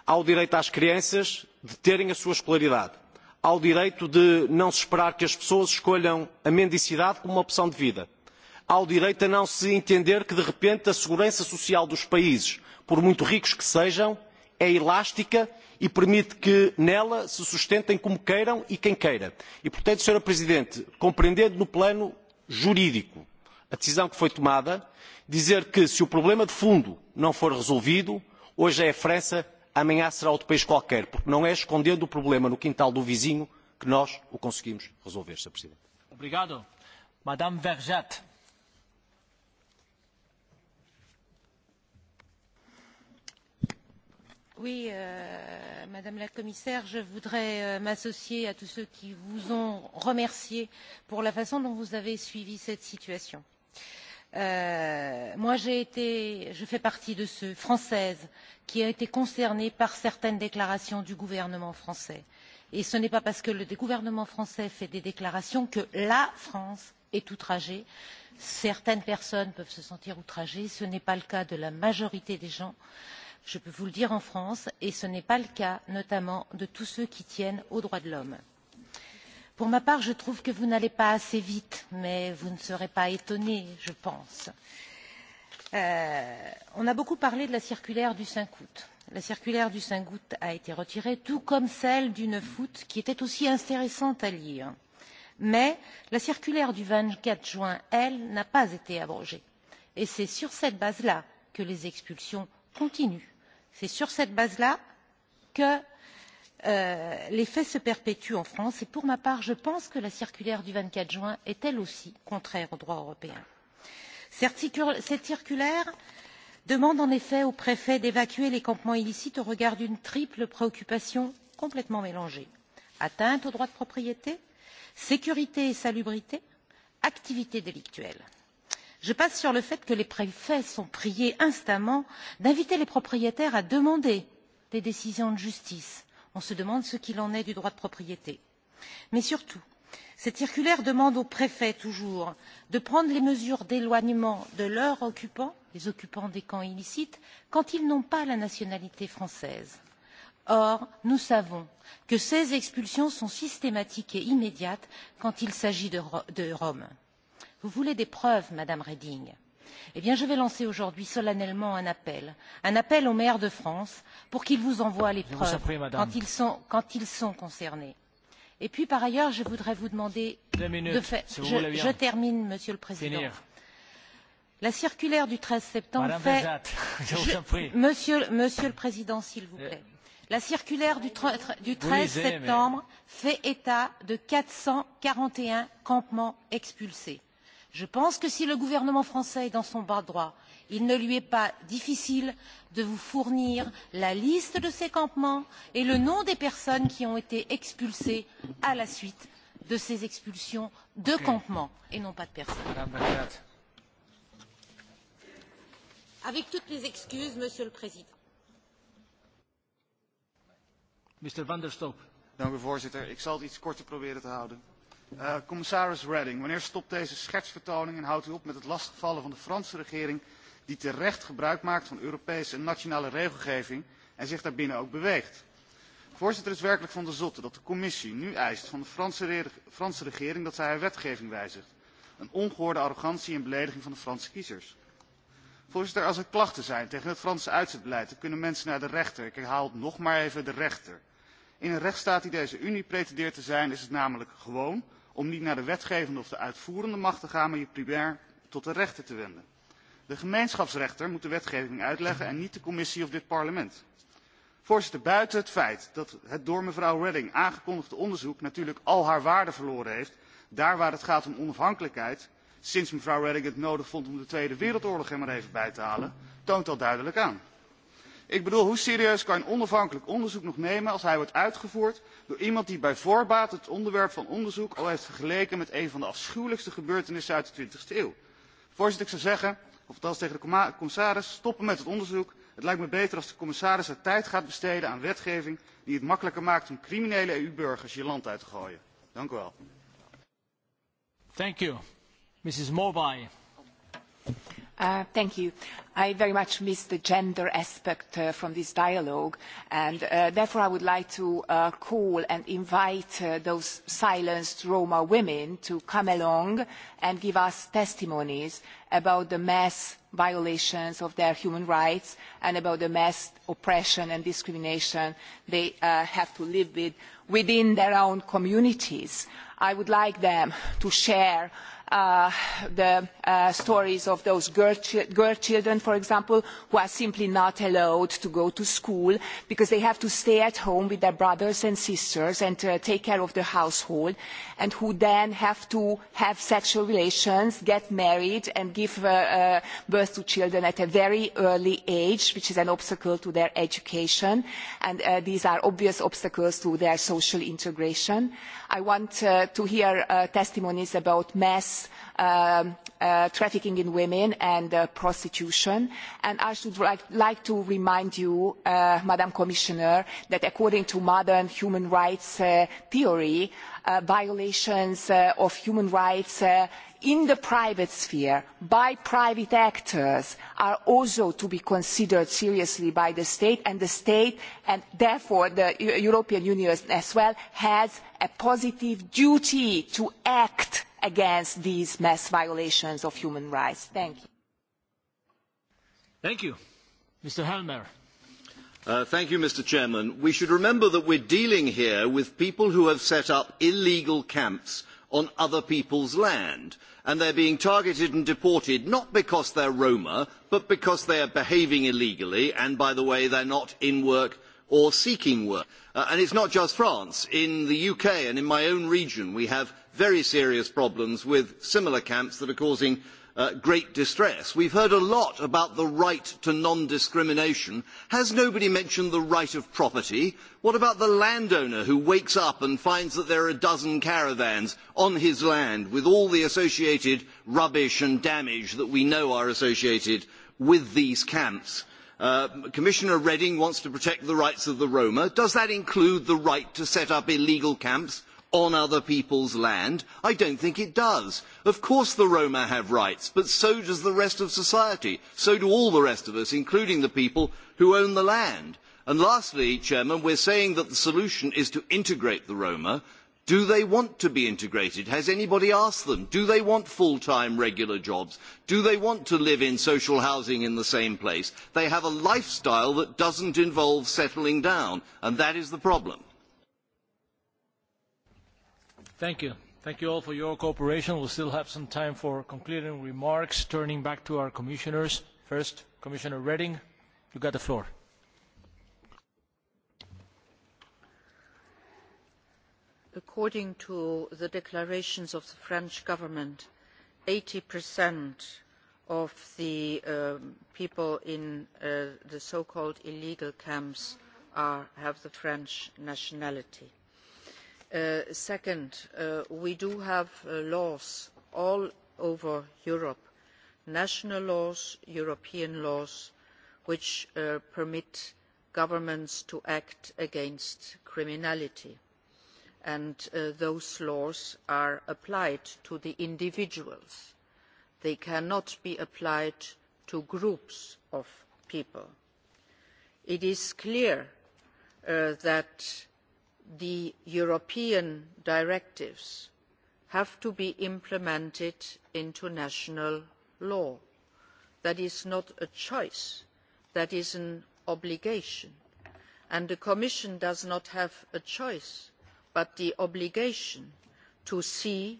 Há o direito às crianças de terem a sua escolaridade. Há o direito de não se esperar que as pessoas escolham a mendicidade como uma opção de vida. Há o direito a não se entender que, de repente, a segurança social dos países, por muito ricos que sejam, é elástica e permite que nela se sustentem como queiram e quem queira. E, portanto, Sra. Presidente, compreendendo no plano jurídico a decisão que foi tomada, dizer que se o problema de fundo não for resolvido, hoje é a França, amanhã será outro país qualquer, porque não é escondendo o problema no quintal do vizinho que nós o conseguimos resolver, Sr. Presidente.
Obrigado. Madame Verjat.
Oui, euh, Madame la Commissaire, je voudrais euh, m'associer à tous ceux qui vous ont remercié pour la façon dont vous avez suivi cette situation. Euh, moi, j'ai été, je fais partie de ceux, Françaises qui ont été concernés par certaines déclarations du gouvernement français. Et ce n'est pas parce que le gouvernement français fait des déclarations que la France est outragée. Certaines personnes peuvent se sentir outragées, ce n'est pas le cas de la majorité des gens. Euh, je peux vous le dire en France, et ce n'est pas le cas notamment de tous ceux qui tiennent aux droits de l'homme. Pour ma part, je trouve que vous n'allez pas assez vite, mais vous ne serez pas étonnés, je pense. Euh, on a beaucoup parlé de la circulaire du cinq août. La circulaire du cinq août a été retirée, tout comme celle du neuf août, qui était aussi intéressante à lire. Mais la circulaire du vingt quatre juin, elle, n'a pas été abrogée. Et c'est sur cette base-là que les expulsions continue. C'est sur cette base-là que euh, les faits se perpétuent en France et pour ma part, je pense que la circulaire du 24 juin est elle aussi contraire au droit européen. Cette circulaire demande en effet au préfet d'évacuer les campements illicites au regard d'une triple préoccupation complètement mélangée atteinte aux droits de propriété, sécurité et salubrité, activité délictuelle je passe sur le fait que les préfets sont priés instamment d'inviter les propriétaires à demander des décisions de justice on se demande ce qu'il en est du droit de propriété mais surtout cette circulaire demande aux préfets toujours de prendre les mesures d'éloignement de leurs occupants les occupants des camps illicites quand ils n'ont pas la nationalité française. or nous savons que ces expulsions sont systématiques et immédiates quand il s'agit de, de roms. Vous voulez des preuves, Madame Reding. Eh bien, je vais lancer aujourd'hui solennellement un appel, un appel au maire de France pour qu'il vous envoie les je preuves prie, quand, ils sont, quand ils sont concernés. Et puis, par ailleurs, je voudrais vous demander minutes, de faire. Si je, je termine, Monsieur le Président. Finir. La circulaire du 13 septembre Madame fait. Bézat,
<laughs> je vous en prie. Je,
monsieur, monsieur le Président, s'il vous euh. plaît. La circulaire du, du 13 lisez, septembre mais... fait état de 441 campements expulsés. Je pense que si le gouvernement français est dans son bas droit, il ne lui est pas difficile de vous fournir la liste de ces campements et le nom des personnes qui ont été expulsées à la suite de ces expulsions de campements et non pas de personnes. Avec toutes les excuses, Monsieur le Président.
Mr. Van der Stoop. Dank u voorzitter. Ik zal het iets korter proberen te houden. Uh, commissaris Redding, wanneer stopt deze schetsvertoning en houdt u op met het lastigvallen van de Franse regering die terecht gebruik maakt van Europese en nationale regelgeving en zich daarbinnen ook beweegt? Voorzitter, het is werkelijk van de zotte dat de commissie nu eist van de Franse, re Franse regering dat zij haar wetgeving wijzigt. Een ongehoorde arrogantie en belediging van de Franse kiezers. Voorzitter, als er klachten zijn tegen het Franse uitzetbeleid, dan kunnen mensen naar de rechter. Ik herhaal het nog maar even de rechter. In een rechtsstaat die deze Unie pretendeert te zijn, is het namelijk gewoon om niet naar de wetgevende of de uitvoerende macht te gaan, maar je primair tot de rechter te wenden. De gemeenschapsrechter moet de wetgeving uitleggen en niet de commissie of dit parlement. Voorzitter, buiten het feit dat het door mevrouw Redding aangekondigde onderzoek natuurlijk al haar waarde verloren heeft, daar waar het gaat om onafhankelijkheid, sinds mevrouw Redding het nodig vond om de Tweede Wereldoorlog er maar even bij te halen, toont dat duidelijk aan. Ik bedoel, hoe serieus kan een onafhankelijk onderzoek nog nemen als hij wordt uitgevoerd door iemand die bij voorbaat het onderwerp van onderzoek al heeft vergeleken met een van de afschuwelijkste gebeurtenissen uit de 20e eeuw? Voorzitter, ik zou zeggen, of is tegen de commissaris, stoppen met het onderzoek. Het lijkt me beter als de commissaris haar er tijd gaat besteden aan wetgeving die het makkelijker maakt om criminele EU-burgers je land uit te gooien. Dank u wel.
Thank you. Mrs. Mobile.
Uh, thank you. I very much miss the gender aspect uh, from this dialogue, and uh, therefore I would like to call and invite those silenced Roma women to come along and give us testimonies about the mass violations of their human rights and about the mass oppression and discrimination they have to live with within their own communities. I would like them to share Uh, the uh, stories of those girl, children, for example, who are simply not allowed to go to school because they have to stay at home with their brothers and sisters and uh, take care of the household, and who then have to have sexual relations, get married, and give birth to children at a very early age, which is an obstacle to their education, and these are obvious obstacles to their social integration. I want uh, to hear uh, testimonies about mass um, uh, trafficking in women and uh, prostitution. And I should like, like to remind you, uh, Madam Commissioner, that according to modern human rights uh, theory, uh, violations uh, of human rights uh, in the private sphere by private actors are also to be considered seriously by the state and the state and therefore the European Union as well has a positive duty to act against these mass violations of human rights. Thank you.
Thank you. Mr. Helmer.
Uh, you, Mr Chairman. We should remember that we are dealing here with people who have set up illegal camps on other people's land. And are being targeted and deported not because they are Roma, but because they are behaving illegally, and by the way, they are not in work or seeking work. Uh, and it is not just France. In the UK and in my own region, we have very serious problems with similar camps that are causing uh, great distress. We have heard a lot about the right to non-discrimination. Has nobody mentioned the right of property? What about the landowner who wakes up and finds that there are a dozen caravans on his land with all the associated rubbish and damage that we know are associated with these camps? Uh, Commissioner Reding wants to protect the rights of the Roma. Does that include the right to set up illegal camps on other people's land? I don't think it does. Of course the Roma have rights, but so does the rest of society. So do all the rest of us, including the people who own the land. And lastly, Chairman, we're saying that the solution is to integrate the Roma. Do they want to be integrated? Has anybody asked them? Do they want full-time regular jobs? Do they want to live in social housing in the same place? They have a lifestyle that does not involve settling down, and that is the problem.
Thank you. Thank you all for your cooperation. We'll still have some time for concluding remarks, turning back to our commissioners. First, Commissioner Reding, you got the floor.
According to the declarations of the French government, 80% of the um, people in uh, the so-called illegal camps are, have the French nationality Uh, second, uh, we do have uh, laws all over Europe, national laws, European laws, which permit governments to act against criminality. And those laws are applied to the individuals. They cannot be applied to groups of people. It is clear that the European directives have to be implemented into national law. That is not a choice, that is an obligation. And the Commission does not have a choice, but the obligation to see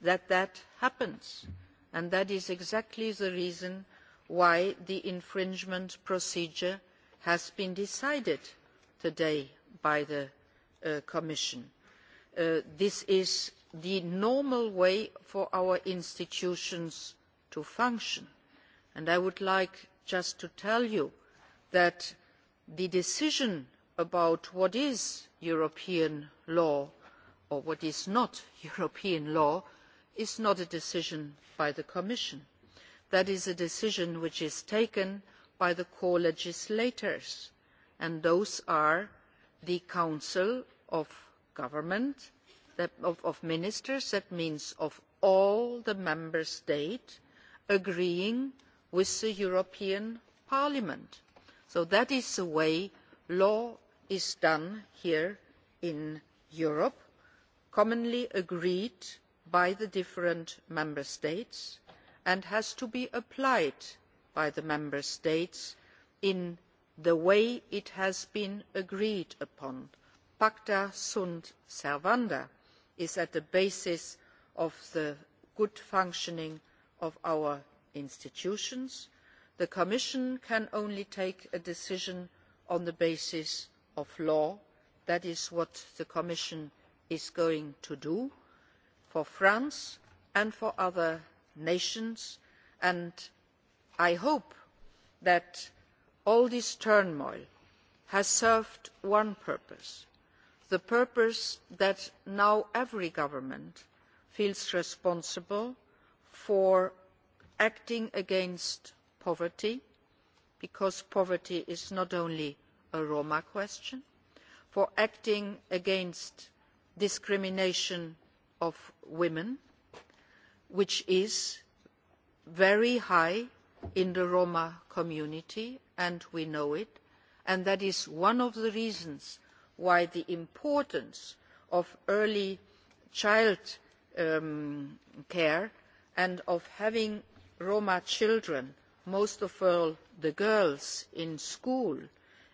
that that happens. And that is exactly the reason why the infringement procedure has been decided today by the Uh, commission. Uh, this is the normal way for our institutions to function and i would like just to tell you that the decision about what is european law or what is not <laughs> european law is not a decision by the commission that is a decision which is taken by the co legislators and those are the council of government, of ministers, that means of all the member states agreeing with the European Parliament. So that is the way law is done here in Europe, commonly agreed by the different member states and has to be applied by the member states in the way it has been agreed upon pacta sunt servanda is at the basis of the good functioning of our institutions. the commission can only take a decision on the basis of law. that is what the commission is going to do for france and for other nations and i hope that all this turmoil has served one purpose the purpose that now every government feels responsible for acting against poverty because poverty is not only a roma question for acting against discrimination of women which is very high in the roma community and we know it and that is one of the reasons why the importance of early child um, care and of having roma children most of all the girls in school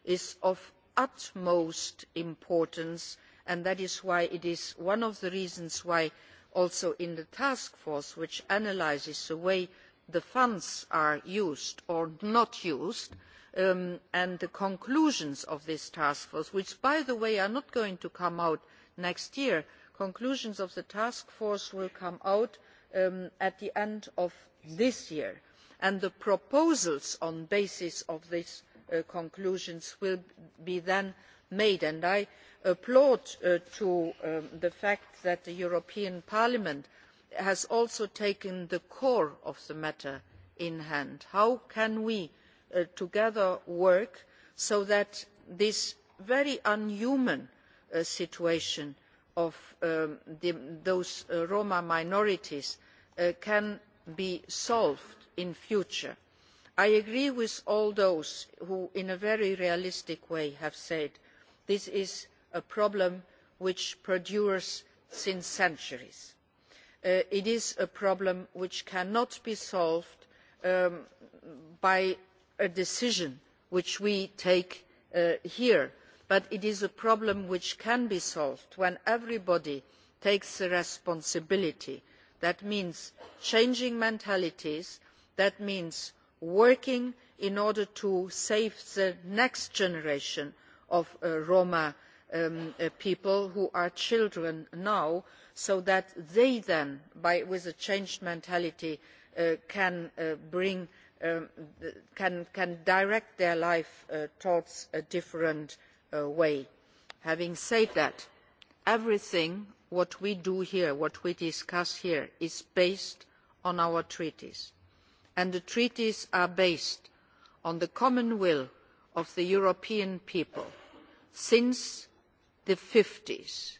is of utmost importance and that is why it is one of the reasons why also in the task force which analyses the way the funds are used or not used Um, and the conclusions of this task force which by the way are not going to come out next year conclusions of the task force will come out um, at the end of this year and the proposals on the basis of these uh, conclusions will be then made i applaud uh, um, the fact that the european parliament has also taken the core of the matter in hand how can we Uh, together work so that this very unhuman uh, situation of um, those uh, Roma minorities can be solved in future. I agree with all those who in a very realistic way have said this is a problem which perdures since centuries. it is a problem which cannot be solved um, by a decision which we take uh, here but it is a problem which can be solved when everybody takes responsibility. that means changing mentalities that means working in order to save the next generation of uh, roma um, uh, people who are children now so that they then by, with a changed mentality can bring Um, can, direct their life uh, towards a different uh, way. having said that everything we do here what we discuss here is based on our treaties and the treaties are based on the common will of the european people since the fifties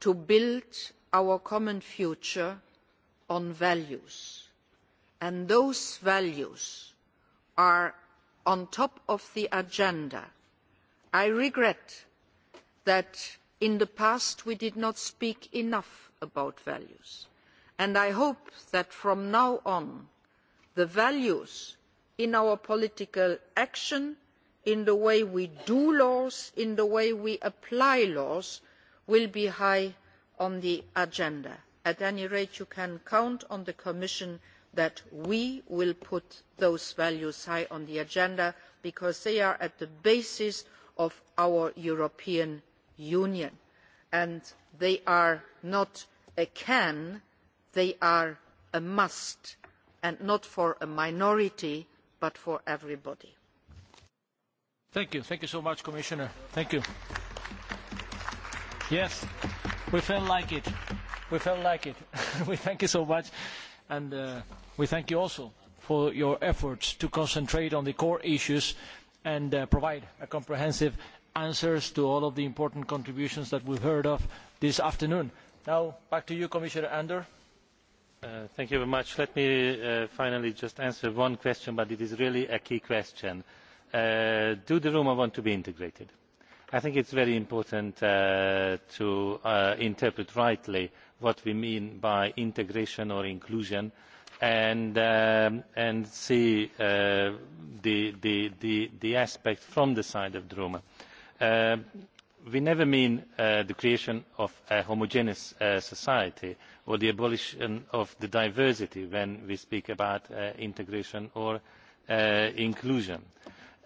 to build our common future on values and those values are on top of the agenda. I regret that in the past we did not speak enough about values and I hope that from now on the values in our political action, in the way we do laws, in the way we apply laws will be high on the agenda. At any rate, you can count on the Commission that we will put those values high on the agenda because they are at the basis of our european union and they are not a can they are a must and not for a minority but for everybody.
Thank you. so much, Commissioner. Thank you. Yes, we felt like it. We felt like it. <laughs> we thank you so much. Uh, We thank you also for your efforts to concentrate on the core issues and uh, provide comprehensive answers to all of the important contributions that we have heard of this afternoon. Now, back to you, Commissioner Andor.
Uh, thank you very much. Let me uh, finally just answer one question, but it is really a key question. Uh, do the Roma want to be integrated? I think it is very important uh, to uh, interpret rightly what we mean by integration or inclusion uh, and, um, and see uh, the, the, the, the aspect from the side of the Roma. Uh, um, we never mean uh, the creation of a homogeneous uh, society or the abolition of the diversity when we speak about uh, integration or uh, inclusion.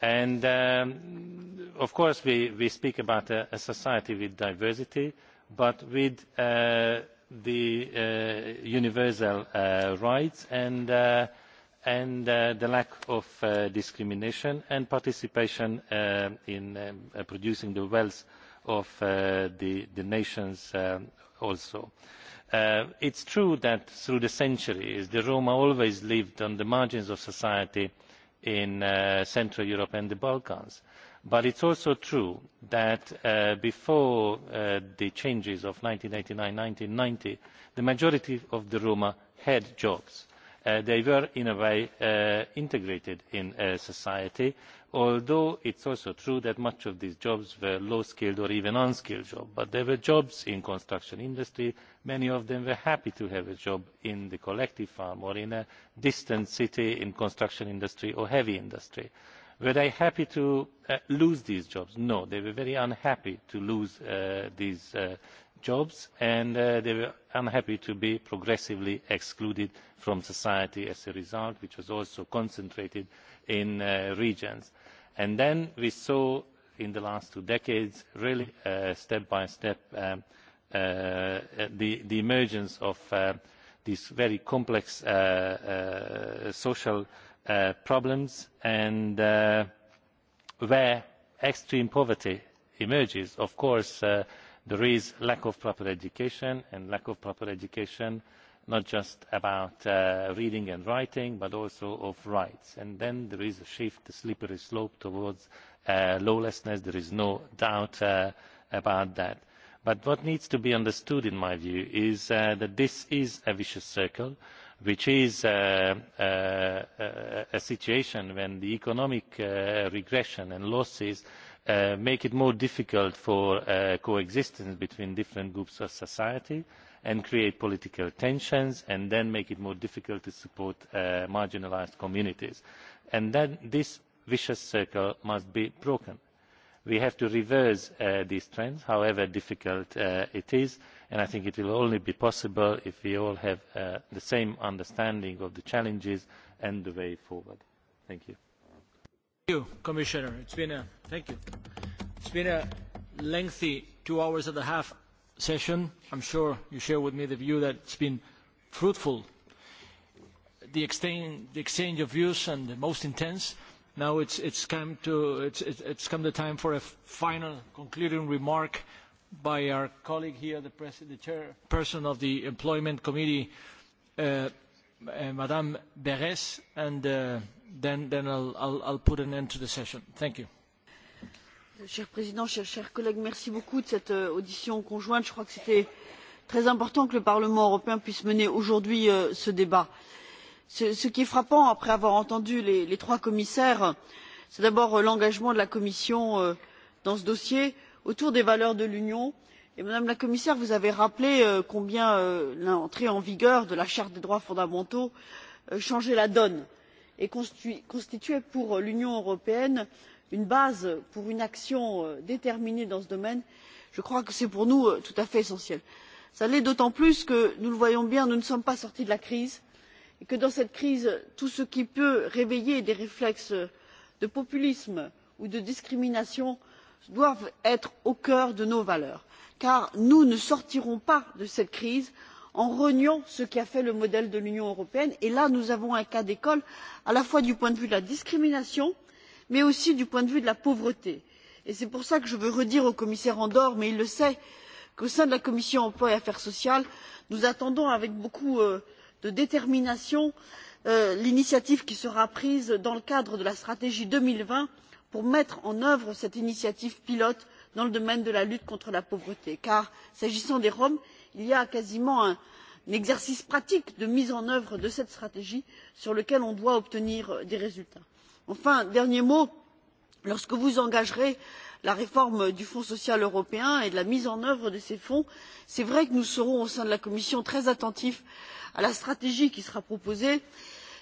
And um, of course we, we speak about a, a society with diversity but with uh, the uh, universal uh, rights and, uh, and uh, the lack of uh, discrimination and participation uh, in um, uh, producing the wealth of uh, the, the nations uh, also. Uh, it's true that through the centuries the Roma always lived on the margins of society in uh, Central Europe and the Balkans but it is also true that uh, before uh, the changes of one thousand nine hundred and eighty nine one thousand nine hundred and ninety the majority of the roma had jobs. Uh, they were in a way uh, integrated in uh, society although it is also true that much of these jobs were low skilled or even unskilled jobs but there were jobs in the construction industry many of them were happy to have a job in the collective farm or in a distant city in the construction industry or heavy industry. Were they happy to uh, lose these jobs? No, they were very unhappy to lose uh, these uh, jobs and uh, they were unhappy to be progressively excluded from society as a result, which was also concentrated in uh, regions. And then we saw in the last two decades, really uh, step by step, um, uh, the, the emergence of uh, these very complex uh, uh, social uh, Uh, problems and uh, where extreme poverty emerges of course uh, there is lack of proper education and lack of proper education not just about uh, reading and writing but also of rights and then there is a shift a slippery slope towards uh, lawlessness there is no doubt uh, about that but what needs to be understood in my view is uh, that this is a vicious circle which is uh, uh, a situation when the economic uh, regression and losses uh, make it more difficult for uh, coexistence between different groups of society and create political tensions and then make it more difficult to support uh, marginalised communities. And then this vicious circle must be broken we have to reverse uh, these trends however difficult uh, it is and i think it will only be possible if we all have uh, the same understanding of the challenges and the way forward. thank you.
Thank you, Commissioner. It's been a, thank you. It's been a lengthy two hours and a half session. I'm sure you share with me the view that it's been fruitful, the exchange, the exchange of views and the most intense. Now it's, it's, come, to, it's, it's come the time for a final concluding remark by our colleague here, the, pres the chairperson of the Employment Committee, uh, uh, Madame Beres, and uh, then, then I'll, I'll, I'll put an end to the session. Thank you.
Cher Président, chers, chers collègues, merci beaucoup de cette euh, audition conjointe. Je crois que c'était très important que le Parlement européen puisse mener aujourd'hui euh, ce débat. Ce, ce qui est frappant après avoir entendu les, les trois commissaires, c'est d'abord euh, l'engagement de la Commission euh, dans ce dossier autour des valeurs de l'Union. Et Madame la Commissaire, vous avez rappelé euh, combien l'entrée en vigueur de la Charte des droits fondamentaux changeait la donne et constituait pour l'Union européenne une base pour une action déterminée dans ce domaine. Je crois que c'est pour nous tout à fait essentiel. Cela l'est d'autant plus que, nous le voyons bien, nous ne sommes pas sortis de la crise et que dans cette crise tout ce qui peut réveiller des réflexes de populisme ou de discrimination doit être au cœur de nos valeurs car nous ne sortirons pas de cette crise en reniant ce qui a fait le modèle de l'union européenne et là nous avons un cas d'école à la fois du point de vue de la discrimination mais aussi du point de vue de la pauvreté et c'est pour cela que je veux redire au commissaire andor mais il le sait qu'au sein de la commission de l'emploi et des affaires sociales nous attendons avec beaucoup euh, de détermination euh, l'initiative qui sera prise dans le cadre de la stratégie deux mille vingt pour mettre en œuvre cette initiative pilote dans le domaine de la lutte contre la pauvreté car s'agissant des roms il y a quasiment un, exercice pratique de mise en œuvre de cette stratégie sur lequel on doit obtenir des résultats. enfin dernier mot lorsque vous engagerez la réforme du Fonds social européen et de la mise en œuvre de ces fonds. C'est vrai que nous serons au sein de la Commission très attentifs à la stratégie qui sera proposée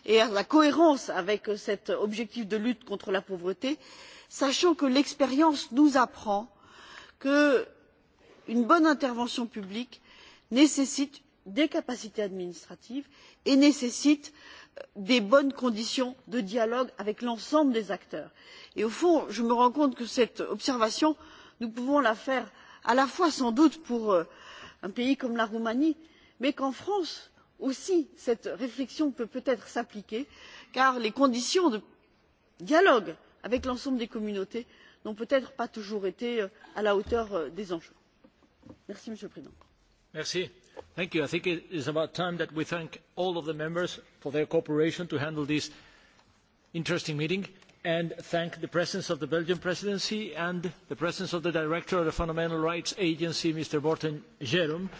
et à la cohérence avec cet objectif de lutte contre la pauvreté, sachant que l'expérience nous apprend qu'une bonne intervention publique nécessite des capacités administratives et nécessite des bonnes conditions de dialogue avec l'ensemble des acteurs. Et au fond, je me rends compte que cette observation, nous pouvons la faire à la fois sans doute pour euh, un pays comme la Roumanie, mais qu'en France aussi, cette réflexion peut peut-être s'appliquer, car les conditions de dialogue avec l'ensemble des communautés n'ont peut-être pas toujours été euh, à la hauteur euh, des enjeux. Merci, Monsieur le Président.
Thank you. I think it is about time that we thank all of the members for their cooperation to handle this interesting meeting and thank the presence of the Belgian presidency and the presence of the director of the Fundamental Rights Agency, Mr. Morten Jerum,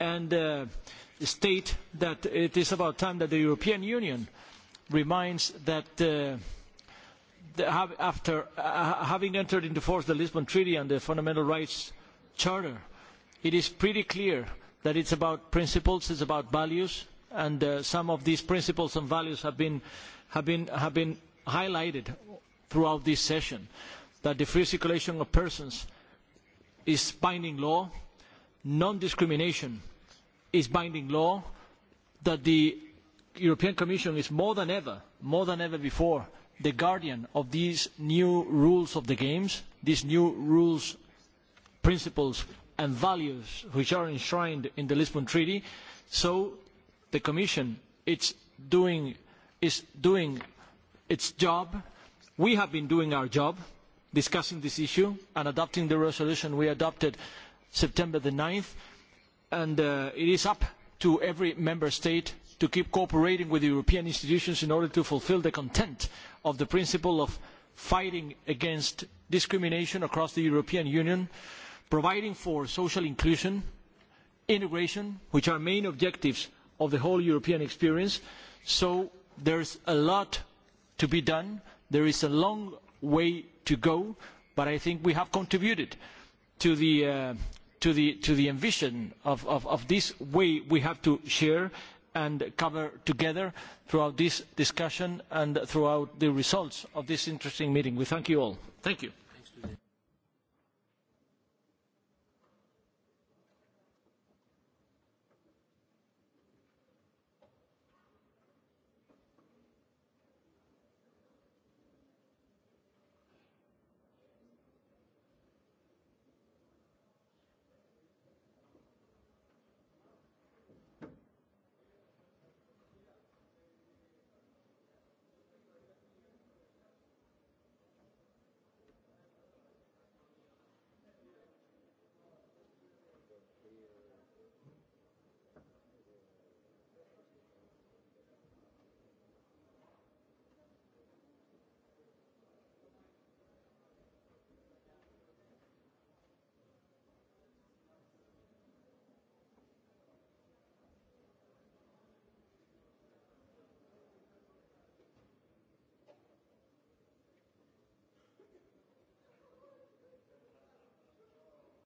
and uh, state that it is about time that the European Union reminds that uh, the, after uh, having entered into force the Lisbon Treaty and the Fundamental Rights Charter, it is pretty clear that it is about principles, it is about values, and uh, some of these principles and values have been, have, been, have been, highlighted throughout this session. That the free circulation of persons is binding law, non-discrimination is binding law, that the European Commission is more than ever, more than ever before, the guardian of these new rules of the games, these new rules, principles, and values which are enshrined in the Lisbon Treaty. So the Commission is doing, is doing its job. We have been doing our job, discussing this issue and adopting the resolution we adopted September the 9th. And uh, it is up to every member state to keep cooperating with the European institutions in order to fulfil the content of the principle of fighting against discrimination across the European Union. Uh, providing for social inclusion, integration, which are main objectives of the whole European experience. So there is a lot to be done. There is a long way to go, but I think we have contributed to the, uh, to the, to the ambition of, of, of this way we have to share and cover together throughout this discussion and throughout the results of this interesting meeting. We thank you all.
Thank you.